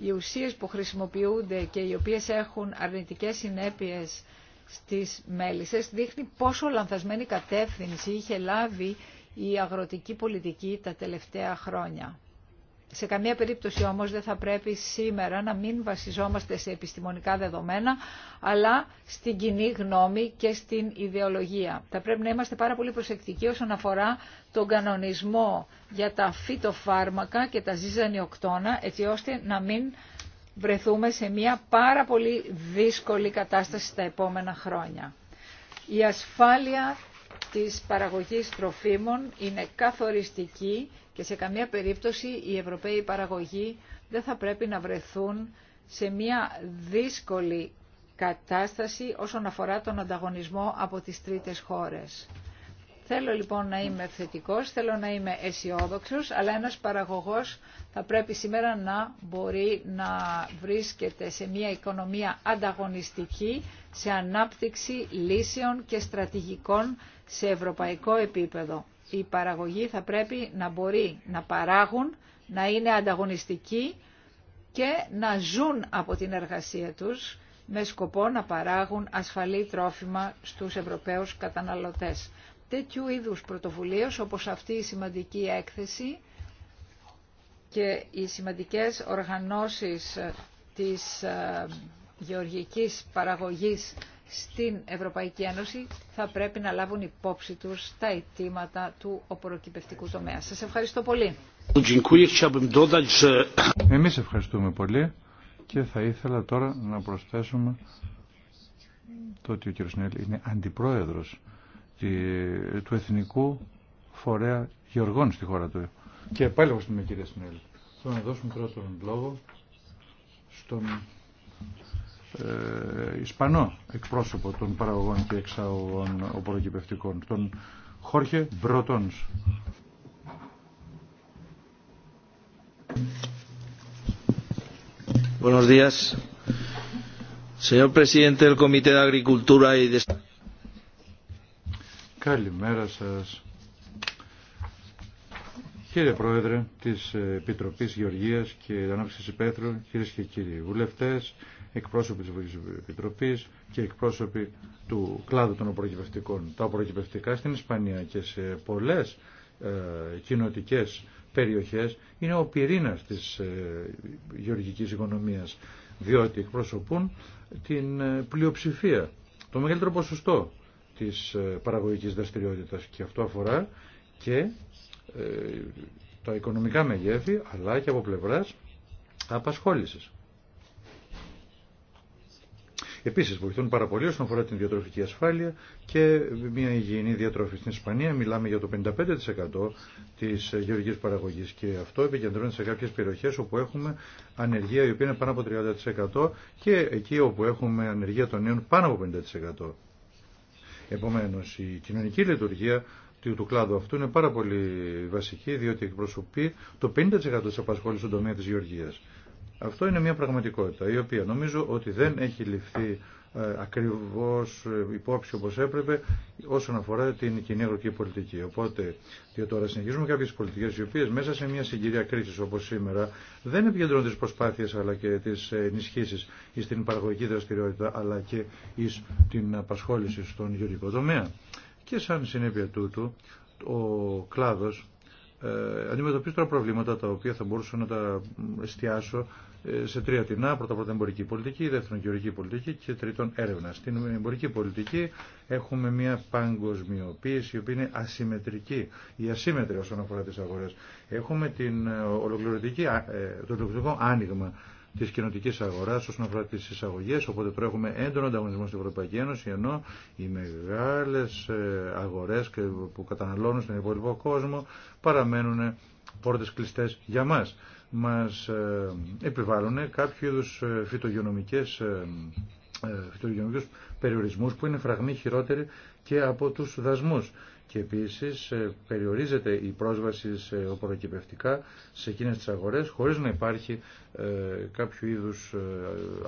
οι ουσίες που χρησιμοποιούνται και οι οποίες έχουν αρνητικές συνέπειες στις μέλισσες δείχνει πόσο λανθασμένη κατεύθυνση είχε λάβει η αγροτική πολιτική τα τελευταία χρόνια. Σε καμία περίπτωση όμως δεν θα πρέπει σήμερα να μην βασιζόμαστε σε επιστημονικά δεδομένα, αλλά στην κοινή γνώμη και στην ιδεολογία. Θα πρέπει να είμαστε πάρα πολύ προσεκτικοί όσον αφορά τον κανονισμό για τα φυτοφάρμακα και τα ζυζανιοκτώνα, έτσι ώστε να μην βρεθούμε σε μια πάρα πολύ δύσκολη κατάσταση στα επόμενα χρόνια. Η ασφάλεια της παραγωγής τροφίμων είναι καθοριστική και σε καμία περίπτωση οι Ευρωπαίοι παραγωγοί δεν θα πρέπει να βρεθούν σε μια δύσκολη κατάσταση όσον αφορά τον ανταγωνισμό από τις τρίτες χώρες. Θέλω λοιπόν να είμαι θετικός, θέλω να είμαι αισιόδοξο, αλλά ένας παραγωγός θα πρέπει σήμερα να μπορεί να βρίσκεται σε μια οικονομία ανταγωνιστική, σε ανάπτυξη λύσεων και στρατηγικών σε ευρωπαϊκό επίπεδο η παραγωγή θα πρέπει να μπορεί να παράγουν, να είναι ανταγωνιστική και να ζουν από την εργασία τους με σκοπό να παράγουν ασφαλή τρόφιμα στους Ευρωπαίους καταναλωτές. Τέτοιου είδους πρωτοβουλίες όπως αυτή η σημαντική έκθεση και οι σημαντικές οργανώσεις της ε, γεωργικής παραγωγής στην Ευρωπαϊκή Ένωση θα πρέπει να λάβουν υπόψη τους τα αιτήματα του οποροκυπευτικού τομέα. Σας ευχαριστώ πολύ. Εμείς ευχαριστούμε πολύ και θα ήθελα τώρα να προσθέσουμε το ότι ο κ. Νέλ είναι αντιπρόεδρος του Εθνικού Φορέα Γεωργών στη χώρα του. Και πάλι ευχαριστούμε κ. Σνέλ. Θέλω να δώσουμε τώρα τον λόγο στον ε, Ισπανό εκπρόσωπο των παραγωγών και εξαγωγών οπωροκυπευτικών, τον Χόρχε Μπροτόνς. Buenos días. Señor presidente del Comité de Agricultura y de... Καλημέρα σας. Κύριε Πρόεδρε της Επιτροπής Γεωργίας και Ανάπτυξης Υπέθρου, κυρίες και κύριοι βουλευτές, εκπρόσωποι της Βουλή Επιτροπής και εκπρόσωποι του κλάδου των προκυπευτικών. Τα προκυπευτικά στην Ισπανία και σε πολλές ε, περιοχές είναι ο πυρήνας της ε, γεωργικής οικονομίας διότι εκπροσωπούν την ε, πλειοψηφία, το μεγαλύτερο ποσοστό της ε, παραγωγικής δραστηριότητας και αυτό αφορά και τα οικονομικά μεγέθη αλλά και από πλευράς απασχόλησης. Επίση, βοηθούν πάρα πολύ όσον αφορά την διατροφική ασφάλεια και μια υγιεινή διατροφή. Στην Ισπανία μιλάμε για το 55% τη γεωργική παραγωγή και αυτό επικεντρώνεται σε κάποιε περιοχέ όπου έχουμε ανεργία η οποία είναι πάνω από 30% και εκεί όπου έχουμε ανεργία των νέων πάνω από 50%. Επομένω, η κοινωνική λειτουργία του κλάδου αυτού είναι πάρα πολύ βασική διότι εκπροσωπεί το 50% τη απασχόληση στον τομέα τη γεωργίας. Αυτό είναι μια πραγματικότητα η οποία νομίζω ότι δεν έχει ληφθεί ε, ακριβώς ε, υπόψη όπως έπρεπε όσον αφορά την κοινή αγροτική πολιτική. Οπότε για τώρα συνεχίζουμε κάποιες πολιτικές οι οποίες μέσα σε μια συγκυρία κρίσης όπως σήμερα δεν επικεντρώνουν τις προσπάθειες αλλά και τις ενισχύσεις εις την παραγωγική δραστηριότητα αλλά και εις την απασχόληση στον γεωργικό τομέα. Και σαν συνέπεια τούτου ο κλάδος ε, αντιμετωπίζει τώρα προβλήματα τα οποία θα μπορούσα να τα εστιάσω σε τρία τεινά. Πρώτα πρώτα εμπορική πολιτική, δεύτερον γεωργική πολιτική και τρίτον έρευνα. Στην εμπορική πολιτική έχουμε μια παγκοσμιοποίηση η οποία είναι ασυμμετρική ή ασύμμετρη όσον αφορά τι αγορέ. Έχουμε την ε, ολοκληρωτική, ε, το ολοκληρωτικό άνοιγμα τη κοινοτική αγορά όσον αφορά τι εισαγωγέ. Οπότε τώρα έχουμε έντονο ανταγωνισμό στην Ευρωπαϊκή Ένωση ενώ οι μεγάλε αγορέ που καταναλώνουν στον υπόλοιπο κόσμο παραμένουν πόρτε κλειστέ για μα μας ε, επιβάλλουν κάποιο είδους ε, φυτογενομικές ε, φυτογειονομικούς περιορισμούς που είναι φραγμή χειρότερη και από τους δασμούς. Και επίσης περιορίζεται η πρόσβαση σε οποροκυπευτικά σε εκείνες τις αγορές χωρίς να υπάρχει κάποιο είδους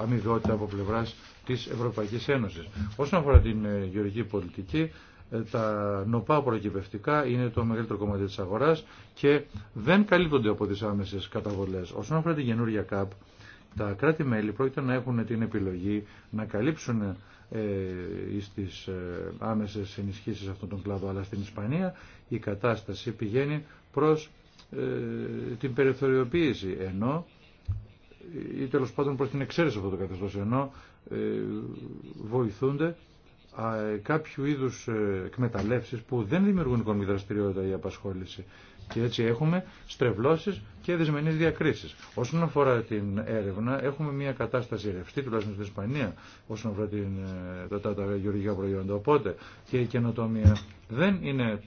αμοιβαιότητα από πλευράς της Ευρωπαϊκής Ένωσης. Όσον αφορά την γεωργική πολιτική ε, τα νοπά προκυπευτικά είναι το μεγαλύτερο κομμάτι της αγοράς και δεν καλύπτονται από τις άμεσες καταβολές. Όσον αφορά την καινούργια ΚΑΠ, τα κράτη-μέλη πρόκειται να έχουν την επιλογή να καλύψουν ε, στις ε, άμεσες ενισχύσεις αυτών των κλάδων, αλλά στην Ισπανία η κατάσταση πηγαίνει προς ε, την περιθωριοποίηση, ενώ ή τέλο πάντων προς την εξαίρεση αυτό το καθεστώς, ενώ ε, βοηθούνται ε, κάποιου είδους ε, εκμεταλλεύσεις που δεν δημιουργούν οικονομική δραστηριότητα ή απασχόληση. Και έτσι έχουμε στρεβλώσεις και δυσμενείς διακρίσεις. Όσον αφορά την έρευνα, έχουμε μια κατάσταση ρευστή, τουλάχιστον στην Ισπανία, όσον αφορά την, ε, τα, τα, τα γεωργικά προϊόντα. Οπότε και η καινοτομία δεν είναι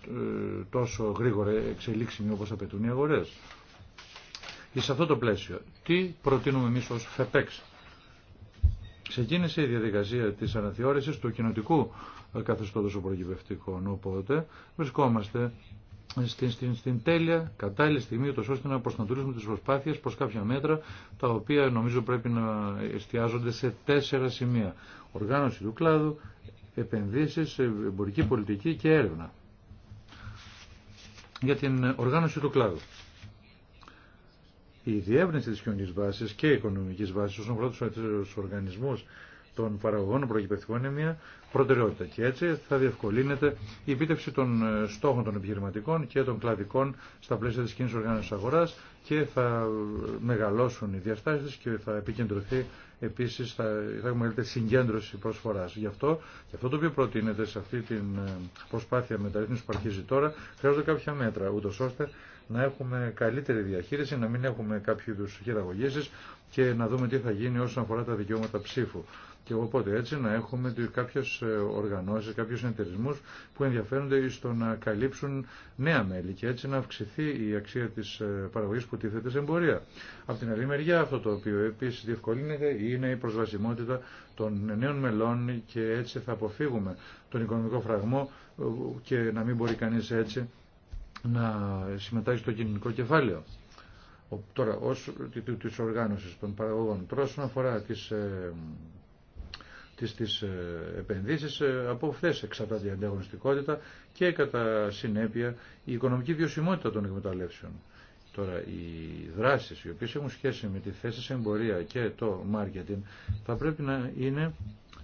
τόσο γρήγορα εξελίξιμη όπως απαιτούν οι αγορές. Και σε αυτό το πλαίσιο, τι προτείνουμε εμείς ως ΦΕΠΕΞ Ξεκίνησε η διαδικασία της αναθεώρησης του κοινοτικού ε, καθεστώτος προκυπευτικών. Οπότε βρισκόμαστε στην, στην, στην τέλεια κατάλληλη στιγμή, ούτως ώστε να προσανατολίσουμε τις προσπάθειες προς κάποια μέτρα, τα οποία νομίζω πρέπει να εστιάζονται σε τέσσερα σημεία. Οργάνωση του κλάδου, επενδύσεις, ε, εμπορική πολιτική και έρευνα. Για την οργάνωση του κλάδου η διεύρυνση της κοινωνικής βάσης και η οικονομικής βάσης όσον αφορά τους οργανισμούς των παραγωγών προκυπευτικών είναι μια προτεραιότητα και έτσι θα διευκολύνεται η επίτευξη των ε, στόχων των επιχειρηματικών και των κλαδικών στα πλαίσια της κοινής οργάνωσης αγοράς και θα ε, μεγαλώσουν οι διαστάσεις και θα επικεντρωθεί επίσης, θα, θα έχουμε συγκέντρωση προσφοράς. Γι' αυτό, αυτό το οποίο προτείνεται σε αυτή την ε, προσπάθεια μεταρρύθμισης που αρχίζει τώρα, χρειάζονται κάποια μέτρα, ούτω ώστε να έχουμε καλύτερη διαχείριση, να μην έχουμε κάποιο είδου χειραγωγήσει και να δούμε τι θα γίνει όσον αφορά τα δικαιώματα ψήφου. Και οπότε έτσι να έχουμε κάποιε οργανώσει, κάποιου συνεταιρισμού που ενδιαφέρονται στο να καλύψουν νέα μέλη και έτσι να αυξηθεί η αξία τη ε, παραγωγή που τίθεται σε εμπορία. Από την άλλη μεριά, αυτό το οποίο επίση διευκολύνεται είναι η προσβασιμότητα των νέων μελών και έτσι θα αποφύγουμε τον οικονομικό φραγμό ε, και να μην μπορεί κανεί έτσι να συμμετάσχει στο κοινωνικό κεφάλαιο. Τώρα, ως της οργάνωσης των παραγωγών, τώρα όσον αφορά τις, ε, τις, τις ε, επενδύσεις, ε, από αυτές εξαρτάται η ανταγωνιστικότητα και κατά συνέπεια η οικονομική βιωσιμότητα των εκμεταλλεύσεων. Τώρα, οι δράσεις οι οποίες έχουν σχέση με τη θέση σε εμπορία και το μάρκετινγκ θα πρέπει να είναι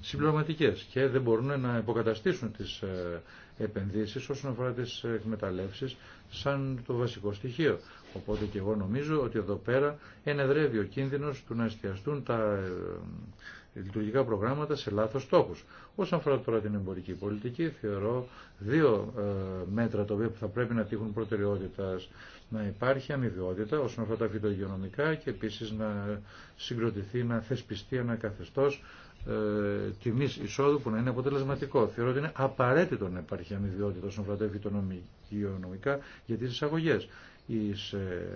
συμπληρωματικές και δεν μπορούν να υποκαταστήσουν τις ε, επενδύσεις όσον αφορά τις εκμεταλλεύσεις σαν το βασικό στοιχείο. Οπότε και εγώ νομίζω ότι εδώ πέρα ενεδρεύει ο κίνδυνος του να εστιαστούν τα ε, λειτουργικά προγράμματα σε λάθος στόχους. Όσον αφορά τώρα την εμπορική πολιτική, θεωρώ δύο ε, μέτρα τα οποία θα πρέπει να τύχουν προτεραιότητας να υπάρχει αμοιβαιότητα όσον αφορά τα φυτογειονομικά και επίσης να συγκροτηθεί, να θεσπιστεί ένα καθεστώς ε, τιμή εισόδου που να είναι αποτελεσματικό. Θεωρώ ότι είναι απαραίτητο να υπάρχει αμοιβιότητα όσον αφορά τα νομικά για τι εισαγωγέ. Σε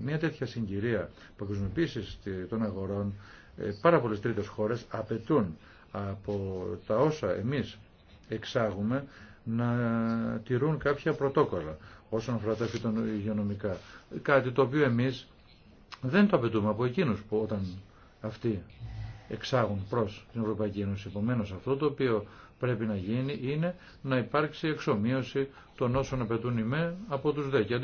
μια τέτοια συγκυρία παγκοσμιοποίηση των αγορών, ε, πάρα πολλέ τρίτε χώρε απαιτούν από τα όσα εμεί εξάγουμε να τηρούν κάποια πρωτόκολλα όσον αφορά τα υγειονομικά. Κάτι το οποίο εμείς δεν το απαιτούμε από εκείνους που όταν αυτοί εξάγουν προς την Ευρωπαϊκή Ένωση. Επομένως αυτό το οποίο πρέπει να γίνει είναι να υπάρξει εξομοίωση των όσων απαιτούν οι με από τους δε και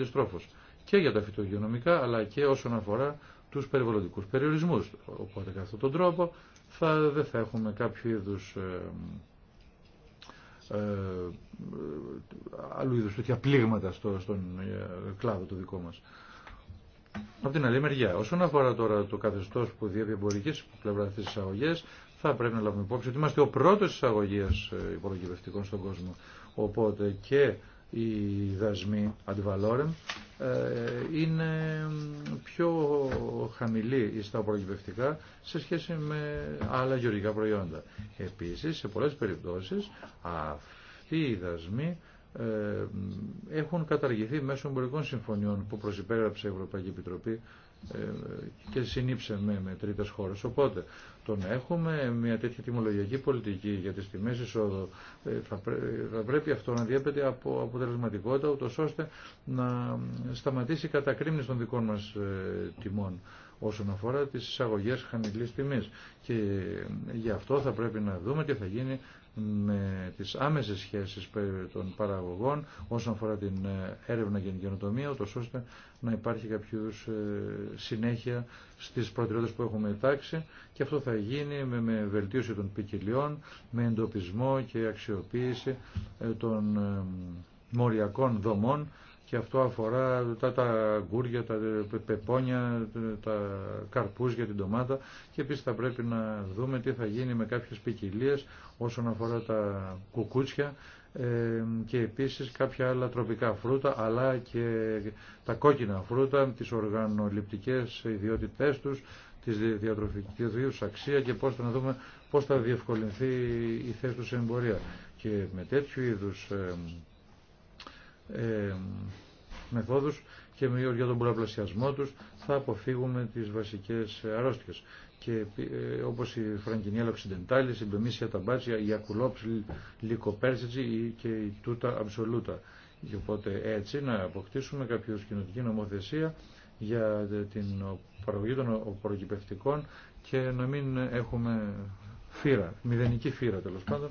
Και για τα φυτογειονομικά αλλά και όσον αφορά τους περιβαλλοντικούς περιορισμούς. Οπότε κατά αυτόν τον τρόπο θα, δεν θα έχουμε κάποιο είδους ε, άλλου είδους τέτοια πλήγματα στον κλάδο το δικό μας. Από την άλλη μεριά, όσον αφορά τώρα το καθεστώ που διέπει εμπορική πλευρά τη εισαγωγή, θα πρέπει να λάβουμε υπόψη ότι είμαστε ο πρώτο εισαγωγή ε, υπολογιστικών στον κόσμο. Οπότε και οι δασμοί αντιβαλόρεμ ε, είναι πιο χαμηλοί στα σε σχέση με άλλα γεωργικά προϊόντα. Επίσης, σε πολλές περιπτώσεις, αυτοί οι δασμοί ε, έχουν καταργηθεί μέσω εμπορικών συμφωνιών που προσυπέγραψε η Ευρωπαϊκή Επιτροπή ε, και συνήψε με, με τρίτες χώρες. Οπότε το να έχουμε μια τέτοια τιμολογιακή πολιτική για τις τιμές εισόδου ε, θα, πρέπει αυτό να διέπεται από αποτελεσματικότητα ούτως ώστε να σταματήσει η κατακρίμνηση των δικών μας τιμών όσον αφορά τις εισαγωγές χαμηλής τιμής. Και γι' αυτό θα πρέπει να δούμε τι θα γίνει με τις άμεσες σχέσεις των παραγωγών όσον αφορά την ε, έρευνα και την καινοτομία, ούτως ώστε να υπάρχει κάποιο ε, συνέχεια στις προτεραιότητες που έχουμε τάξει και αυτό θα γίνει με, με βελτίωση των ποικιλιών, με εντοπισμό και αξιοποίηση ε, των μοριακών δομών και αυτό αφορά τα, τα τα πεπόνια, τα καρπούζια, την ντομάτα και επίσης θα πρέπει να δούμε τι θα γίνει με κάποιες ποικιλίε όσον αφορά τα κουκούτσια ε, και επίσης κάποια άλλα τροπικά φρούτα αλλά και τα κόκκινα φρούτα, τις οργανοληπτικές ιδιότητές τους, της διατροφικής αξία και πώς θα, να δούμε πώς θα διευκολυνθεί η θέση σε εμπορία. Και με τέτοιου είδους ε, ε, μεθόδους και για τον πολλαπλασιασμό τους θα αποφύγουμε τις βασικές αρρώστιες. Και ε, όπως η Φραγκινιέλα Λοξιντεντάλη, η Μπεμίσια Ταμπάτσια, η Ακουλόψη Λικοπέρσιτζη και η Τούτα και Οπότε έτσι να αποκτήσουμε κάποιο κοινωτική νομοθεσία για την παραγωγή των προκυπευτικών και να μην έχουμε φύρα, μηδενική φύρα τέλος πάντων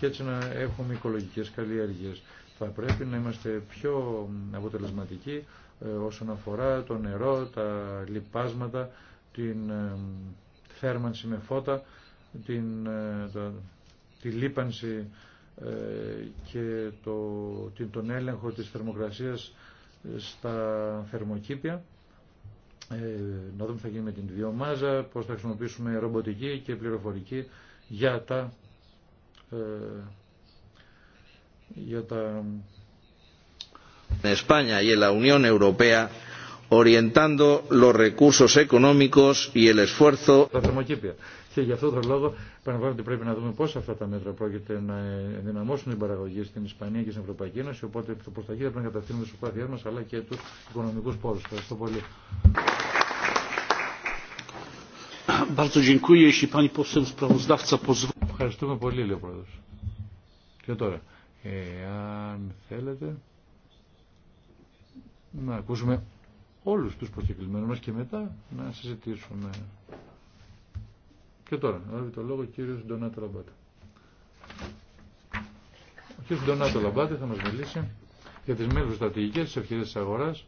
και έτσι να έχουμε οικολογικές καλλιέργειες θα πρέπει να είμαστε πιο αποτελεσματικοί ε, όσον αφορά το νερό, τα λιπάσματα, την ε, θέρμανση με φώτα, την, ε, τη λίπανση και το, την, τον έλεγχο της θερμοκρασίας στα θερμοκήπια. να δούμε τι θα γίνει με την βιομάζα, πώς θα χρησιμοποιήσουμε ρομποτική και πληροφορική για τα για τα... En España y en la Unión Europea, orientando los recursos económicos y el esfuerzo. θερμοκήπια. Και για αυτόν τον λόγο πρέπει να δούμε πώ αυτά τα μέτρα πρόκειται να ενδυναμώσουν την παραγωγή στην Ισπανία και στην Ευρωπαϊκή Ένωση. Οπότε προ τα πρέπει να κατευθύνουμε τι προσπάθειέ μα αλλά και του οικονομικού πόρου. Ευχαριστώ πολύ. Ευχαριστούμε πολύ, λέει ο Πρόεδρος. Και τώρα. Εάν θέλετε να ακούσουμε όλους τους προσκεκλημένους μας και μετά να συζητήσουμε. Και τώρα, να λάβει το λόγο ο κύριος Ντονάτο Λαμπάτα. Ο κύριος Ντονάτο Λαμπάτα θα μας μιλήσει για τις μέλους στρατηγικές της ευκαιρίας της αγοράς.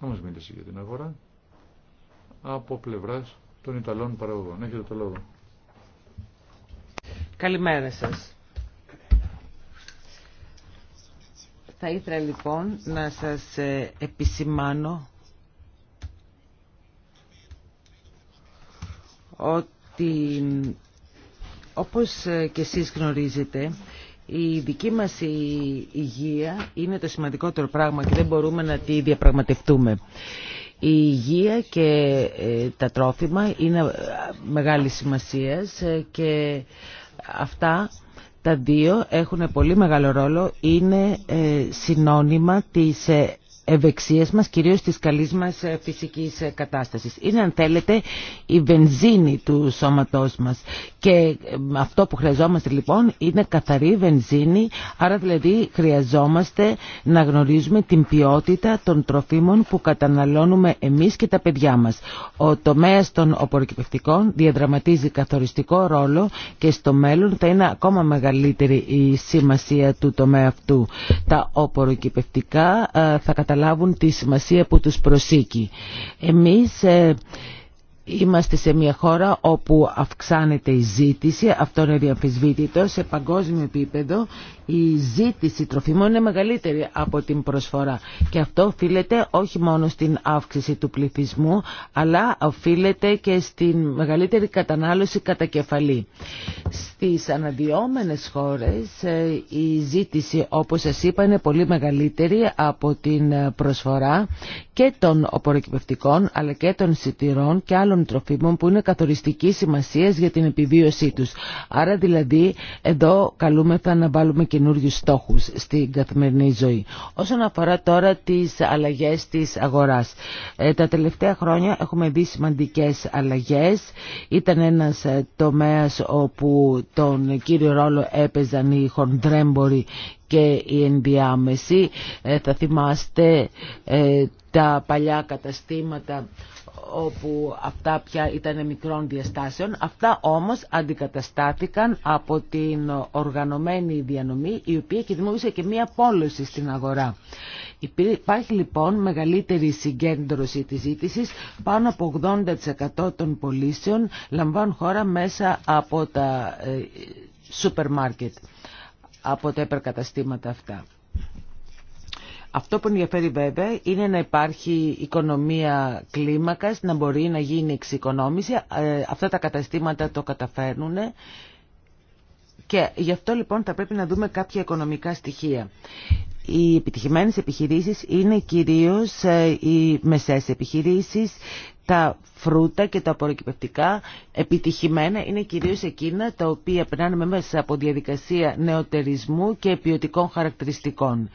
Θα μας μιλήσει για την αγορά από πλευράς των Ιταλών παραγωγών. Έχετε το λόγο. Καλημέρα σας. Θα ήθελα λοιπόν να σας ε, επισημάνω ότι όπως ε, και εσείς γνωρίζετε η δική μας η υγεία είναι το σημαντικότερο πράγμα και δεν μπορούμε να τη διαπραγματευτούμε. Η υγεία και ε, τα τρόφιμα είναι μεγάλη σημασίας και αυτά τα δύο έχουν πολύ μεγάλο ρόλο, είναι ε, συνώνυμα της ε, ευεξίας μας, κυρίως της καλής μας ε, φυσικής ε, κατάστασης. Είναι αν θέλετε η βενζίνη του σώματός μας και ε, αυτό που χρειαζόμαστε λοιπόν είναι καθαρή βενζίνη, άρα δηλαδή χρειαζόμαστε να γνωρίζουμε την ποιότητα των τροφίμων που καταναλώνουμε εμείς και τα παιδιά μας. Ο τομέας των οποροκυπευτικών διαδραματίζει καθοριστικό ρόλο και στο μέλλον θα είναι ακόμα μεγαλύτερη η σημασία του τομέα αυτού. Τα οποροκυπευτικά θα καταλάβουν τη σημασία που τους προσήκει. Εμείς ε, Είμαστε σε μια χώρα όπου αυξάνεται η ζήτηση, αυτό είναι διαμφισβήτητο, σε παγκόσμιο επίπεδο η ζήτηση τροφίμων είναι μεγαλύτερη από την προσφορά και αυτό οφείλεται όχι μόνο στην αύξηση του πληθυσμού αλλά οφείλεται και στην μεγαλύτερη κατανάλωση κατά κεφαλή. Στις αναδυόμενες χώρες ε, η ζήτηση όπως σας είπα είναι πολύ μεγαλύτερη από την προσφορά και των οποροκυπευτικών αλλά και των σιτηρών και άλλων τροφίμων που είναι καθοριστική σημασίας για την επιβίωσή τους. Άρα δηλαδή εδώ καλούμεθα να βάλουμε καινούριου στόχους στην καθημερινή ζωή. Όσον αφορά τώρα τις αλλαγές της αγοράς. Ε, τα τελευταία χρόνια έχουμε δει σημαντικές αλλαγές. Ήταν ένας ε, τομέας όπου τον κύριο ρόλο έπαιζαν οι χοντρέμποροι και οι ενδιάμεση. Ε, θα θυμάστε τα παλιά καταστήματα όπου αυτά πια ήταν μικρών διαστάσεων. Αυτά όμως αντικαταστάθηκαν από την οργανωμένη διανομή η οποία και δημιούργησε και μία πόλωση στην αγορά. Υπάρχει λοιπόν μεγαλύτερη συγκέντρωση της ζήτησης. Πάνω από 80% των πωλήσεων λαμβάνουν χώρα μέσα από τα ε, σούπερ μάρκετ, από τα υπερκαταστήματα αυτά. Αυτό που ενδιαφέρει βέβαια είναι να υπάρχει οικονομία κλίμακας, να μπορεί να γίνει εξοικονόμηση. Ε, αυτά τα καταστήματα το καταφέρνουν και γι' αυτό λοιπόν θα πρέπει να δούμε κάποια οικονομικά στοιχεία. Οι επιτυχημένες επιχειρήσεις είναι κυρίως ε, οι μεσές επιχειρήσεις, τα φρούτα και τα απορροκυπευτικά επιτυχημένα είναι κυρίως εκείνα τα οποία περνάνε μέσα από διαδικασία νεοτερισμού και ποιοτικών χαρακτηριστικών.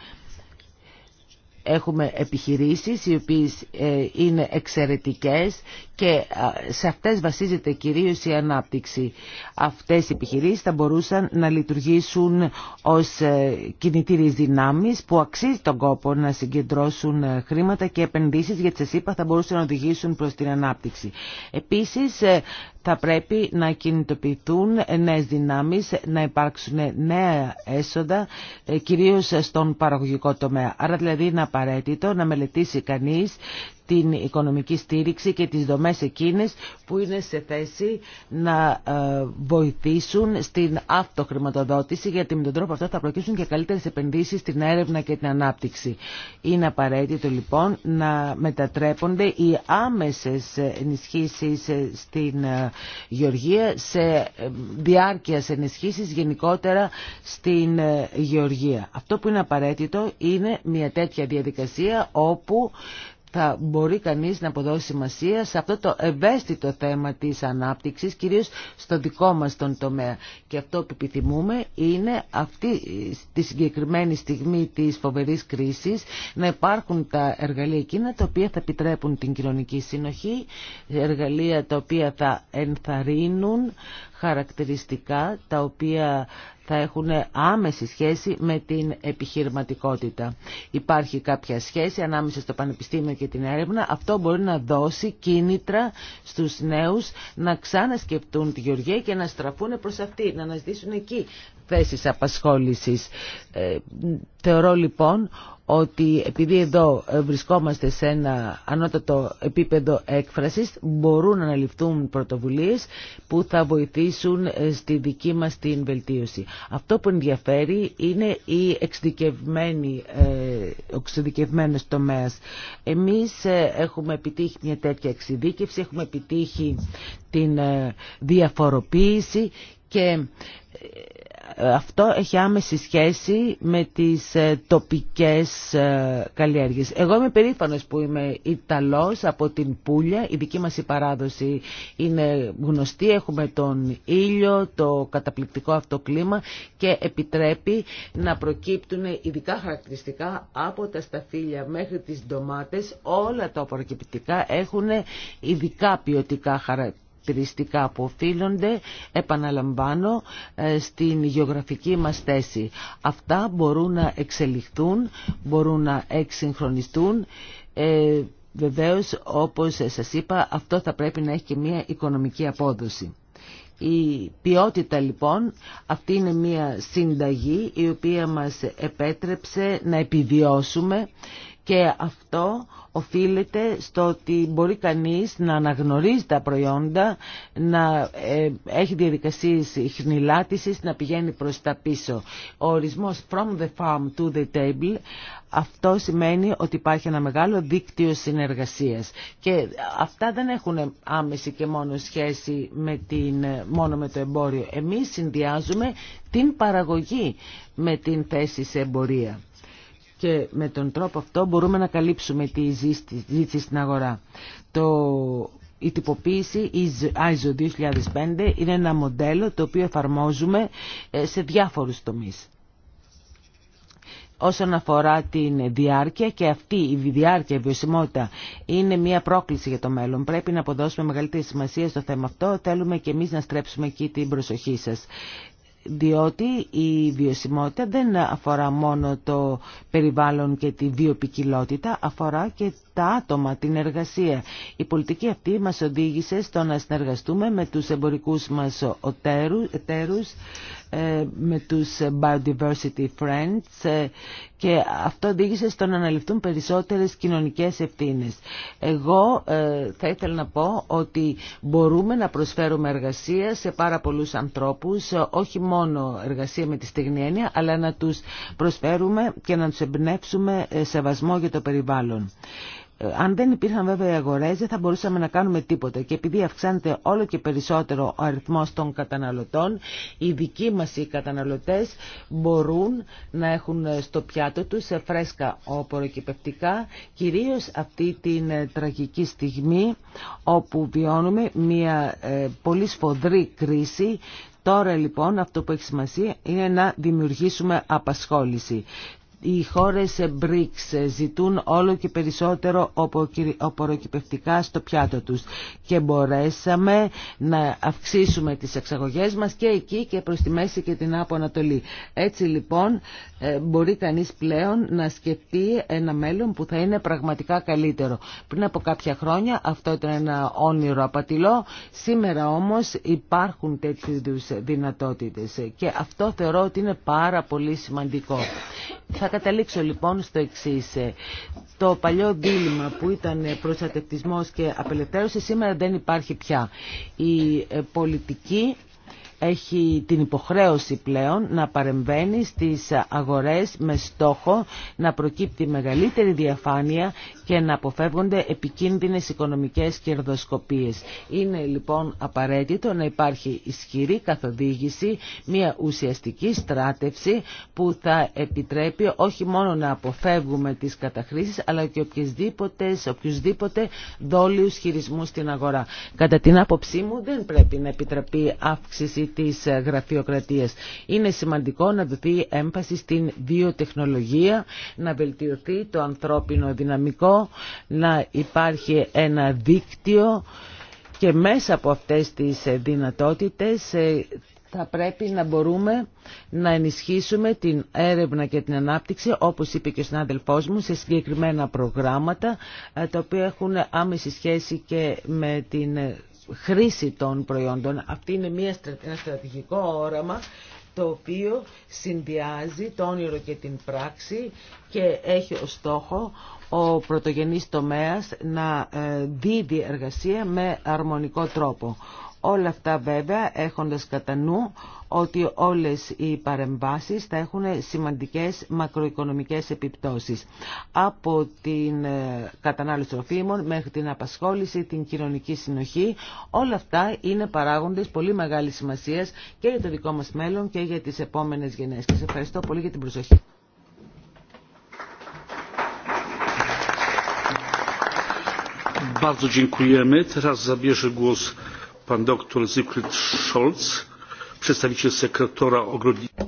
Έχουμε επιχειρήσεις οι οποίες ε, είναι εξαιρετικές και σε αυτές βασίζεται κυρίως η ανάπτυξη. Αυτές οι επιχειρήσεις θα μπορούσαν να λειτουργήσουν ως ε, κινητήριες δυνάμεις που αξίζει τον κόπο να συγκεντρώσουν ε, χρήματα και επενδύσεις γιατί σα είπα θα μπορούσαν να οδηγήσουν προς την ανάπτυξη. Επίσης θα πρέπει να κινητοποιηθούν νέες δυνάμεις, να υπάρξουν νέα έσοδα, ε, κυρίως στον παραγωγικό τομέα. Άρα δηλαδή είναι απαραίτητο να μελετήσει κανείς την οικονομική στήριξη και τις δομές εκείνες που είναι σε θέση να ε, βοηθήσουν στην αυτοχρηματοδότηση γιατί με τον τρόπο αυτό θα προκύψουν και καλύτερες επενδύσεις στην έρευνα και την ανάπτυξη. Είναι απαραίτητο λοιπόν να μετατρέπονται οι άμεσες ενισχύσεις στην ε, γεωργία σε ε, διάρκεια ενισχύσεις γενικότερα στην γεωργία. Αυτό που είναι απαραίτητο είναι μια τέτοια διαδικασία όπου θα μπορεί κανείς να αποδώσει σημασία σε αυτό το ευαίσθητο θέμα της ανάπτυξης, κυρίως στο δικό μας τον τομέα. Και αυτό που επιθυμούμε είναι αυτή τη συγκεκριμένη στιγμή της φοβερής κρίσης να υπάρχουν τα εργαλεία εκείνα τα οποία θα επιτρέπουν την κοινωνική συνοχή, εργαλεία τα οποία θα ενθαρρύνουν χαρακτηριστικά τα οποία θα έχουν άμεση σχέση με την επιχειρηματικότητα. Υπάρχει κάποια σχέση ανάμεσα στο πανεπιστήμιο και την έρευνα. Αυτό μπορεί να δώσει κίνητρα στους νέους να ξανασκεφτούν τη Γεωργία και να στραφούν προς αυτή, να αναζητήσουν εκεί θέσεις απασχόλησης. Ε, θεωρώ λοιπόν ότι επειδή εδώ βρισκόμαστε σε ένα ανώτατο επίπεδο έκφρασης μπορούν να αναλυφθούν πρωτοβουλίες που θα βοηθήσουν ε, στη δική μας την βελτίωση. Αυτό που ενδιαφέρει είναι η εξειδικευμένη, ο ε, εξειδικευμένος τομέας. Εμείς έχουμε επιτύχει μια τέτοια εξειδίκευση, έχουμε επιτύχει την διαφοροποίηση και αυτό έχει άμεση σχέση με τις ε, τοπικές ε, καλλιέργειες. Εγώ είμαι περήφανος που είμαι Ιταλός από την Πούλια. Η δική μας η παράδοση είναι γνωστή. Έχουμε τον ήλιο, το καταπληκτικό αυτό κλίμα και επιτρέπει να προκύπτουν ειδικά χαρακτηριστικά από τα σταφύλια μέχρι τις ντομάτες. Όλα τα απορροκυπητικά έχουν ειδικά ποιοτικά χαρακτηριστικά χαρακτηριστικά που οφείλονται, επαναλαμβάνω, ε, στην γεωγραφική μας θέση. Αυτά μπορούν να εξελιχθούν, μπορούν να εξυγχρονιστούν. Ε, βεβαίως, όπως σας είπα, αυτό θα πρέπει να έχει και μια οικονομική απόδοση. Η ποιότητα λοιπόν αυτή είναι μια συνταγή η οποία μας επέτρεψε να επιβιώσουμε και αυτό οφείλεται στο ότι μπορεί κανείς να αναγνωρίζει τα προϊόντα, να ε, έχει διαδικασίες χρνηλάτησης να πηγαίνει προς τα πίσω. Ο ορισμός from the farm to the table, αυτό σημαίνει ότι υπάρχει ένα μεγάλο δίκτυο συνεργασίας. Και αυτά δεν έχουν άμεση και μόνο σχέση με την, μόνο με το εμπόριο. Εμείς συνδυάζουμε την παραγωγή με την θέση σε εμπορία και με τον τρόπο αυτό μπορούμε να καλύψουμε τη ζήτηση στην αγορά. Το, η τυποποίηση ISO 2005 είναι ένα μοντέλο το οποίο εφαρμόζουμε ε, σε διάφορους τομείς. Όσον αφορά την διάρκεια και αυτή η διάρκεια, η βιωσιμότητα είναι μια πρόκληση για το μέλλον. Πρέπει να αποδώσουμε μεγαλύτερη σημασία στο θέμα αυτό. Θέλουμε και εμείς να στρέψουμε εκεί την προσοχή σας διότι η βιωσιμότητα δεν αφορά μόνο το περιβάλλον και τη βιοπικιλότητα, αφορά και τα άτομα, την εργασία. Η πολιτική αυτή μας οδήγησε στο να συνεργαστούμε με τους εμπορικούς μας εταίρους, ε, με τους Biodiversity Friends ε, και αυτό οδήγησε στο να αναλυφθούν περισσότερες κοινωνικές ευθύνες. Εγώ ε, θα ήθελα να πω ότι μπορούμε να προσφέρουμε εργασία σε πάρα πολλούς ανθρώπους, όχι μόνο εργασία με τη στιγμή έννοια, αλλά να τους προσφέρουμε και να τους εμπνεύσουμε σεβασμό για το περιβάλλον. Ε, αν δεν υπήρχαν βέβαια οι αγορές δεν θα μπορούσαμε να κάνουμε τίποτα και επειδή αυξάνεται όλο και περισσότερο ο αριθμός των καταναλωτών οι δικοί μας οι καταναλωτές μπορούν να έχουν στο πιάτο τους φρέσκα οποροκυπευτικά κυρίως αυτή την ε, τραγική στιγμή όπου βιώνουμε μια ε, πολύ σφοδρή κρίση Τώρα λοιπόν αυτό που έχει σημασία είναι να δημιουργήσουμε απασχόληση οι χώρες BRICS ζητούν όλο και περισσότερο οποροκυπευτικά στο πιάτο τους και μπορέσαμε να αυξήσουμε τις εξαγωγές μας και εκεί και προς τη Μέση και την Αποανατολή. Έτσι λοιπόν ε, μπορεί κανείς πλέον να σκεφτεί ένα μέλλον που θα είναι πραγματικά καλύτερο. Πριν από κάποια χρόνια αυτό ήταν ένα όνειρο απατηλό, σήμερα όμως υπάρχουν τέτοιου δυνατότητες και αυτό θεωρώ ότι είναι πάρα πολύ σημαντικό καταλήξω λοιπόν στο εξή. Ε, το παλιό δίλημα που ήταν προστατευτισμός και απελευθέρωση σήμερα δεν υπάρχει πια. Η ε, πολιτική έχει την υποχρέωση πλέον να παρεμβαίνει στις αγορές με στόχο να προκύπτει μεγαλύτερη διαφάνεια και να αποφεύγονται επικίνδυνες οικονομικές κερδοσκοπίες. Είναι λοιπόν απαραίτητο να υπάρχει ισχυρή καθοδήγηση, μια ουσιαστική στράτευση που θα επιτρέπει όχι μόνο να αποφεύγουμε τις καταχρήσεις αλλά και οποιοδήποτε, οποιοδήποτε δόλιους στην αγορά. Κατά την άποψή μου δεν πρέπει να επιτραπεί αύξηση Τη της ε, Είναι σημαντικό να δοθεί έμφαση στην βιοτεχνολογία, να βελτιωθεί το ανθρώπινο δυναμικό, να υπάρχει ένα δίκτυο και μέσα από αυτές τις ε, δυνατότητες ε, θα πρέπει να μπορούμε να ενισχύσουμε την έρευνα και την ανάπτυξη, όπως είπε και ο συνάδελφός μου, σε συγκεκριμένα προγράμματα, τα οποία έχουν άμεση σχέση και με την χρήση των προϊόντων. Αυτή είναι μια, ένα στρατηγικό όραμα το οποίο συνδυάζει το όνειρο και την πράξη και έχει ως στόχο ο πρωτογενής τομέας να ε, δίδει εργασία με αρμονικό τρόπο. Όλα αυτά βέβαια έχοντας κατά νου ότι όλες οι παρεμβάσεις θα έχουν σημαντικές μακροοικονομικές επιπτώσεις. Από την ε, κατανάλωση τροφίμων μέχρι την απασχόληση, την κοινωνική συνοχή, όλα αυτά είναι παράγοντες πολύ μεγάλης σημασίας και για το δικό μας μέλλον και για τις επόμενες γενέσει. ευχαριστώ πολύ για την προσοχή.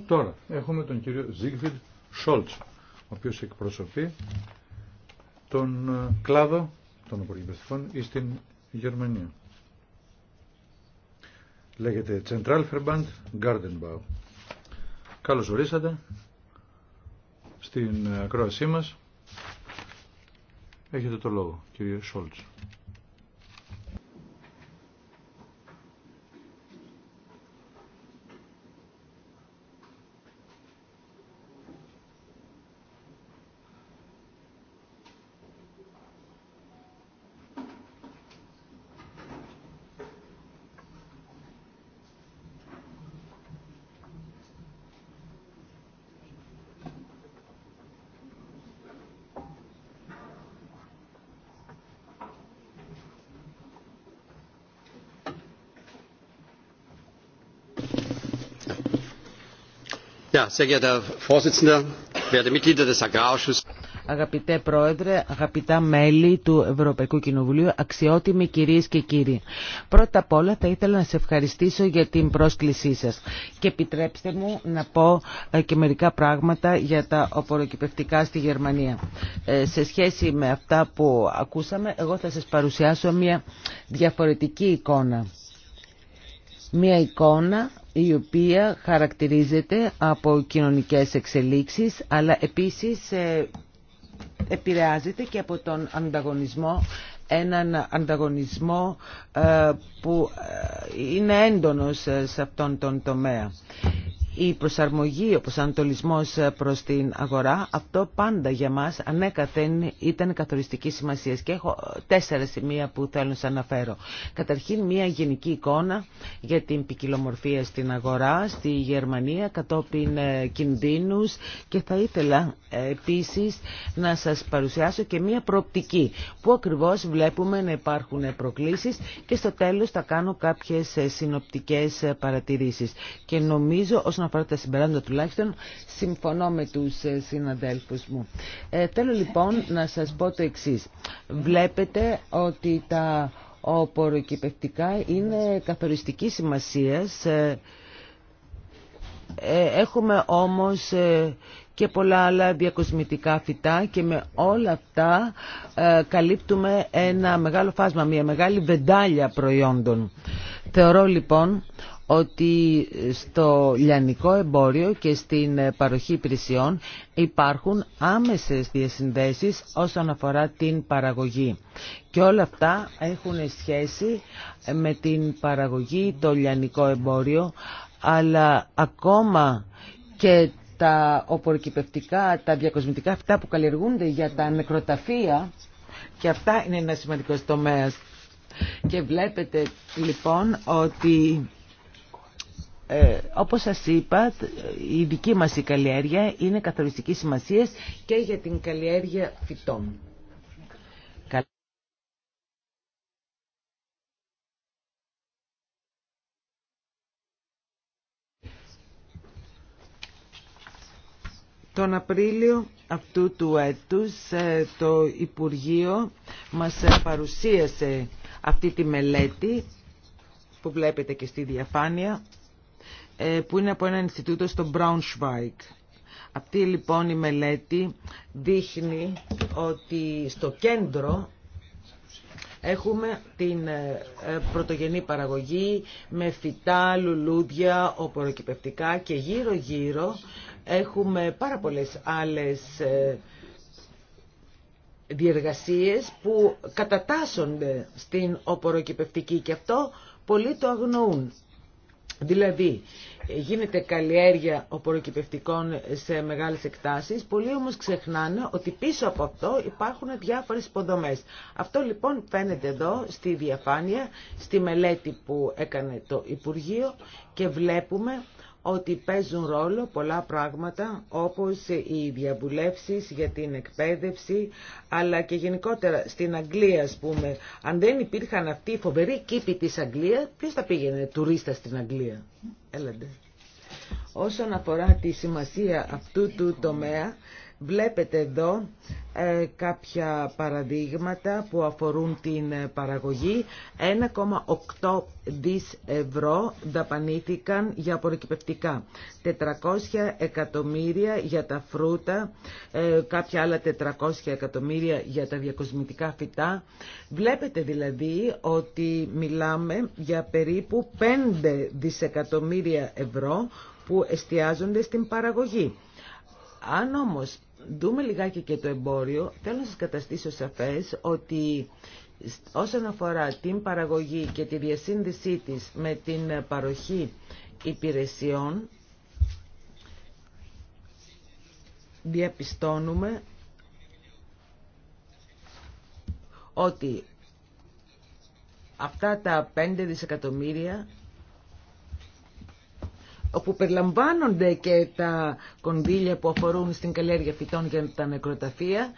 Τώρα έχουμε τον κύριο Siegfried Σόλτ, ο οποίο εκπροσωπεί τον ε, κλάδο των υπουργευτικών ή στην Γερμανία. Λέγεται Central Zentralverband Gartenbau. Καλώ ορίσατε στην ε, ακρόασή μα. Έχετε το λόγο, κύριε Σόλτ. Αγαπητέ Πρόεδρε, αγαπητά μέλη του Ευρωπαϊκού Κοινοβουλίου, αξιότιμοι κυρίες και κύριοι. Πρώτα απ' όλα θα ήθελα να σε ευχαριστήσω για την πρόσκλησή σας και επιτρέψτε μου να πω ε, και μερικά πράγματα για τα οποροκυπευτικά στη Γερμανία. Ε, σε σχέση με αυτά που ακούσαμε, εγώ θα σας παρουσιάσω μια διαφορετική εικόνα. Μια εικόνα η οποία χαρακτηρίζεται από κοινωνικές εξελίξεις αλλά επίσης ε, επηρεάζεται και από τον ανταγωνισμό έναν ανταγωνισμό ε, που ε, είναι έντονος σε αυτόν τον τομέα η προσαρμογή, ο προσανατολισμός προς την αγορά, αυτό πάντα για μας ανέκαθεν ήταν καθοριστική σημασία και έχω τέσσερα σημεία που θέλω να σας αναφέρω. Καταρχήν μια γενική εικόνα για την ποικιλομορφία στην αγορά, στη Γερμανία, κατόπιν ε, κινδύνους και θα ήθελα ε, επίσης να σας παρουσιάσω και μια προοπτική που ακριβώς βλέπουμε να υπάρχουν προκλήσεις και στο τέλος θα κάνω κάποιες ε, συνοπτικές παρατηρήσεις. Και νομίζω αφορά τα συμπεράσματα τουλάχιστον, συμφωνώ με τους ε, συναδέλφους μου. Ε, θέλω λοιπόν να σας πω το εξής. Βλέπετε ότι τα οποροκυπευτικά είναι καθοριστική σημασίας. Ε, έχουμε όμως και πολλά άλλα διακοσμητικά φυτά και με όλα αυτά καλύπτουμε ένα μεγάλο φάσμα, μια μεγάλη βεντάλια προϊόντων. Θεωρώ λοιπόν ότι στο λιανικό εμπόριο και στην παροχή υπηρεσιών υπάρχουν άμεσες διασυνδέσεις όσον αφορά την παραγωγή. Και όλα αυτά έχουν σχέση με την παραγωγή, το λιανικό εμπόριο, αλλά ακόμα και τα οπορικυπευτικά, τα διακοσμητικά αυτά που καλλιεργούνται για τα νεκροταφεία και αυτά είναι ένα σημαντικό τομέα. Και βλέπετε λοιπόν ότι ε, όπως σας είπα, η δική μας η καλλιέργεια είναι καθοριστική σημασία και για την καλλιέργεια φυτών. Τον Απρίλιο αυτού του έτους ε, το Υπουργείο μας ε, παρουσίασε αυτή τη μελέτη που βλέπετε και στη διαφάνεια ε, που είναι από ένα Ινστιτούτο στο Braunschweig. Αυτή λοιπόν η μελέτη δείχνει ότι στο κέντρο Έχουμε την ε, ε, πρωτογενή παραγωγή με φυτά, λουλούδια, οποροκυπευτικά και γύρω-γύρω έχουμε πάρα πολλές άλλες διεργασίες που κατατάσσονται στην οποροκυπευτική και αυτό πολλοί το αγνοούν. Δηλαδή, γίνεται καλλιέργεια οποροκυπευτικών σε μεγάλες εκτάσεις, πολλοί όμως ξεχνάνε ότι πίσω από αυτό υπάρχουν διάφορες υποδομές. Αυτό λοιπόν φαίνεται εδώ στη διαφάνεια, στη μελέτη που έκανε το Υπουργείο και βλέπουμε ότι παίζουν ρόλο πολλά πράγματα όπως οι διαβουλεύσεις για την εκπαίδευση αλλά και γενικότερα στην Αγγλία ας πούμε αν δεν υπήρχαν αυτοί οι φοβεροί κήποι της Αγγλίας ποιος θα πήγαινε τουρίστα στην Αγγλία έλατε όσον αφορά τη σημασία αυτού του τομέα Βλέπετε εδώ ε, κάποια παραδείγματα που αφορούν την παραγωγή. 1,8 δις ευρώ δαπανήθηκαν για απορροκυπευτικά. 400 εκατομμύρια για τα φρούτα, ε, κάποια άλλα 400 εκατομμύρια για τα διακοσμητικά φυτά. Βλέπετε δηλαδή ότι μιλάμε για περίπου 5 δισεκατομμύρια ευρώ που εστιάζονται στην παραγωγή. Αν όμως δούμε λιγάκι και το εμπόριο, θέλω να σας καταστήσω σαφές ότι όσον αφορά την παραγωγή και τη διασύνδεσή της με την παροχή υπηρεσιών, διαπιστώνουμε ότι αυτά τα 5 δισεκατομμύρια όπου περιλαμβάνονται και τα κονδύλια που αφορούν στην καλλιέργεια φυτών για τα νεκροταφεία.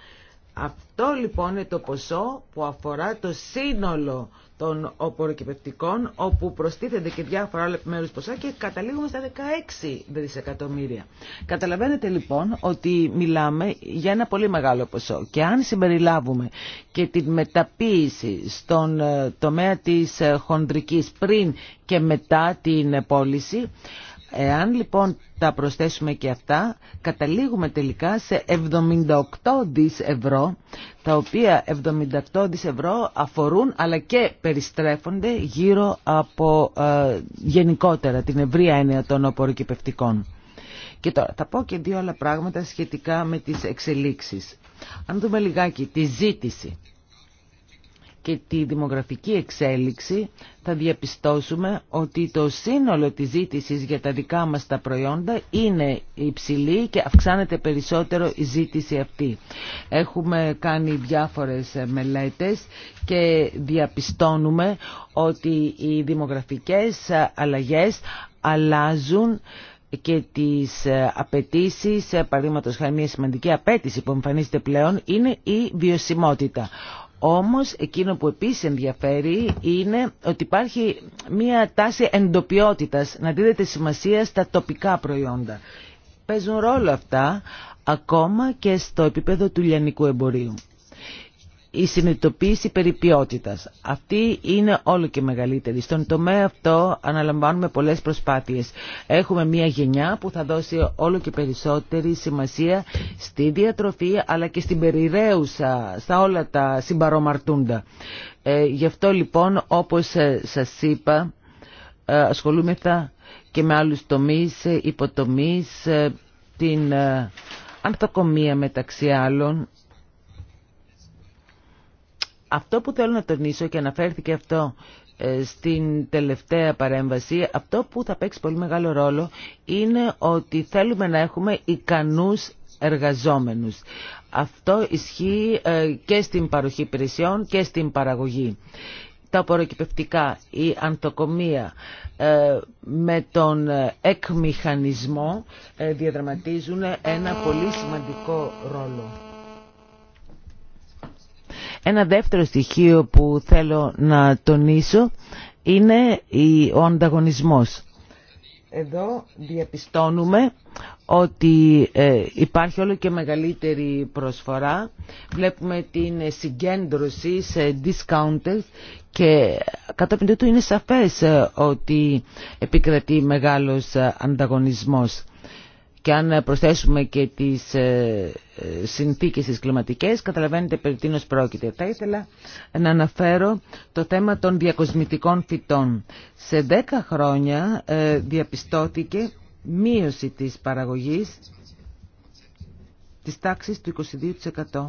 Αυτό λοιπόν είναι το ποσό που αφορά το σύνολο των οποροκυπευτικών, όπου προστίθενται και διάφορα άλλα επιμέρους ποσά και καταλήγουμε στα 16 δισεκατομμύρια. Καταλαβαίνετε λοιπόν ότι μιλάμε για ένα πολύ μεγάλο ποσό και αν συμπεριλάβουμε και την μεταποίηση στον ε, τομέα της ε, χοντρικής πριν και μετά την πώληση, Εάν λοιπόν τα προσθέσουμε και αυτά, καταλήγουμε τελικά σε 78 δις ευρώ, τα οποία 78 δις ευρώ αφορούν αλλά και περιστρέφονται γύρω από ε, γενικότερα την ευρία έννοια των απορροκυπευτικών. Και τώρα θα πω και δύο άλλα πράγματα σχετικά με τις εξελίξεις. Αν δούμε λιγάκι τη ζήτηση και τη δημογραφική εξέλιξη θα διαπιστώσουμε ότι το σύνολο της ζήτησης για τα δικά μας τα προϊόντα είναι υψηλή και αυξάνεται περισσότερο η ζήτηση αυτή. Έχουμε κάνει διάφορες μελέτες και διαπιστώνουμε ότι οι δημογραφικές αλλαγές αλλάζουν και τις απαιτήσει, παραδείγματος χάρη μια σημαντική απέτηση που εμφανίζεται πλέον είναι η βιωσιμότητα. Όμως εκείνο που επίσης ενδιαφέρει είναι ότι υπάρχει μια τάση εντοπιότητας να δίδεται σημασία στα τοπικά προϊόντα. Παίζουν ρόλο αυτά ακόμα και στο επίπεδο του λιανικού εμπορίου η συνειδητοποίηση περί ποιότητας. Αυτή είναι όλο και μεγαλύτερη. Στον τομέα αυτό αναλαμβάνουμε πολλές προσπάθειες. Έχουμε μια γενιά που θα δώσει όλο και περισσότερη σημασία στη διατροφή αλλά και στην περιραίουσα, στα όλα τα συμπαρομαρτούντα. Ε, γι' αυτό λοιπόν όπως ε, σας είπα ε, ασχολούμεθα και με άλλους τομείς, ε, υποτομείς, την ανθοκομία μεταξύ άλλων αυτό που θέλω να τονίσω και αναφέρθηκε αυτό ε, στην τελευταία παρέμβαση, αυτό που θα παίξει πολύ μεγάλο ρόλο είναι ότι θέλουμε να έχουμε ικανούς εργαζόμενους. Αυτό ισχύει ε, και στην παροχή υπηρεσιών και στην παραγωγή. Τα απορροκυπευτικά, η ανθοκομεία ε, με τον εκμηχανισμό διαδραματίζουν ένα πολύ σημαντικό ρόλο. Ένα δεύτερο στοιχείο που θέλω να τονίσω είναι ο ανταγωνισμός. Εδώ διαπιστώνουμε ότι ε, υπάρχει όλο και μεγαλύτερη προσφορά. Βλέπουμε την συγκέντρωση σε discounters και κατόπιν του είναι σαφές ε, ότι επικρατεί μεγάλος ε, ανταγωνισμός και αν ε, προσθέσουμε και τις ε, ε, συνθήκες τις κλιματικές, καταλαβαίνετε περί τίνος πρόκειται. Θα ήθελα να αναφέρω το θέμα των διακοσμητικών φυτών. Σε 10 χρόνια διαπιστώθηκε μείωση της παραγωγής της τάξης του 22%.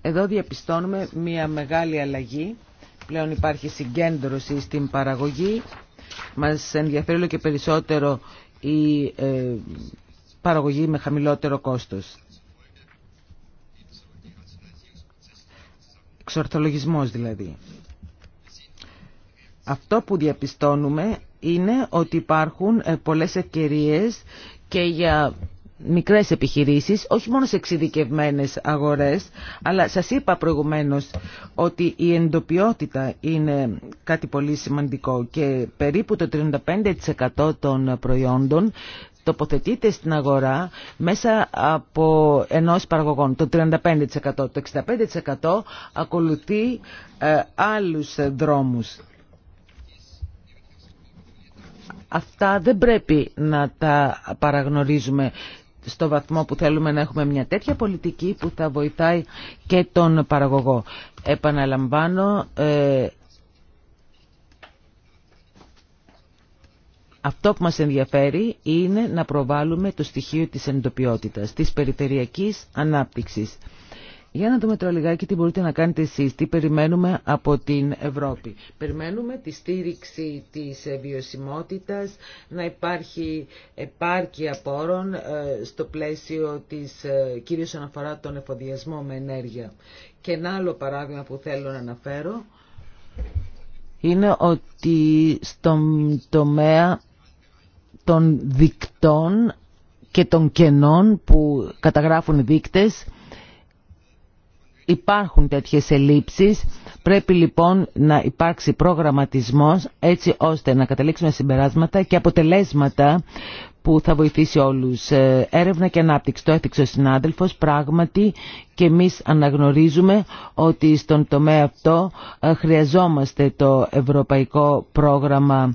Εδώ διαπιστώνουμε μια μεγάλη αλλαγή. Πλέον υπάρχει συγκέντρωση στην παραγωγή. Μας ενδιαφέρει και περισσότερο η ε, παραγωγή με χαμηλότερο κόστος. Εξορθολογισμός δηλαδή. Αυτό που διαπιστώνουμε είναι ότι υπάρχουν ε, πολλές ευκαιρίες και για μικρές επιχειρήσεις, όχι μόνο σε εξειδικευμένες αγορές, αλλά σας είπα προηγουμένως ότι η εντοπιότητα είναι κάτι πολύ σημαντικό και περίπου το 35% των προϊόντων τοποθετείται στην αγορά μέσα από ενός παραγωγών. Το 35%, το 65% ακολουθεί ε, άλλους δρόμους. Αυτά δεν πρέπει να τα παραγνωρίζουμε στο βαθμό που θέλουμε να έχουμε μια τέτοια πολιτική που θα βοηθάει και τον παραγωγό. Επαναλαμβάνω, ε, Αυτό που μας ενδιαφέρει είναι να προβάλλουμε το στοιχείο της εντοπιότητας, της περιφερειακής ανάπτυξης. Για να δούμε τώρα λιγάκι τι μπορείτε να κάνετε εσείς, τι περιμένουμε από την Ευρώπη. Περιμένουμε τη στήριξη της ε, βιωσιμότητας, να υπάρχει επάρκεια πόρων ε, στο πλαίσιο της, ε, κυρίως αναφορά τον εφοδιασμό με ενέργεια. Και ένα άλλο παράδειγμα που θέλω να αναφέρω είναι ότι στον τομέα των δικτών και των κενών που καταγράφουν οι δείκτες Υπάρχουν τέτοιες ελλείψεις, πρέπει λοιπόν να υπάρξει προγραμματισμός έτσι ώστε να καταλήξουμε συμπεράσματα και αποτελέσματα που θα βοηθήσει όλους. Ε, έρευνα και ανάπτυξη, το έθιξε ο συνάδελφος, πράγματι και εμείς αναγνωρίζουμε ότι στον τομέα αυτό ε, χρειαζόμαστε το Ευρωπαϊκό Πρόγραμμα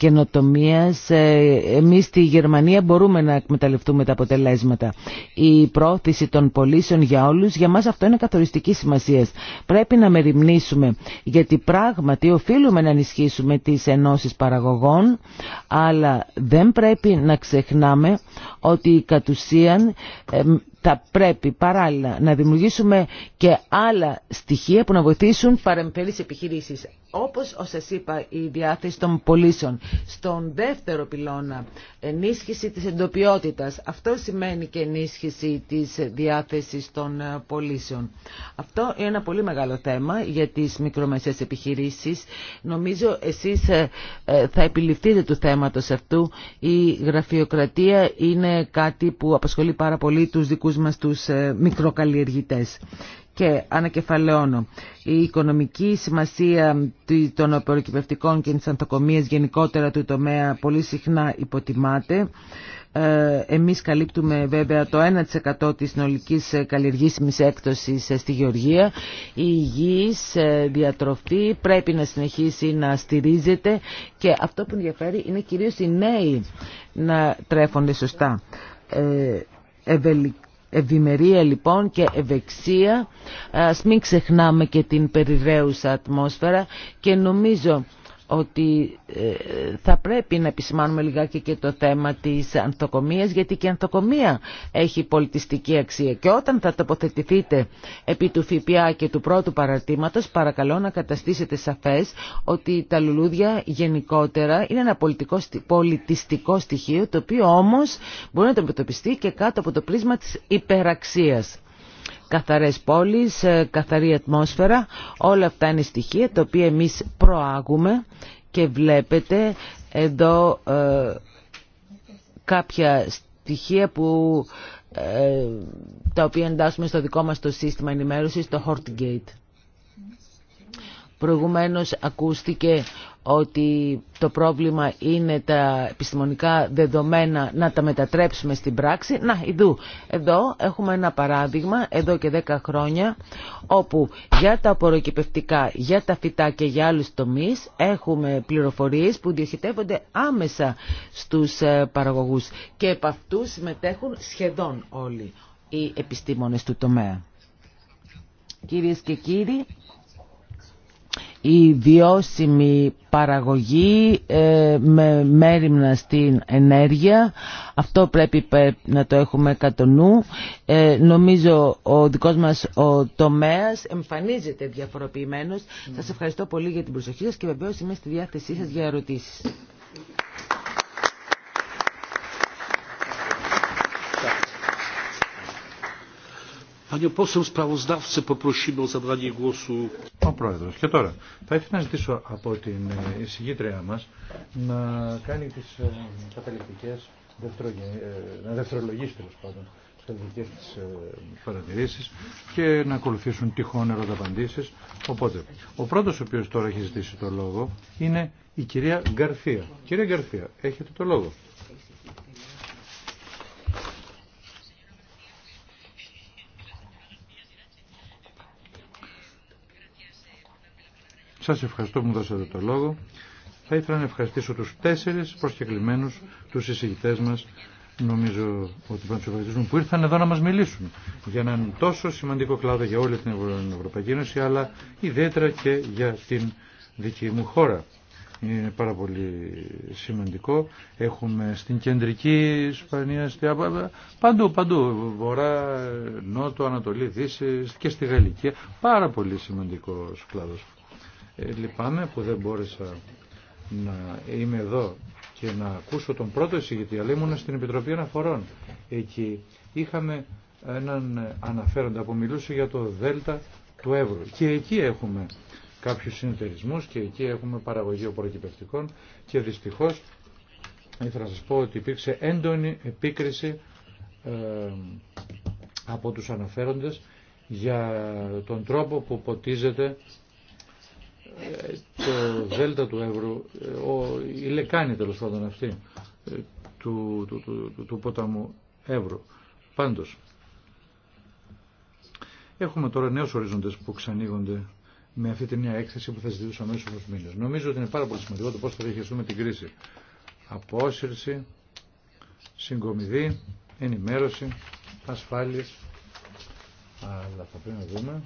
καινοτομίας. Ε, εμείς στη Γερμανία μπορούμε να εκμεταλλευτούμε τα αποτελέσματα. Η πρόθεση των πωλήσεων για όλους, για μας αυτό είναι καθοριστική σημασία. Πρέπει να μεριμνήσουμε, γιατί πράγματι οφείλουμε να ενισχύσουμε τις ενώσεις παραγωγών, αλλά δεν πρέπει να ξεχνάμε ότι κατ' ουσίαν θα πρέπει παράλληλα να δημιουργήσουμε και άλλα στοιχεία που να βοηθήσουν παρεμφερείς επιχειρήσεις. Όπως σα είπα η διάθεση των πωλήσεων στον δεύτερο πυλώνα ενίσχυση της εντοπιότητας. Αυτό σημαίνει και ενίσχυση της διάθεσης των ε, πωλήσεων. Αυτό είναι ένα πολύ μεγάλο θέμα για τις μικρομεσαίες επιχειρήσεις. Νομίζω εσείς ε, ε, θα επιληφθείτε του θέματος αυτού. Η γραφειοκρατία είναι κάτι που απασχολεί πάρα δικούς μας τους ε, μικροκαλλιεργητές. Και ανακεφαλαιώνω, η οικονομική σημασία των οπεροκυπευτικών και της ανθοκομείας γενικότερα του τομέα πολύ συχνά υποτιμάται. Ε, εμείς καλύπτουμε βέβαια το 1% της συνολικής ε, καλλιεργήσιμης έκπτωσης στη Γεωργία. Η υγιής διατροφή πρέπει να συνεχίσει να στηρίζεται και αυτό που ενδιαφέρει είναι κυρίως οι νέοι να τρέφονται σωστά. Ευελικτή ευημερία λοιπόν και ευεξία. α μην ξεχνάμε και την περιραίουσα ατμόσφαιρα και νομίζω ότι ε, θα πρέπει να επισημάνουμε λιγάκι και το θέμα της ανθοκομίας γιατί και η ανθοκομία έχει πολιτιστική αξία και όταν θα τοποθετηθείτε επί του ΦΠΑ και του πρώτου παρατήματος παρακαλώ να καταστήσετε σαφές ότι τα λουλούδια γενικότερα είναι ένα πολιτιστικό στοιχείο το οποίο όμως μπορεί να το και κάτω από το πρίσμα της υπεραξίας καθαρές πόλεις, ε, καθαρή ατμόσφαιρα. Όλα αυτά είναι στοιχεία τα οποία εμείς προάγουμε και βλέπετε εδώ ε, κάποια στοιχεία που, ε, τα οποία εντάσσουμε στο δικό μας το σύστημα ενημέρωσης, το Hortgate. Προηγουμένως ακούστηκε ότι το πρόβλημα είναι τα επιστημονικά δεδομένα να τα μετατρέψουμε στην πράξη. Να, ειδού, εδώ έχουμε ένα παράδειγμα, εδώ και 10 χρόνια, όπου για τα απορροκυπευτικά, για τα φυτά και για άλλους τομείς έχουμε πληροφορίες που διοχετεύονται άμεσα στους ε, παραγωγούς και επ' αυτού συμμετέχουν σχεδόν όλοι οι επιστήμονες του τομέα. Κυρίες και κύριοι, η βιώσιμη παραγωγή ε, με μέρημνα στην ενέργεια. Αυτό πρέπει να το έχουμε κατά νου. Ε, νομίζω ο δικός μας ο τομέας εμφανίζεται διαφοροποιημένος. Ναι. Σας ευχαριστώ πολύ για την προσοχή σας και βεβαίως είμαι στη διάθεσή σας για ερωτήσεις. Ο Πρόεδρος. Και τώρα θα ήθελα να ζητήσω από την εισηγήτριά μας να κάνει τι ε, να δευτερολογήσει τέλο πάντων τις καταληκτικές της παρατηρήσεις και να ακολουθήσουν τυχόν ερωταπαντήσεις. Οπότε, ο πρώτος ο οποίος τώρα έχει ζητήσει το λόγο είναι η κυρία Γκαρθία. Κυρία Γκαρθία, έχετε το λόγο. Σας ευχαριστώ που μου δώσατε το λόγο. Θα ήθελα να ευχαριστήσω τους τέσσερις προσκεκλημένους, τους εισηγητές μας, νομίζω ότι πρέπει να του ευχαριστήσουμε που ήρθαν εδώ να μας μιλήσουν για έναν τόσο σημαντικό κλάδο για όλη την Ευρωπαϊκή Ένωση, αλλά ιδιαίτερα και για την δική μου χώρα. Είναι πάρα πολύ σημαντικό. Έχουμε στην κεντρική Ισπανία, παντού, παντού, βορρά, νότο, ανατολή, δύση και στη Γαλλική. Πάρα πολύ σημαντικός κλάδος. Ε, λυπάμαι που δεν μπόρεσα να είμαι εδώ και να ακούσω τον πρώτο εισηγητή, αλλά ήμουν στην Επιτροπή Αναφορών. Εκεί είχαμε έναν αναφέροντα που μιλούσε για το Δέλτα του Εύρου. Και εκεί έχουμε κάποιους συνεταιρισμούς και εκεί έχουμε παραγωγή προκυπευτικών και δυστυχώς ήθελα να σας πω ότι υπήρξε έντονη επίκριση ε, από τους αναφέροντες για τον τρόπο που ποτίζεται το δέλτα του ευρώ η λεκάνη τέλο πάντων αυτή ε, του, του, ποταμού ευρώ Πάντως, έχουμε τώρα νέους ορίζοντες που ξανοίγονται με αυτή τη νέα έκθεση που θα ζητήσω αμέσω στους μήνες. Νομίζω ότι είναι πάρα πολύ σημαντικό το πώς θα διαχειριστούμε την κρίση. Απόσυρση, συγκομιδή, ενημέρωση, ασφάλειες, αλλά θα πρέπει να δούμε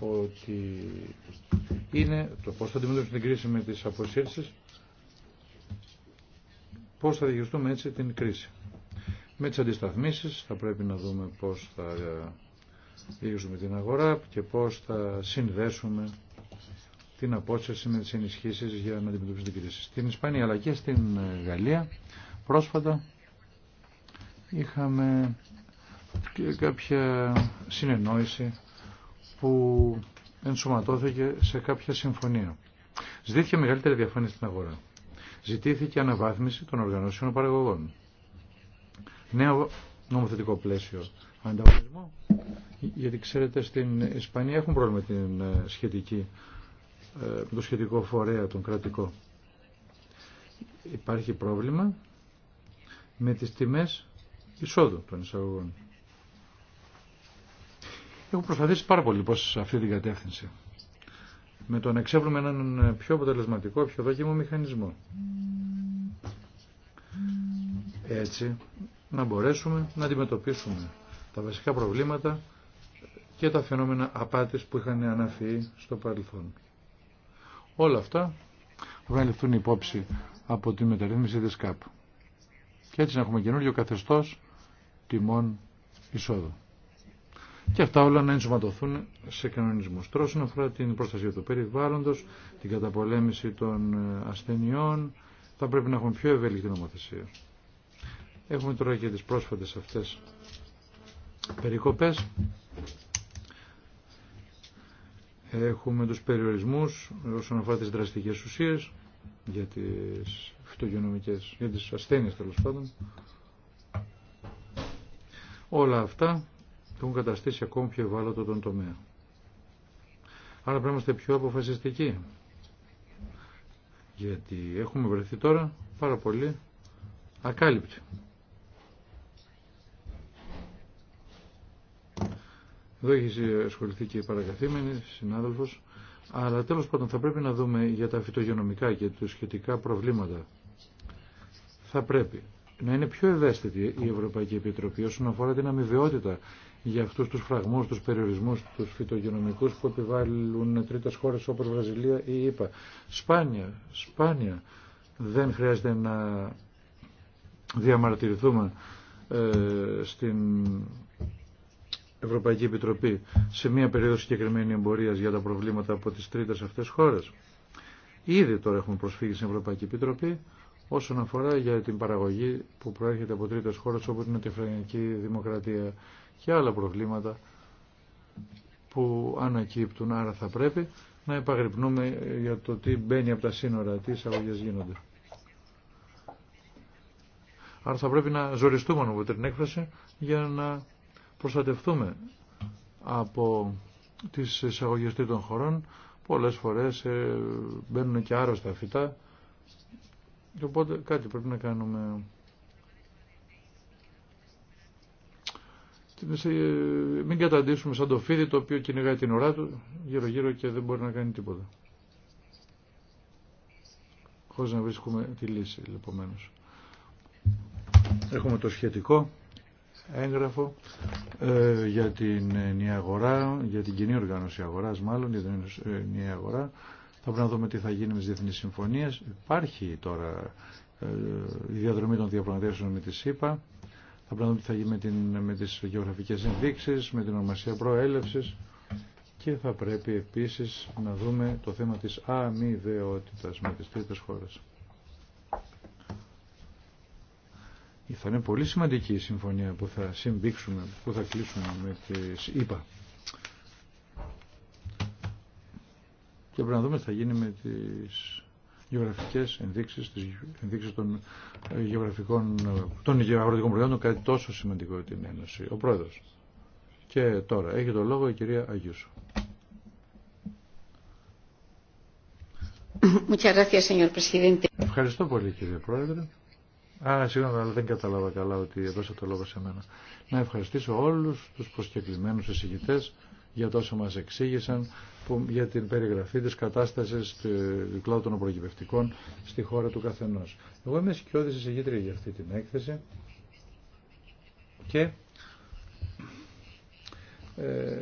ότι είναι το πώς θα αντιμετωπίσουμε την κρίση με τις αποσύρσεις, πώς θα διαχειριστούμε έτσι την κρίση. Με τις αντισταθμίσεις θα πρέπει να δούμε πώς θα ε, διαχειριστούμε την αγορά και πώς θα συνδέσουμε την απόσυρση με τις ενισχύσεις για να αντιμετωπίσουμε την κρίση. Στην Ισπανία αλλά και στην ε, Γαλλία πρόσφατα είχαμε και κάποια συνεννόηση που ενσωματώθηκε σε κάποια συμφωνία. Ζητήθηκε μεγαλύτερη διαφάνεια στην αγορά. Ζητήθηκε αναβάθμιση των οργανώσεων παραγωγών. Νέο νομοθετικό πλαίσιο ανταγωνισμό, γιατί ξέρετε στην Ισπανία έχουν πρόβλημα την ε, ε, το σχετικό φορέα, τον κρατικό. Υπάρχει πρόβλημα με τις τιμές εισόδου των εισαγωγών. Έχω προσπαθήσει πάρα πολύ αυτή την κατεύθυνση. Με το να εξεύρουμε έναν πιο αποτελεσματικό, πιο δόκιμο μηχανισμό. Έτσι, να μπορέσουμε να αντιμετωπίσουμε τα βασικά προβλήματα και τα φαινόμενα απάτης που είχαν αναφυεί στο παρελθόν. Όλα αυτά θα ληφθούν υπόψη από τη μεταρρύθμιση της ΚΑΠ. Και έτσι να έχουμε καινούριο καθεστώς τιμών εισόδου και αυτά όλα να ενσωματωθούν σε κανονισμού. Τώρα, να αφορά την προστασία του περιβάλλοντο, την καταπολέμηση των ε, ασθενειών, θα πρέπει να έχουν πιο ευέλικτη νομοθεσία. Έχουμε τώρα και τι πρόσφατε αυτέ περικοπέ. Έχουμε τους περιορισμούς όσον αφορά τις δραστικές ουσίες για τις φυτογενομικές, για τις ασθένειες τέλος πάντων. Όλα αυτά και έχουν καταστήσει ακόμη πιο ευάλωτο τον τομέα. Άρα πρέπει να είμαστε πιο αποφασιστικοί. Γιατί έχουμε βρεθεί τώρα πάρα πολύ ακάλυπτοι. Εδώ έχει ασχοληθεί και η παρακαθήμενη, συνάδελφος, αλλά τέλος πάντων θα πρέπει να δούμε για τα φυτογενομικά και τα σχετικά προβλήματα. Θα πρέπει να είναι πιο ευαίσθητη η Ευρωπαϊκή Επιτροπή όσον αφορά την αμοιβαιότητα για αυτούς τους φραγμούς, τους περιορισμούς, τους φυτογενομικούς που επιβάλλουν τρίτες χώρες όπως Βραζιλία ή ΙΠΑ. Σπάνια, σπάνια δεν χρειάζεται να διαμαρτυρηθούμε ε, στην Ευρωπαϊκή Επιτροπή σε μια περίοδο συγκεκριμένη εμπορία για τα προβλήματα από τις τρίτες αυτές χώρες. Ήδη τώρα έχουμε προσφύγει στην Ευρωπαϊκή Επιτροπή όσον αφορά για την παραγωγή που προέρχεται από τρίτες χώρες όπως είναι τη Φραγική Δημοκρατία και άλλα προβλήματα που ανακύπτουν. Άρα θα πρέπει να επαγρυπνούμε για το τι μπαίνει από τα σύνορα, τι εισαγωγέ γίνονται. Άρα θα πρέπει να ζοριστούμε από την έκφραση για να προστατευτούμε από τις εισαγωγές των χωρών. Πολλές φορές ε, μπαίνουν και άρρωστα φυτά οπότε κάτι πρέπει να κάνουμε. Ε, μην καταντήσουμε σαν το φίδι το οποίο κυνηγάει την ώρα του γύρω γύρω και δεν μπορεί να κάνει τίποτα. Χωρίς να βρίσκουμε τη λύση λοιπόν. Έχουμε το σχετικό έγγραφο ε, για την νέα αγορά, για την κοινή οργάνωση αγοράς μάλλον, για την νέα αγορά. Θα πρέπει να δούμε τι θα γίνει με τις διεθνείς συμφωνίες. Υπάρχει τώρα ε, η διαδρομή των διαπραγματεύσεων με τη ΣΥΠΑ θα πρέπει να δούμε τι θα γίνει με, την, με τις γεωγραφικές ενδείξεις, με την ονομασία προέλευσης και θα πρέπει επίσης να δούμε το θέμα της αμοιβαιότητας με τις τρίτες χώρες. Θα είναι πολύ σημαντική η συμφωνία που θα συμπήξουμε, που θα κλείσουμε με τις ΙΠΑ. Και πρέπει να δούμε τι θα γίνει με τις γεωγραφικές ενδείξεις, τις ενδείξεις των, ε, γεωγραφικών, ε, των αγροτικών προϊόντων, κάτι τόσο σημαντικό για την Ένωση. Ο Πρόεδρος. Και τώρα έχει το λόγο η κυρία Αγίουσου. [coughs] Ευχαριστώ πολύ κύριε Πρόεδρε. Α, συγγνώμη, αλλά δεν κατάλαβα καλά ότι έδωσα το λόγο σε μένα. Να ευχαριστήσω όλους τους προσκεκλημένους εισηγητές για τόσο μας εξήγησαν που, για την περιγραφή της κατάστασης του κλάδου των προγευευτικών στη χώρα του καθενός. Εγώ είμαι σκιώδης εισηγήτρια για αυτή την έκθεση και ε,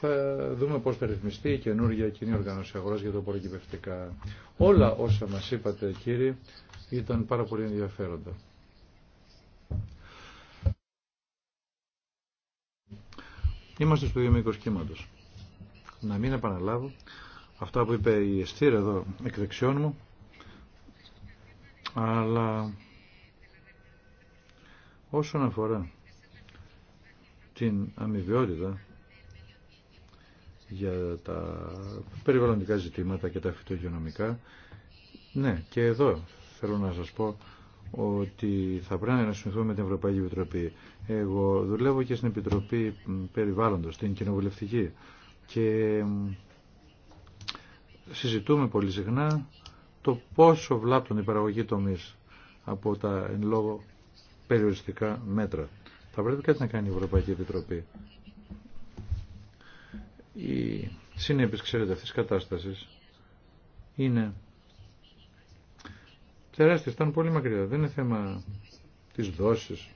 θα δούμε πώς θα ρυθμιστεί η καινούργια κοινή οργάνωση αγοράς για το προγευευτικά. Όλα όσα μας είπατε κύριοι ήταν πάρα πολύ ενδιαφέροντα. Είμαστε στο ίδιο μήκο κύματο. Να μην επαναλάβω αυτά που είπε η Εστήρα εδώ εκ δεξιών μου, αλλά όσον αφορά την αμοιβαιότητα για τα περιβαλλοντικά ζητήματα και τα φυτογειονομικά, ναι, και εδώ θέλω να σας πω ότι θα πρέπει να συμφωνούμε με την Ευρωπαϊκή Επιτροπή εγώ δουλεύω και στην Επιτροπή Περιβάλλοντος, την Κοινοβουλευτική και συζητούμε πολύ συχνά το πόσο βλάπτουν οι παραγωγοί τομείς από τα εν λόγω περιοριστικά μέτρα. Θα πρέπει κάτι να κάνει η Ευρωπαϊκή Επιτροπή. Οι συνέπειες, ξέρετε, αυτής τη κατάστασης είναι τεράστιες, ήταν πολύ μακριά. Δεν είναι θέμα της δόσης,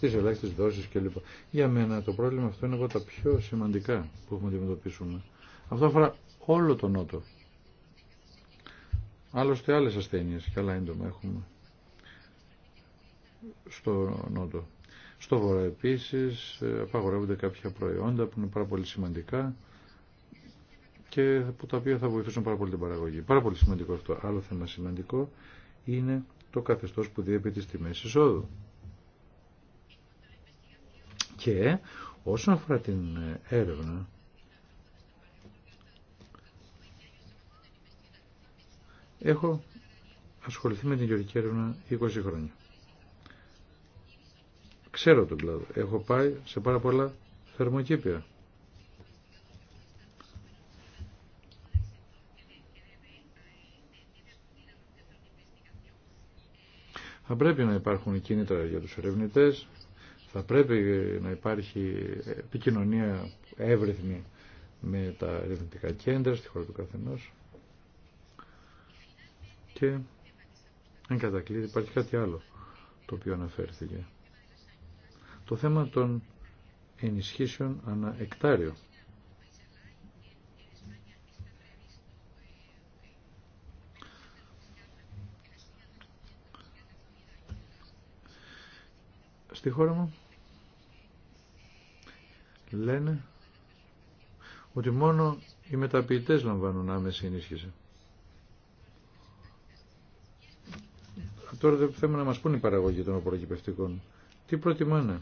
τις ελάχιστες δόσεις κλπ. Για μένα το πρόβλημα αυτό είναι από τα πιο σημαντικά που έχουμε αντιμετωπίσουμε. Αυτό αφορά όλο τον Νότο. Άλλωστε άλλε ασθένειε και άλλα έντομα έχουμε στο Νότο. Στο Βορρά επίση, ε, απαγορεύονται κάποια προϊόντα που είναι πάρα πολύ σημαντικά και που τα οποία θα βοηθήσουν πάρα πολύ την παραγωγή. Πάρα πολύ σημαντικό αυτό. Άλλο θέμα σημαντικό είναι το καθεστώς που διέπει τις τιμές εισόδου. Και όσον αφορά την έρευνα, έχω ασχοληθεί με την γεωρική έρευνα 20 χρόνια. Ξέρω τον κλάδο. Έχω πάει σε πάρα πολλά θερμοκήπια. Θα πρέπει να υπάρχουν κίνητρα για τους ερευνητές, θα πρέπει να υπάρχει επικοινωνία εύρυθμη με τα ερευνητικά κέντρα στη χώρα του καθενός και αν κατακλείδη υπάρχει κάτι άλλο το οποίο αναφέρθηκε. Το θέμα των ενισχύσεων ανά εκτάριο. Στη χώρα μου λένε ότι μόνο οι μεταποιητές λαμβάνουν άμεση ενίσχυση. Τώρα θέλουμε να μας πούνε οι παραγωγοί των προκυπευτικών. Τι προτιμάνε.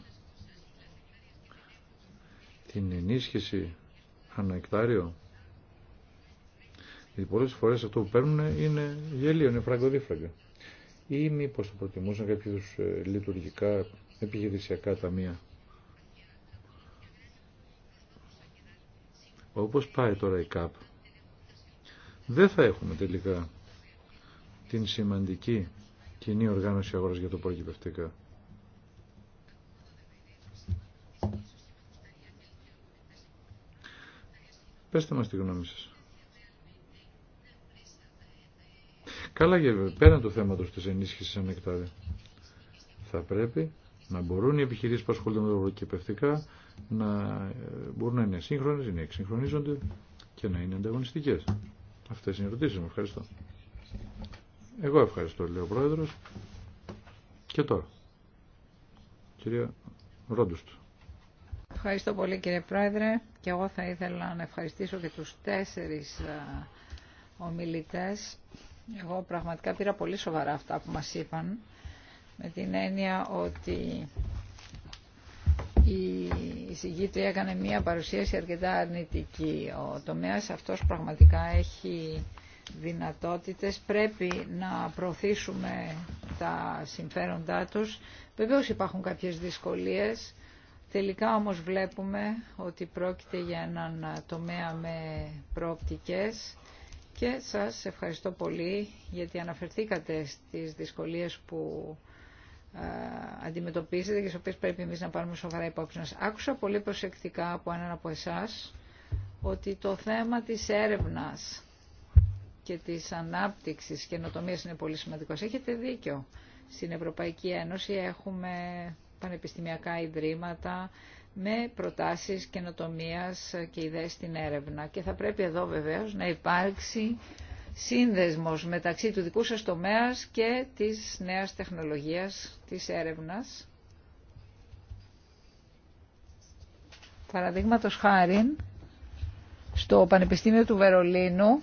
Την ενίσχυση ανακτάριο. Γιατί πολλές φορές αυτό που παίρνουν είναι γελίο, είναι φραγκοδίφραγκο. Ή μήπως το προτιμούσαν κάποιους ε, λειτουργικά επιχειρησιακά ταμεία. όπως πάει τώρα η ΚΑΠ, δεν θα έχουμε τελικά την σημαντική κοινή οργάνωση αγοράς για το προκυπευτικά. Πέστε μας τη γνώμη σας. Καλά και πέραν του θέματος της ενίσχυσης ανεκτάδη. Θα πρέπει να μπορούν οι επιχειρήσεις που ασχολούνται με το προκυπευτικά να ε, μπορούν να είναι σύγχρονες, να εξυγχρονίζονται και να είναι ανταγωνιστικές. Αυτές είναι οι ερωτήσεις μου. Ευχαριστώ. Εγώ ευχαριστώ, λέει ο Πρόεδρος. Και τώρα. Κυρία Ρόντουστ. Ευχαριστώ πολύ κύριε Πρόεδρε και εγώ θα ήθελα να ευχαριστήσω και τους τέσσερις ε, ομιλητές. Εγώ πραγματικά πήρα πολύ σοβαρά αυτά που μας είπαν με την έννοια ότι η έκανε μία παρουσίαση αρκετά αρνητική. Ο τομέας αυτός πραγματικά έχει δυνατότητες. Πρέπει να προωθήσουμε τα συμφέροντά τους. Βεβαίως υπάρχουν κάποιες δυσκολίες. Τελικά όμως βλέπουμε ότι πρόκειται για έναν τομέα με προοπτικές και σας ευχαριστώ πολύ γιατί αναφερθήκατε στις δυσκολίες που αντιμετωπίζετε και στις οποίες πρέπει εμείς να πάρουμε σοβαρά υπόψη μας. Άκουσα πολύ προσεκτικά από έναν από εσάς ότι το θέμα της έρευνας και της ανάπτυξης και είναι πολύ σημαντικό. Έχετε δίκιο. Στην Ευρωπαϊκή Ένωση έχουμε πανεπιστημιακά ιδρύματα με προτάσεις καινοτομίας και ιδέες στην έρευνα. Και θα πρέπει εδώ βεβαίως να υπάρξει σύνδεσμος μεταξύ του δικού σας τομέας και της νέας τεχνολογίας, της έρευνας. Παραδείγματο χάρη, στο Πανεπιστήμιο του Βερολίνου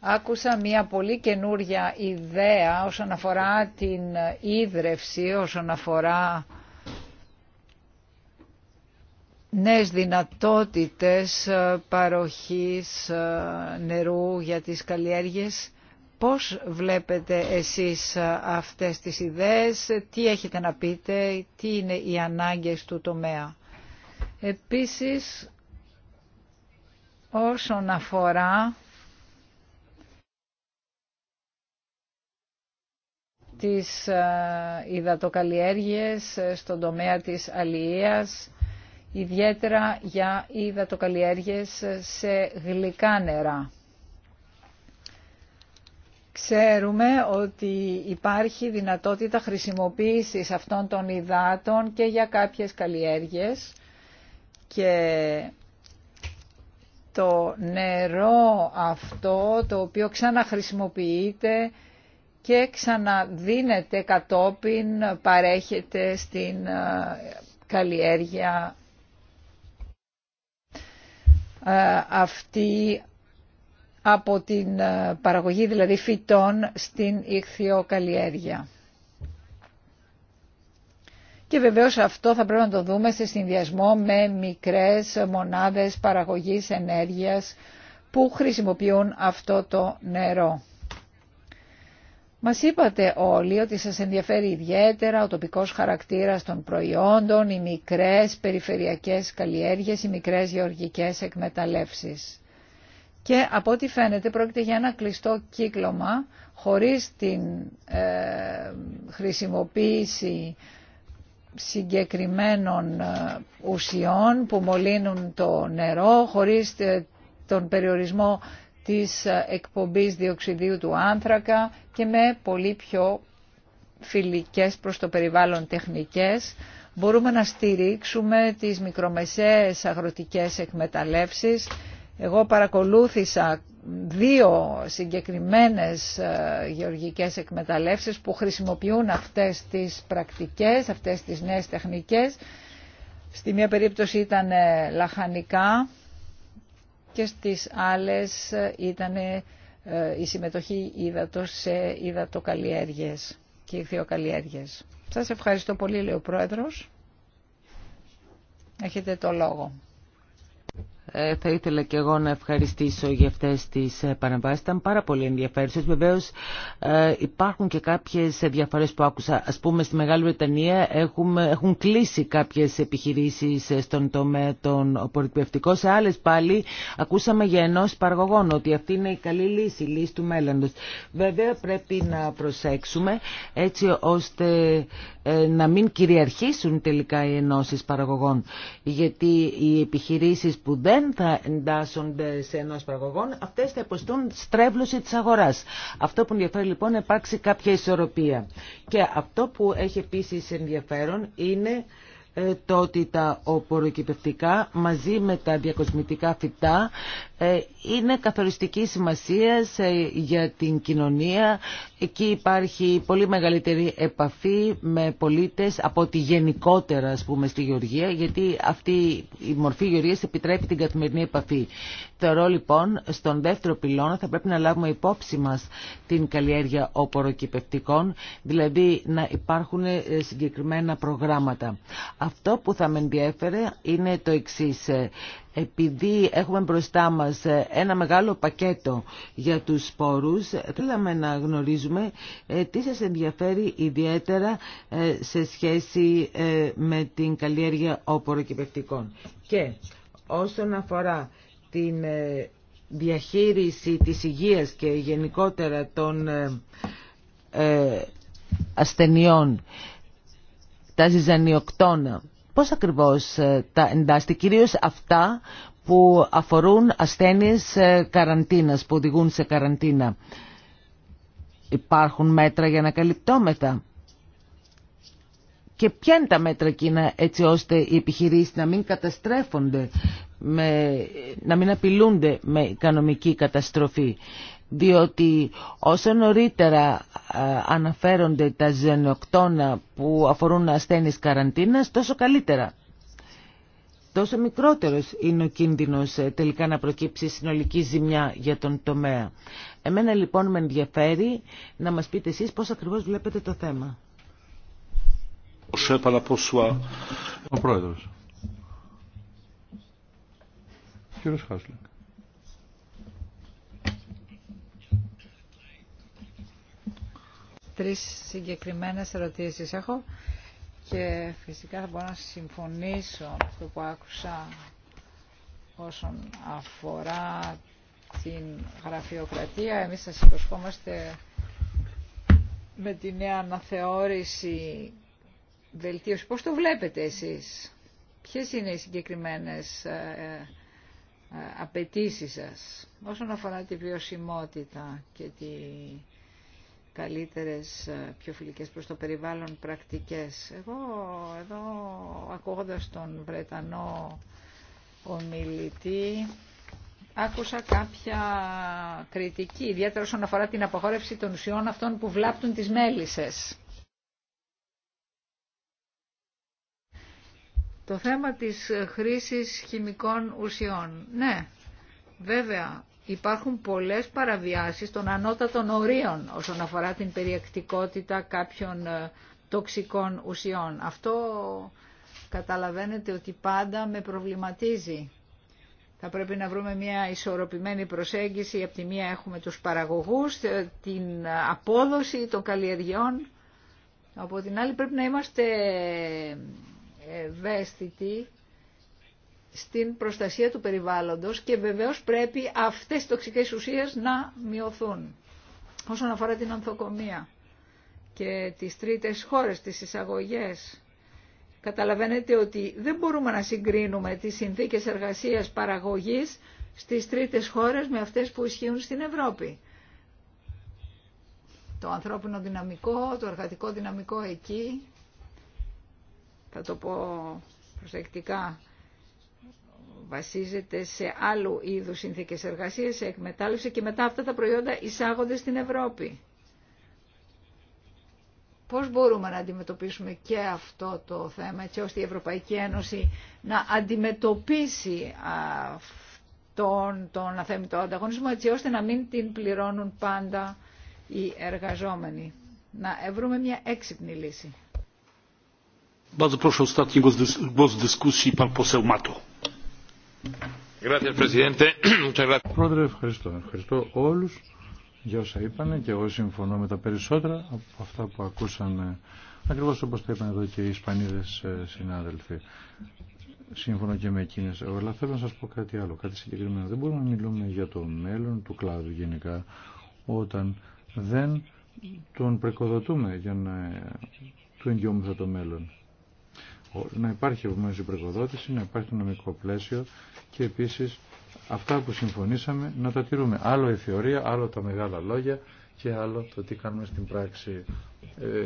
άκουσα μια πολύ καινούρια ιδέα όσον αφορά την ίδρευση, όσον αφορά νέες δυνατότητες ε, παροχής ε, νερού για τις καλλιέργειες. Πώς βλέπετε εσείς ε, αυτές τις ιδέες, τι έχετε να πείτε, τι είναι οι ανάγκες του τομέα. Επίσης, όσον αφορά τις υδατοκαλλιέργειες στον τομέα της αλληλείας, ιδιαίτερα για υδατοκαλλιέργειες σε γλυκά νερά. Ξέρουμε ότι υπάρχει δυνατότητα χρησιμοποίησης αυτών των υδάτων και για κάποιες καλλιέργειες και το νερό αυτό το οποίο ξαναχρησιμοποιείται και ξαναδίνεται κατόπιν παρέχεται στην ε, καλλιέργεια ε, αυτή από την ε, παραγωγή δηλαδή φυτών στην ηχθειοκαλλιέργεια. Και βεβαίως αυτό θα πρέπει να το δούμε σε συνδυασμό με μικρές μονάδες παραγωγής ενέργειας που χρησιμοποιούν αυτό το νερό μα είπατε όλοι ότι σας ενδιαφέρει ιδιαίτερα ο τοπικός χαρακτήρας των προϊόντων, οι μικρές περιφερειακές καλλιέργειες, οι μικρές γεωργικές εκμεταλλεύσεις. Και από ό,τι φαίνεται πρόκειται για ένα κλειστό κύκλωμα χωρίς την ε, χρησιμοποίηση συγκεκριμένων ε, ουσιών που μολύνουν το νερό, χωρίς ε, τον περιορισμό της εκπομπής διοξιδίου του άνθρακα και με πολύ πιο φιλικές προς το περιβάλλον τεχνικές. Μπορούμε να στηρίξουμε τις μικρομεσαίες αγροτικές εκμεταλλεύσεις. Εγώ παρακολούθησα δύο συγκεκριμένες ε, γεωργικές εκμεταλλεύσεις που χρησιμοποιούν αυτές τις πρακτικές, αυτές τις νέες τεχνικές. Στη μία περίπτωση ήταν ε, λαχανικά και στις άλλες ε, ήταν ε, η συμμετοχή ύδατος σε υδατοκαλλιέργειες και ηχθειοκαλλιέργειες. Σας ευχαριστώ πολύ, λέει ο Πρόεδρος. Έχετε το λόγο. Ε, θα ήθελα και εγώ να ευχαριστήσω για αυτές τις ε, παρεμβάσεις. Ήταν πάρα πολύ ενδιαφέρουσες. Βεβαίως ε, υπάρχουν και κάποιες διαφορές που άκουσα. Ας πούμε στη Μεγάλη Βρετανία έχουμε, έχουν κλείσει κάποιες επιχειρήσεις στον τομέα των οπορικπευτικών. Σε άλλες πάλι ακούσαμε για ενός παραγωγών ότι αυτή είναι η καλή λύση, η λύση του μέλλοντος. Βέβαια πρέπει να προσέξουμε έτσι ώστε να μην κυριαρχήσουν τελικά οι ενώσεις παραγωγών. Γιατί οι επιχειρήσεις που δεν δεν θα εντάσσονται σε ενό παραγωγών, αυτές θα υποστούν στρέβλωση τη αγορά. Αυτό που ενδιαφέρει λοιπόν να υπάρξει κάποια ισορροπία. Και αυτό που έχει επίση ενδιαφέρον είναι ε, το ότι τα οποροκυπευτικά μαζί με τα διακοσμητικά φυτά ε, είναι καθοριστική σημασία για την κοινωνία, Εκεί υπάρχει πολύ μεγαλύτερη επαφή με πολίτες από τη γενικότερα ας πούμε στη Γεωργία γιατί αυτή η μορφή Γεωργίας επιτρέπει την καθημερινή επαφή. Θεωρώ λοιπόν στον δεύτερο πυλώνα θα πρέπει να λάβουμε υπόψη μας την καλλιέργεια οποροκυπευτικών δηλαδή να υπάρχουν ε, συγκεκριμένα προγράμματα. Αυτό που θα με ενδιέφερε είναι το εξή. Ε, επειδή έχουμε μπροστά μας ένα μεγάλο πακέτο για τους σπόρους, θέλαμε να γνωρίζουμε ε, τι σας ενδιαφέρει ιδιαίτερα ε, σε σχέση ε, με την καλλιέργεια όποροκυπευτικών. Και όσον αφορά την διαχείριση της υγείας και γενικότερα των ασθενειών, τα ζυζανιοκτώνα πώς ακριβώς ε, τα εντάσσεται, κυρίως αυτά που αφορούν ασθένειες ε, καραντίνας, που οδηγούν σε καραντίνα. Υπάρχουν μέτρα για να καλυπτώμεθα. Και ποια είναι τα μέτρα εκείνα έτσι ώστε οι επιχειρήσεις να μην καταστρέφονται, να μην απειλούνται με οικονομική καταστροφή διότι όσο νωρίτερα ε, αναφέρονται τα ζενοκτώνα που αφορούν ασθένειες καραντίνας, τόσο καλύτερα. Τόσο μικρότερος είναι ο κίνδυνος ε, τελικά να προκύψει συνολική ζημιά για τον τομέα. Εμένα λοιπόν με ενδιαφέρει να μας πείτε εσείς πώς ακριβώς βλέπετε το θέμα. Ο πρόεδρος. Κύριος Χάσλεκ. τρεις συγκεκριμένες ερωτήσεις έχω και φυσικά θα μπορώ να συμφωνήσω με αυτό που άκουσα όσον αφορά την γραφειοκρατία. Εμείς σας υποσχόμαστε με τη νέα αναθεώρηση βελτίωση. Πώς το βλέπετε εσείς, ποιες είναι οι συγκεκριμένες ε, ε, απαιτήσεις σας όσον αφορά τη βιωσιμότητα και τη καλύτερες, ε, πιο φιλικές προς το περιβάλλον πρακτικές. Εγώ εδώ ακούγοντας τον Βρετανό ομιλητή άκουσα κάποια κριτική, ιδιαίτερα όσον αφορά την αποχώρευση των ουσιών αυτών που βλάπτουν τις μέλισσες. Το θέμα της χρήσης χημικών ουσιών. Ναι, βέβαια, υπάρχουν πολλές παραβιάσεις των ανώτατων ορίων όσον αφορά την περιεκτικότητα κάποιων ε, τοξικών ουσιών. Αυτό καταλαβαίνετε ότι πάντα με προβληματίζει. Θα πρέπει να βρούμε μια ισορροπημένη προσέγγιση. Από τη μία έχουμε τους παραγωγούς, ε, την απόδοση των καλλιεργειών. Από την άλλη πρέπει να είμαστε ε, ευαίσθητοι στην προστασία του περιβάλλοντος και βεβαίως πρέπει αυτές οι τοξικές ουσίες να μειωθούν. Όσον αφορά την ανθοκομία και τις τρίτες χώρες, τις εισαγωγές, καταλαβαίνετε ότι δεν μπορούμε να συγκρίνουμε τις συνθήκες εργασίας παραγωγής στις τρίτες χώρες με αυτές που ισχύουν στην Ευρώπη. Το ανθρώπινο δυναμικό, το εργατικό δυναμικό εκεί, θα το πω προσεκτικά, βασίζεται σε άλλου είδου συνθήκε εργασία σε εκμετάλλευση και μετά αυτά τα προϊόντα εισάγονται στην Ευρώπη. Πώς μπορούμε να αντιμετωπίσουμε και αυτό το θέμα έτσι ώστε η Ευρωπαϊκή Ένωση να αντιμετωπίσει αυτόν τον αθέμητο ανταγωνισμό έτσι ώστε να μην την πληρώνουν πάντα οι εργαζόμενοι. Να βρούμε μια έξυπνη λύση. Bardzo proszę ostatni głos dyskusji pan poseł [clears throat] Πρόεδρε, ευχαριστώ. Ευχαριστώ όλους για όσα είπανε και εγώ συμφωνώ με τα περισσότερα από αυτά που ακούσαμε ακριβώς όπως τα είπαν εδώ και οι Ισπανίδες ε, συνάδελφοι. Σύμφωνα και με εκείνε. Αλλά θέλω να σα πω κάτι άλλο, κάτι συγκεκριμένο. Δεν μπορούμε να μιλούμε για το μέλλον του κλάδου γενικά όταν δεν τον πρεκοδοτούμε για να του εγγυόμεθα το μέλλον να υπάρχει επομένω η προκοδότηση, να υπάρχει το νομικό πλαίσιο και επίσης αυτά που συμφωνήσαμε να τα τηρούμε. Άλλο η θεωρία, άλλο τα μεγάλα λόγια και άλλο το τι κάνουμε στην πράξη.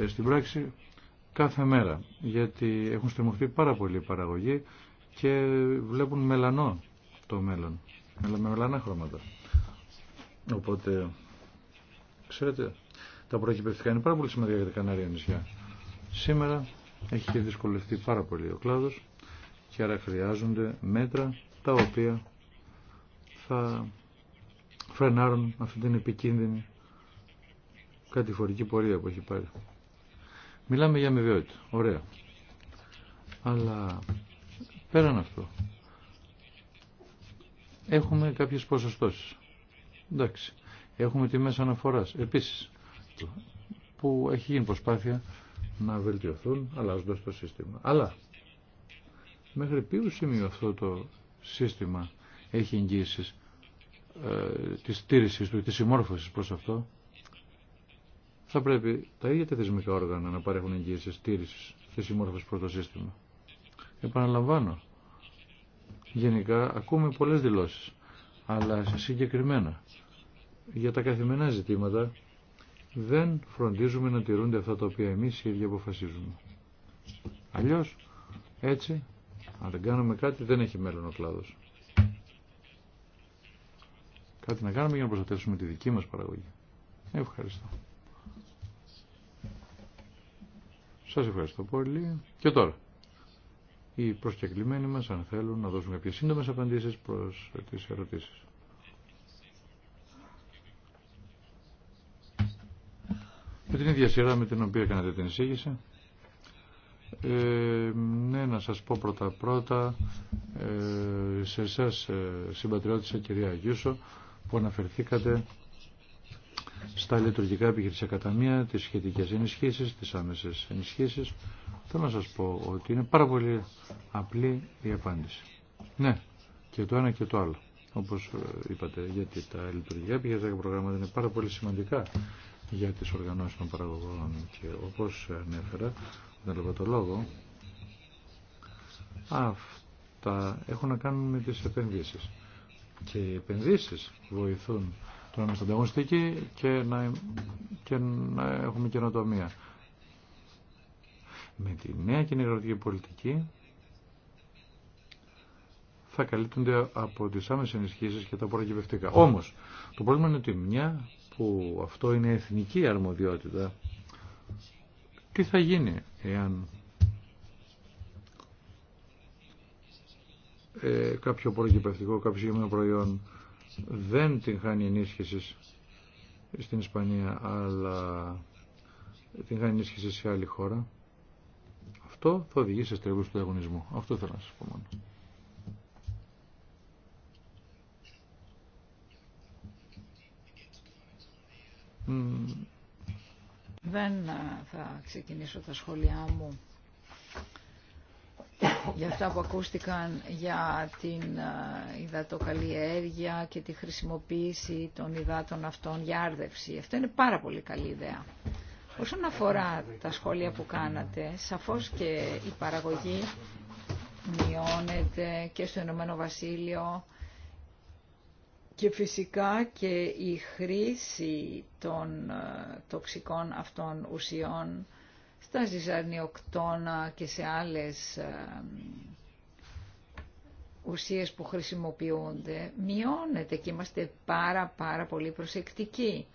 Ε, στην πράξη κάθε μέρα, γιατί έχουν στριμωχτεί πάρα πολλοί παραγωγοί και βλέπουν μελανό το μέλλον, με μελανά χρώματα. Οπότε, ξέρετε, τα προεκυπευτικά είναι πάρα πολύ σημαντικά για τα Κανάρια νησιά. Σήμερα έχει δυσκολευτεί πάρα πολύ ο κλάδος και άρα χρειάζονται μέτρα τα οποία θα φρενάρουν αυτή την επικίνδυνη κατηφορική πορεία που έχει πάρει. Μιλάμε για αμοιβαιότητα. Ωραία. Αλλά πέραν αυτό έχουμε κάποιες ποσοστώσεις. Εντάξει. Έχουμε μέσα αναφοράς. Επίσης που έχει γίνει προσπάθεια να βελτιωθούν αλλάζοντας το σύστημα. Αλλά μέχρι ποιο σημείο αυτό το σύστημα έχει εγγύησεις ε, της του του, της συμμόρφωσης προς αυτό, θα πρέπει τα ίδια τα θεσμικά όργανα να παρέχουν εγγύησεις στήριξης, της συμμόρφωσης προς το σύστημα. Επαναλαμβάνω, γενικά ακούμε πολλές δηλώσεις, αλλά συγκεκριμένα για τα καθημερινά ζητήματα δεν φροντίζουμε να τηρούνται αυτά τα οποία εμείς οι ίδιοι αποφασίζουμε. Αλλιώς, έτσι, αν δεν κάνουμε κάτι, δεν έχει μέλλον ο κλάδος. Κάτι να κάνουμε για να προστατεύσουμε τη δική μας παραγωγή. Ευχαριστώ. Σας ευχαριστώ πολύ. Και τώρα, οι προσκεκλημένοι μας, αν θέλουν, να δώσουν κάποιες σύντομες απαντήσεις προς τις ερωτήσεις. με την ίδια σειρά με την οποία κάνατε την εισήγηση. Ε, ναι, να σας πω πρώτα πρώτα ε, σε εσάς ε, συμπατριώτησα κυρία Αγιούσο που αναφερθήκατε στα λειτουργικά επιχειρησιακά ταμεία, τις σχετικές ενισχύσεις, τις άμεσες ενισχύσεις. Θέλω να σας πω ότι είναι πάρα πολύ απλή η απάντηση. Ναι, και το ένα και το άλλο. Όπως ε, είπατε, γιατί τα λειτουργικά επιχειρησιακά προγράμματα είναι πάρα πολύ σημαντικά για τις οργανώσεις των παραγωγών και όπως ανέφερα τον έλαβα το λόγο αυτά έχουν να κάνουν με τις επενδύσεις και οι επενδύσεις βοηθούν το να είμαστε ανταγωνιστικοί και να, ε, και να έχουμε καινοτομία. Με τη νέα κοινωνική πολιτική θα καλύπτονται από τις άμεσες ενισχύσεις και τα προεκυβευτικά. Όμως, το πρόβλημα είναι ότι μια που αυτό είναι εθνική αρμοδιότητα, τι θα γίνει εάν ε, κάποιο προκυπευτικό, κάποιο συγκεκριμένο προϊόν δεν την χάνει ενίσχυση στην Ισπανία, αλλά την χάνει ενίσχυση σε άλλη χώρα. Αυτό θα οδηγήσει σε του διαγωνισμού. Αυτό θέλω να σας πω μόνο. Δεν θα ξεκινήσω τα σχόλιά μου για αυτά που ακούστηκαν για την υδατοκαλλιέργεια και τη χρησιμοποίηση των υδάτων αυτών για άρδευση. Αυτό είναι πάρα πολύ καλή ιδέα. Όσον αφορά τα σχόλια που κάνατε, σαφώς και η παραγωγή μειώνεται και στο Ηνωμένο Βασίλειο και φυσικά και η χρήση των ε, τοξικών αυτών ουσιών στα ζυζανιοκτώνα και σε άλλες ε, ουσίες που χρησιμοποιούνται μειώνεται και είμαστε πάρα πάρα πολύ προσεκτικοί.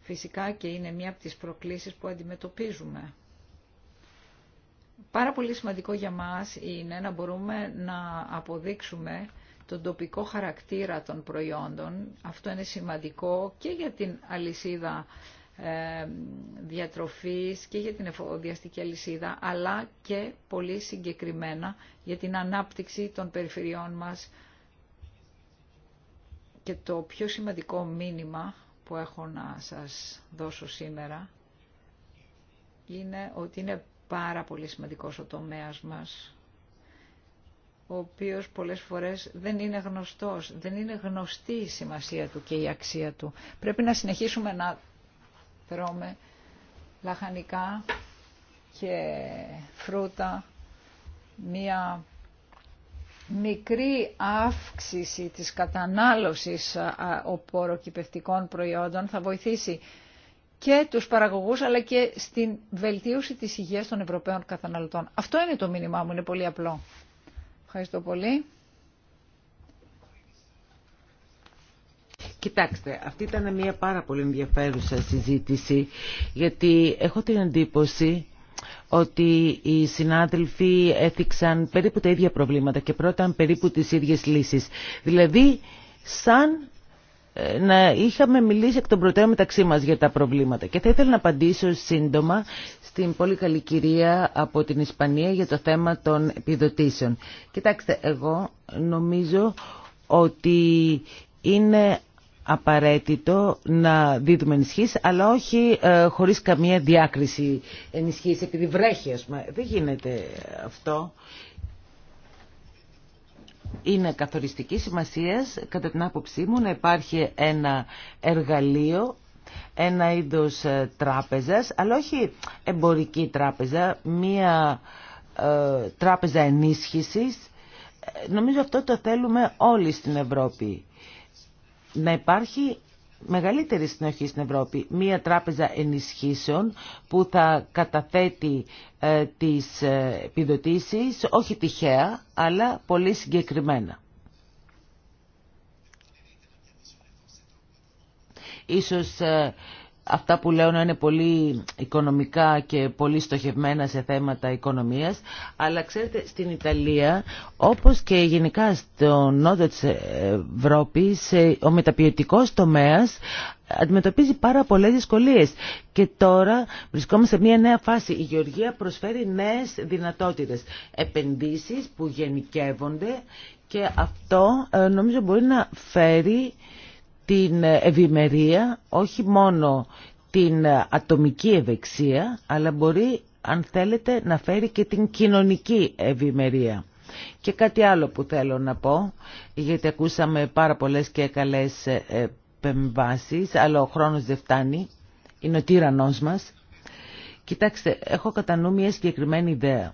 Φυσικά και είναι μία από τις προκλήσεις που αντιμετωπίζουμε. Πάρα πολύ σημαντικό για μας είναι να μπορούμε να αποδείξουμε τον τοπικό χαρακτήρα των προϊόντων. Αυτό είναι σημαντικό και για την αλυσίδα ε, διατροφής και για την εφοδιαστική αλυσίδα, αλλά και πολύ συγκεκριμένα για την ανάπτυξη των περιφερειών μας. Και το πιο σημαντικό μήνυμα που έχω να σας δώσω σήμερα είναι ότι είναι πάρα πολύ σημαντικός ο τομέας μας ο οποίος πολλές φορές δεν είναι γνωστός, δεν είναι γνωστή η σημασία του και η αξία του. Πρέπει να συνεχίσουμε να τρώμε λαχανικά και φρούτα, μία μικρή αύξηση της κατανάλωσης οποροκυπευτικών προϊόντων θα βοηθήσει και τους παραγωγούς αλλά και στην βελτίωση της υγείας των Ευρωπαίων καταναλωτών. Αυτό είναι το μήνυμά μου, είναι πολύ απλό. Ευχαριστώ πολύ. Κοιτάξτε, αυτή ήταν μια πάρα πολύ ενδιαφέρουσα συζήτηση, γιατί έχω την εντύπωση ότι οι συνάδελφοι έθιξαν περίπου τα ίδια προβλήματα και πρώτα περίπου τις ίδιες λύσεις. Δηλαδή, σαν να είχαμε μιλήσει εκ των προτέρων μεταξύ μας για τα προβλήματα. Και θα ήθελα να απαντήσω σύντομα στην πολύ καλή κυρία από την Ισπανία για το θέμα των επιδοτήσεων. Κοιτάξτε, εγώ νομίζω ότι είναι απαραίτητο να δίδουμε ενισχύσει, αλλά όχι ε, χωρίς καμία διάκριση ενισχύσει, επειδή βρέχει, ας πούμε. Δεν γίνεται αυτό είναι καθοριστική σημασία κατά την άποψή μου να υπάρχει ένα εργαλείο ένα είδος ε, τράπεζας, αλλά όχι εμπορική τράπεζα, μία ε, τράπεζα ενίσχυσης. Ε, νομίζω αυτό το θέλουμε όλοι στην Ευρώπη. Να υπάρχει μεγαλύτερη συνοχή στην Ευρώπη. Μία τράπεζα ενισχύσεων που θα καταθέτει ε, τις ε, επιδοτήσεις όχι τυχαία αλλά πολύ συγκεκριμένα. Ίσως ε, αυτά που λέω να είναι πολύ οικονομικά και πολύ στοχευμένα σε θέματα οικονομίας, αλλά ξέρετε στην Ιταλία, όπως και γενικά στον νότο της Ευρώπης, ε, ο μεταποιητικός τομέας αντιμετωπίζει πάρα πολλές δυσκολίες και τώρα βρισκόμαστε σε μια νέα φάση. Η Γεωργία προσφέρει νέες δυνατότητες, επενδύσεις που γενικεύονται και αυτό ε, νομίζω μπορεί να φέρει την ευημερία, όχι μόνο την ατομική ευεξία, αλλά μπορεί, αν θέλετε, να φέρει και την κοινωνική ευημερία. Και κάτι άλλο που θέλω να πω, γιατί ακούσαμε πάρα πολλές και καλές ε, επεμβάσεις, αλλά ο χρόνος δεν φτάνει, είναι ο τύρανός μας. Κοιτάξτε, έχω κατά νου μια συγκεκριμένη ιδέα.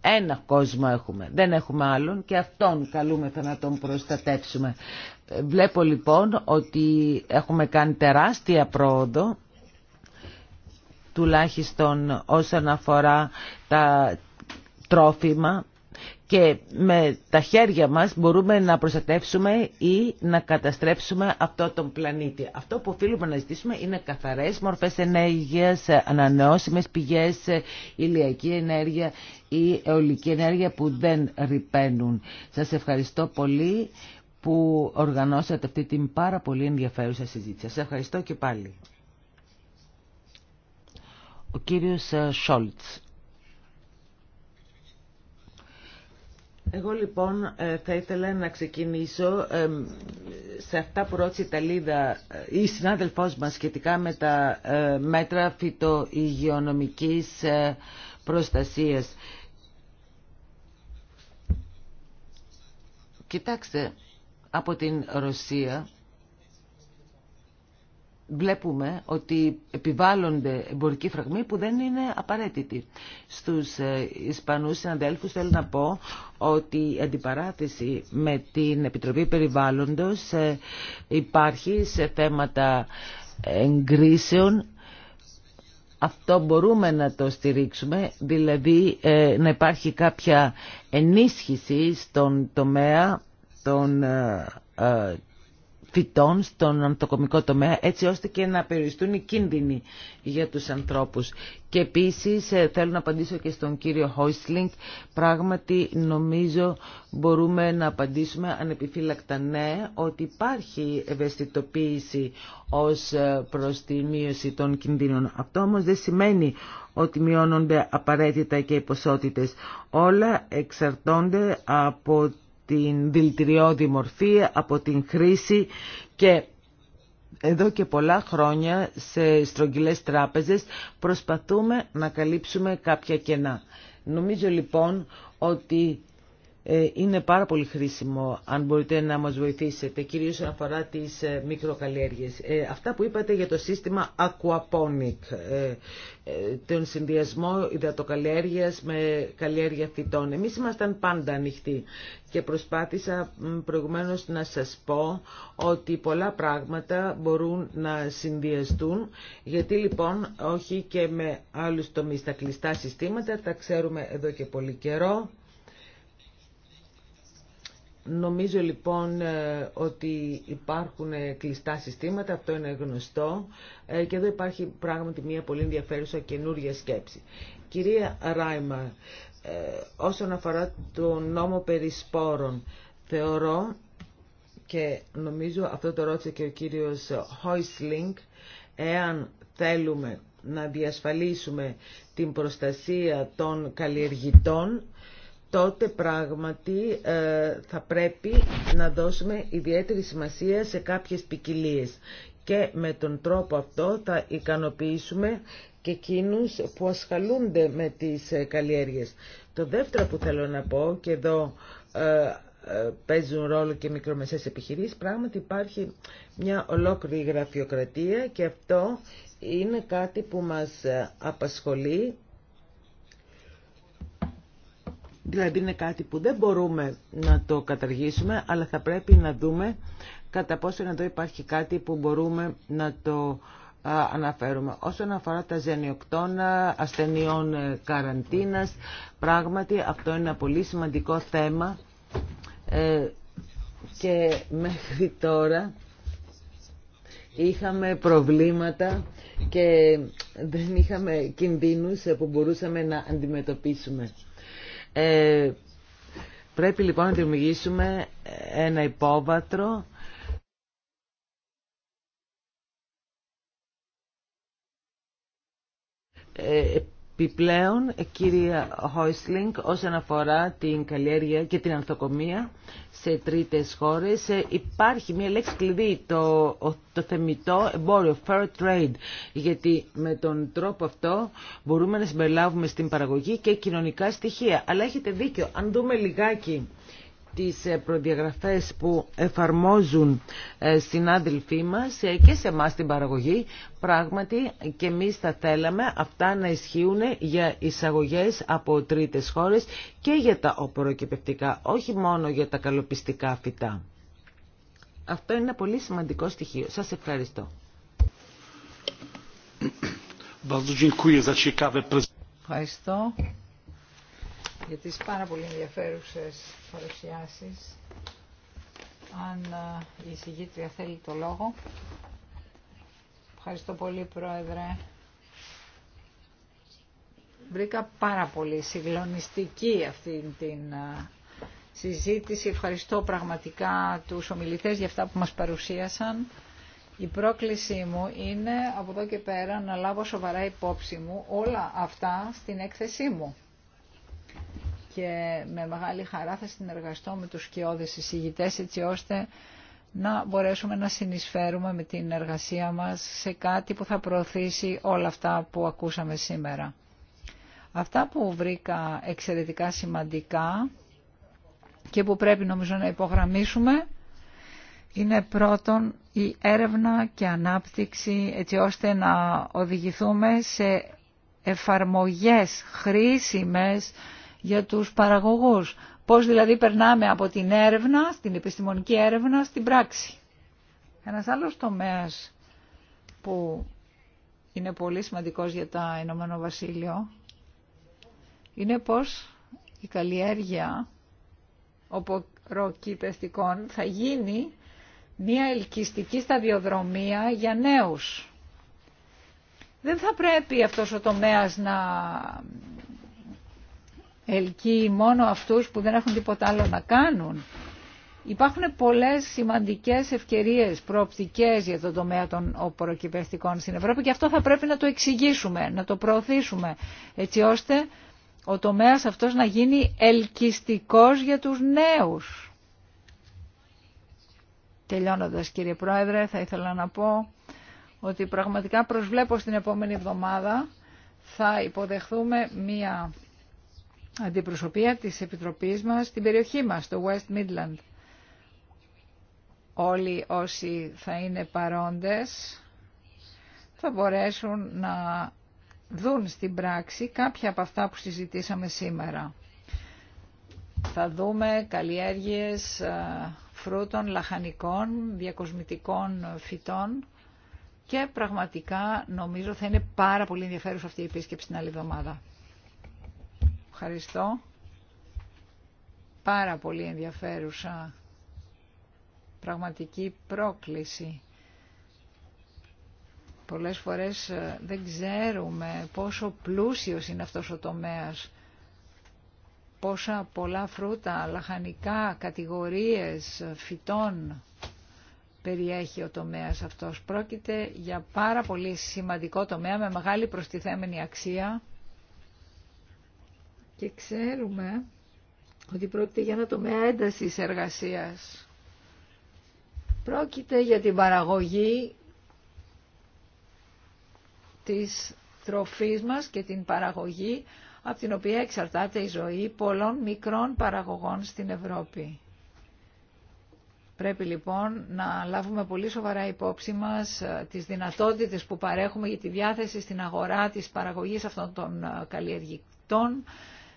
Ένα κόσμο έχουμε, δεν έχουμε άλλον και αυτόν καλούμεθα να τον προστατεύσουμε. Ε, βλέπω λοιπόν ότι έχουμε κάνει τεράστια πρόοδο τουλάχιστον όσον αφορά τα τρόφιμα και με τα χέρια μας μπορούμε να προστατεύσουμε ή να καταστρέψουμε αυτό τον πλανήτη. Αυτό που οφείλουμε να ζητήσουμε είναι καθαρές μορφές ενέργειας, ανανεώσιμες πηγές, ηλιακή ενέργεια ή αιωλική ενέργεια που δεν ρηπαίνουν. Σας ευχαριστώ πολύ που οργανώσατε αυτή την πάρα πολύ ενδιαφέρουσα συζήτηση. Σας ευχαριστώ και πάλι. Ο κύριος ε, Σόλτς. Εγώ λοιπόν ε, θα ήθελα να ξεκινήσω ε, σε αυτά που ρώτησε η Ταλίδα ε, η συνάδελφός μας σχετικά με τα μέτρα φυτοϊγειονομικής προστασίας. Κοιτάξτε, από την Ρωσία βλέπουμε ότι επιβάλλονται εμπορικοί φραγμοί που δεν είναι απαραίτητοι. Στους ε, Ισπανούς συναδέλφους θέλω να πω ότι η αντιπαράθεση με την Επιτροπή Περιβάλλοντος ε, υπάρχει σε θέματα εγκρίσεων αυτό μπορούμε να το στηρίξουμε, δηλαδή ε, να υπάρχει κάποια ενίσχυση στον τομέα των, φυτών στον ανθοκομικό τομέα έτσι ώστε και να περιοριστούν οι κίνδυνοι για τους ανθρώπους. Και επίσης ε, θέλω να απαντήσω και στον κύριο Χόισλινγκ. Πράγματι νομίζω μπορούμε να απαντήσουμε ανεπιφύλακτα ναι ότι υπάρχει ευαισθητοποίηση ως ε, προς τη μείωση των κινδύνων. Αυτό όμως δεν σημαίνει ότι μειώνονται απαραίτητα και οι ποσότητες. Όλα εξαρτώνται από την δηλητηριώδη μορφή, από την χρήση και εδώ και πολλά χρόνια σε στρογγυλές τράπεζες προσπαθούμε να καλύψουμε κάποια κενά. Νομίζω λοιπόν ότι ε, είναι πάρα πολύ χρήσιμο αν μπορείτε να μας βοηθήσετε, κυρίως αφορά τις ε, μικροκαλλιέργειες. Ε, αυτά που είπατε για το σύστημα aquaponic, τον συνδυασμό υδατοκαλλιέργειας με καλλιέργεια φυτών. Εμείς ήμασταν πάντα ανοιχτοί και προσπάθησα προηγουμένως να σας πω ότι πολλά πράγματα μπορούν να συνδυαστούν, γιατί λοιπόν όχι και με άλλους τομείς τα κλειστά συστήματα, τα ξέρουμε εδώ και πολύ καιρό Νομίζω λοιπόν ε, ότι υπάρχουν ε, κλειστά συστήματα, αυτό είναι γνωστό ε, και εδώ υπάρχει πράγματι μια πολύ ενδιαφέρουσα καινούργια σκέψη. Κυρία Ράιμα, όσον αφορά τον νόμο περί σπόρων, θεωρώ και νομίζω αυτό το ρώτησε και ο κύριος Χόισλινγκ, εάν θέλουμε να διασφαλίσουμε την προστασία των καλλιεργητών, τότε πράγματι ε, θα πρέπει να δώσουμε ιδιαίτερη σημασία σε κάποιες ποικιλίε. Και με τον τρόπο αυτό θα ικανοποιήσουμε και εκείνους που ασχαλούνται με τις ε, καλλιέργειες. Το δεύτερο που θέλω να πω, και εδώ ε, παίζουν ρόλο και μικρομεσαίες επιχειρήσεις, πράγματι υπάρχει μια ολόκληρη γραφειοκρατία και αυτό είναι κάτι που μας απασχολεί Δηλαδή είναι κάτι που δεν μπορούμε να το καταργήσουμε, αλλά θα πρέπει να δούμε κατά πόσο εδώ υπάρχει κάτι που μπορούμε να το αναφέρουμε. Όσον αφορά τα ζενιοκτώνα ασθενειών ε, καραντίνας, πράγματι αυτό είναι ένα πολύ σημαντικό θέμα ε, και μέχρι τώρα είχαμε προβλήματα και δεν είχαμε κινδύνους που μπορούσαμε να αντιμετωπίσουμε. Ε, πρέπει λοιπόν να δημιουργήσουμε ένα υπόβατρο. Ε, Επιπλέον, κυρία Χόισλινγκ, όσον αφορά την καλλιέργεια και την ανθοκομεία σε τρίτες χώρες, ε, υπάρχει μια λέξη κλειδί, το, το θεμητό εμπόριο, fair trade, γιατί με τον τρόπο αυτό μπορούμε να συμπεριλάβουμε στην παραγωγή και κοινωνικά στοιχεία. Αλλά έχετε δίκιο, αν δούμε λιγάκι τις ε, προδιαγραφές που εφαρμόζουν ε, συνάδελφοί μας ε, και σε μάς την παραγωγή. Πράγματι και εμείς θα θέλαμε αυτά να ισχύουν για εισαγωγές από τρίτες χώρες και για τα οποροκυπευτικά, όχι μόνο για τα καλοπιστικά φυτά. Αυτό είναι ένα πολύ σημαντικό στοιχείο. Σας ευχαριστώ. Ευχαριστώ για τις πάρα πολύ ενδιαφέρουσες παρουσιάσεις. Αν ε, η εισηγήτρια θέλει το λόγο. Ευχαριστώ πολύ, Πρόεδρε. Βρήκα πάρα πολύ συγκλονιστική αυτή την ε, συζήτηση. Ευχαριστώ πραγματικά τους ομιλητές για αυτά που μας παρουσίασαν. Η πρόκλησή μου είναι από εδώ και πέρα να λάβω σοβαρά υπόψη μου όλα αυτά στην έκθεσή μου και με μεγάλη χαρά θα συνεργαστώ με τους σκιώδες εισηγητές έτσι ώστε να μπορέσουμε να συνεισφέρουμε με την εργασία μας σε κάτι που θα προωθήσει όλα αυτά που ακούσαμε σήμερα. Αυτά που βρήκα εξαιρετικά σημαντικά και που πρέπει νομίζω να υπογραμμίσουμε είναι πρώτον η έρευνα και ανάπτυξη έτσι ώστε να οδηγηθούμε σε εφαρμογές χρήσιμες για τους παραγωγούς. Πώς δηλαδή περνάμε από την έρευνα, την επιστημονική έρευνα, στην πράξη. Ένας άλλος τομέας που είναι πολύ σημαντικός για τα Ηνωμένο Βασίλειο είναι πως η καλλιέργεια οποροκυπευτικών θα γίνει μια ελκυστική σταδιοδρομία για νέους. Δεν θα πρέπει αυτός ο τομέας να ελκύει μόνο αυτούς που δεν έχουν τίποτα άλλο να κάνουν. Υπάρχουν πολλές σημαντικές ευκαιρίες προοπτικές για τον τομέα των οποροκυπευτικών στην Ευρώπη και αυτό θα πρέπει να το εξηγήσουμε, να το προωθήσουμε, έτσι ώστε ο τομέας αυτός να γίνει ελκυστικός για τους νέους. Τελειώνοντας κύριε Πρόεδρε, θα ήθελα να πω ότι πραγματικά προσβλέπω στην επόμενη εβδομάδα θα υποδεχθούμε μία αντιπροσωπεία της Επιτροπής μας στην περιοχή μας, το West Midland. Όλοι όσοι θα είναι παρόντες θα μπορέσουν να δουν στην πράξη κάποια από αυτά που συζητήσαμε σήμερα. Θα δούμε καλλιέργειες ε, φρούτων, λαχανικών, διακοσμητικών φυτών και πραγματικά νομίζω θα είναι πάρα πολύ ενδιαφέρουσα αυτή η επίσκεψη την άλλη εβδομάδα. Ευχαριστώ. Πάρα πολύ ενδιαφέρουσα πραγματική πρόκληση. Πολλές φορές ε, δεν ξέρουμε πόσο πλούσιος είναι αυτός ο τομέας. Πόσα πολλά φρούτα, λαχανικά, κατηγορίες ε, φυτών περιέχει ο τομέας αυτός. Πρόκειται για πάρα πολύ σημαντικό τομέα με μεγάλη προστιθέμενη αξία και ξέρουμε ότι πρόκειται για ένα τομέα έντασης εργασίας. Πρόκειται για την παραγωγή της τροφής μας και την παραγωγή από την οποία εξαρτάται η ζωή πολλών μικρών παραγωγών στην Ευρώπη. Πρέπει λοιπόν να λάβουμε πολύ σοβαρά υπόψη μας ε, τις δυνατότητες που παρέχουμε για τη διάθεση στην αγορά της παραγωγής αυτών των ε, καλλιεργητών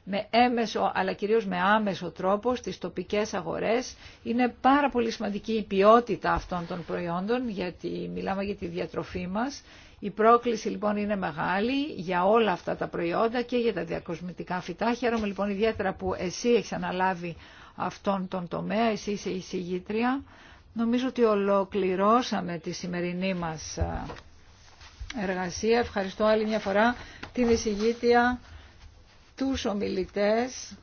με έμεσο αλλά κυρίως με άμεσο τρόπο στις τοπικές αγορές. Είναι πάρα πολύ σημαντική η ποιότητα αυτών των προϊόντων γιατί μιλάμε για τη διατροφή μας. Η πρόκληση λοιπόν είναι μεγάλη για όλα αυτά τα προϊόντα και για τα διακοσμητικά φυτά. Χαίρομαι λοιπόν ιδιαίτερα που εσύ έχεις αναλάβει αυτόν τον τομέα, εσύ είσαι η συγγήτρια. Νομίζω ότι ολοκληρώσαμε τη σημερινή μας ε, εργασία. Ευχαριστώ άλλη μια φορά την εισηγήτρια τους ομιλητές.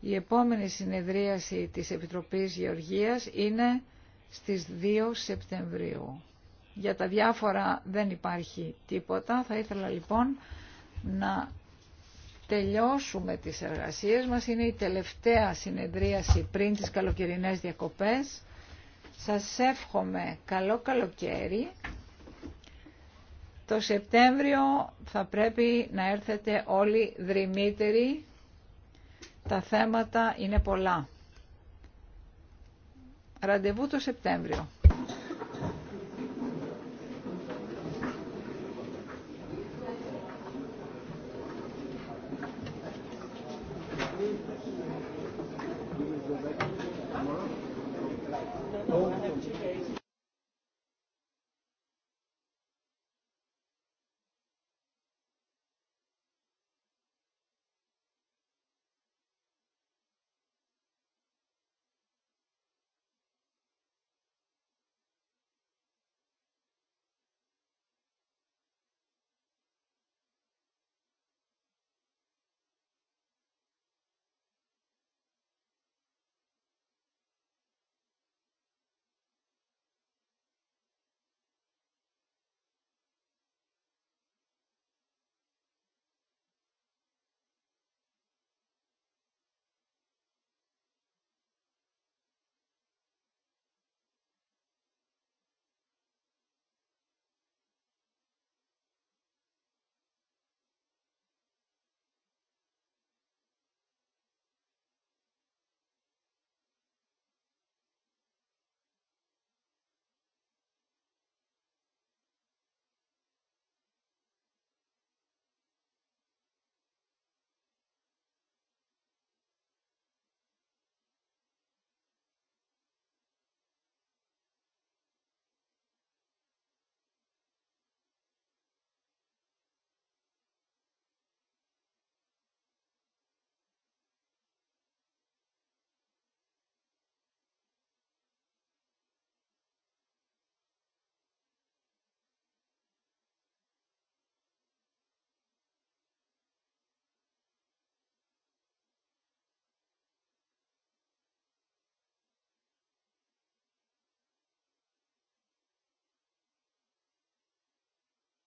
Η επόμενη συνεδρίαση της Επιτροπής Γεωργίας είναι στις 2 Σεπτεμβρίου. Για τα διάφορα δεν υπάρχει τίποτα. Θα ήθελα λοιπόν να τελειώσουμε τις εργασίες μας. Είναι η τελευταία συνεδρίαση πριν τις καλοκαιρινές διακοπές. Σας εύχομαι καλό καλοκαίρι. Το Σεπτέμβριο θα πρέπει να έρθετε όλοι δρυμύτεροι. Τα θέματα είναι πολλά. Ραντεβού το Σεπτέμβριο.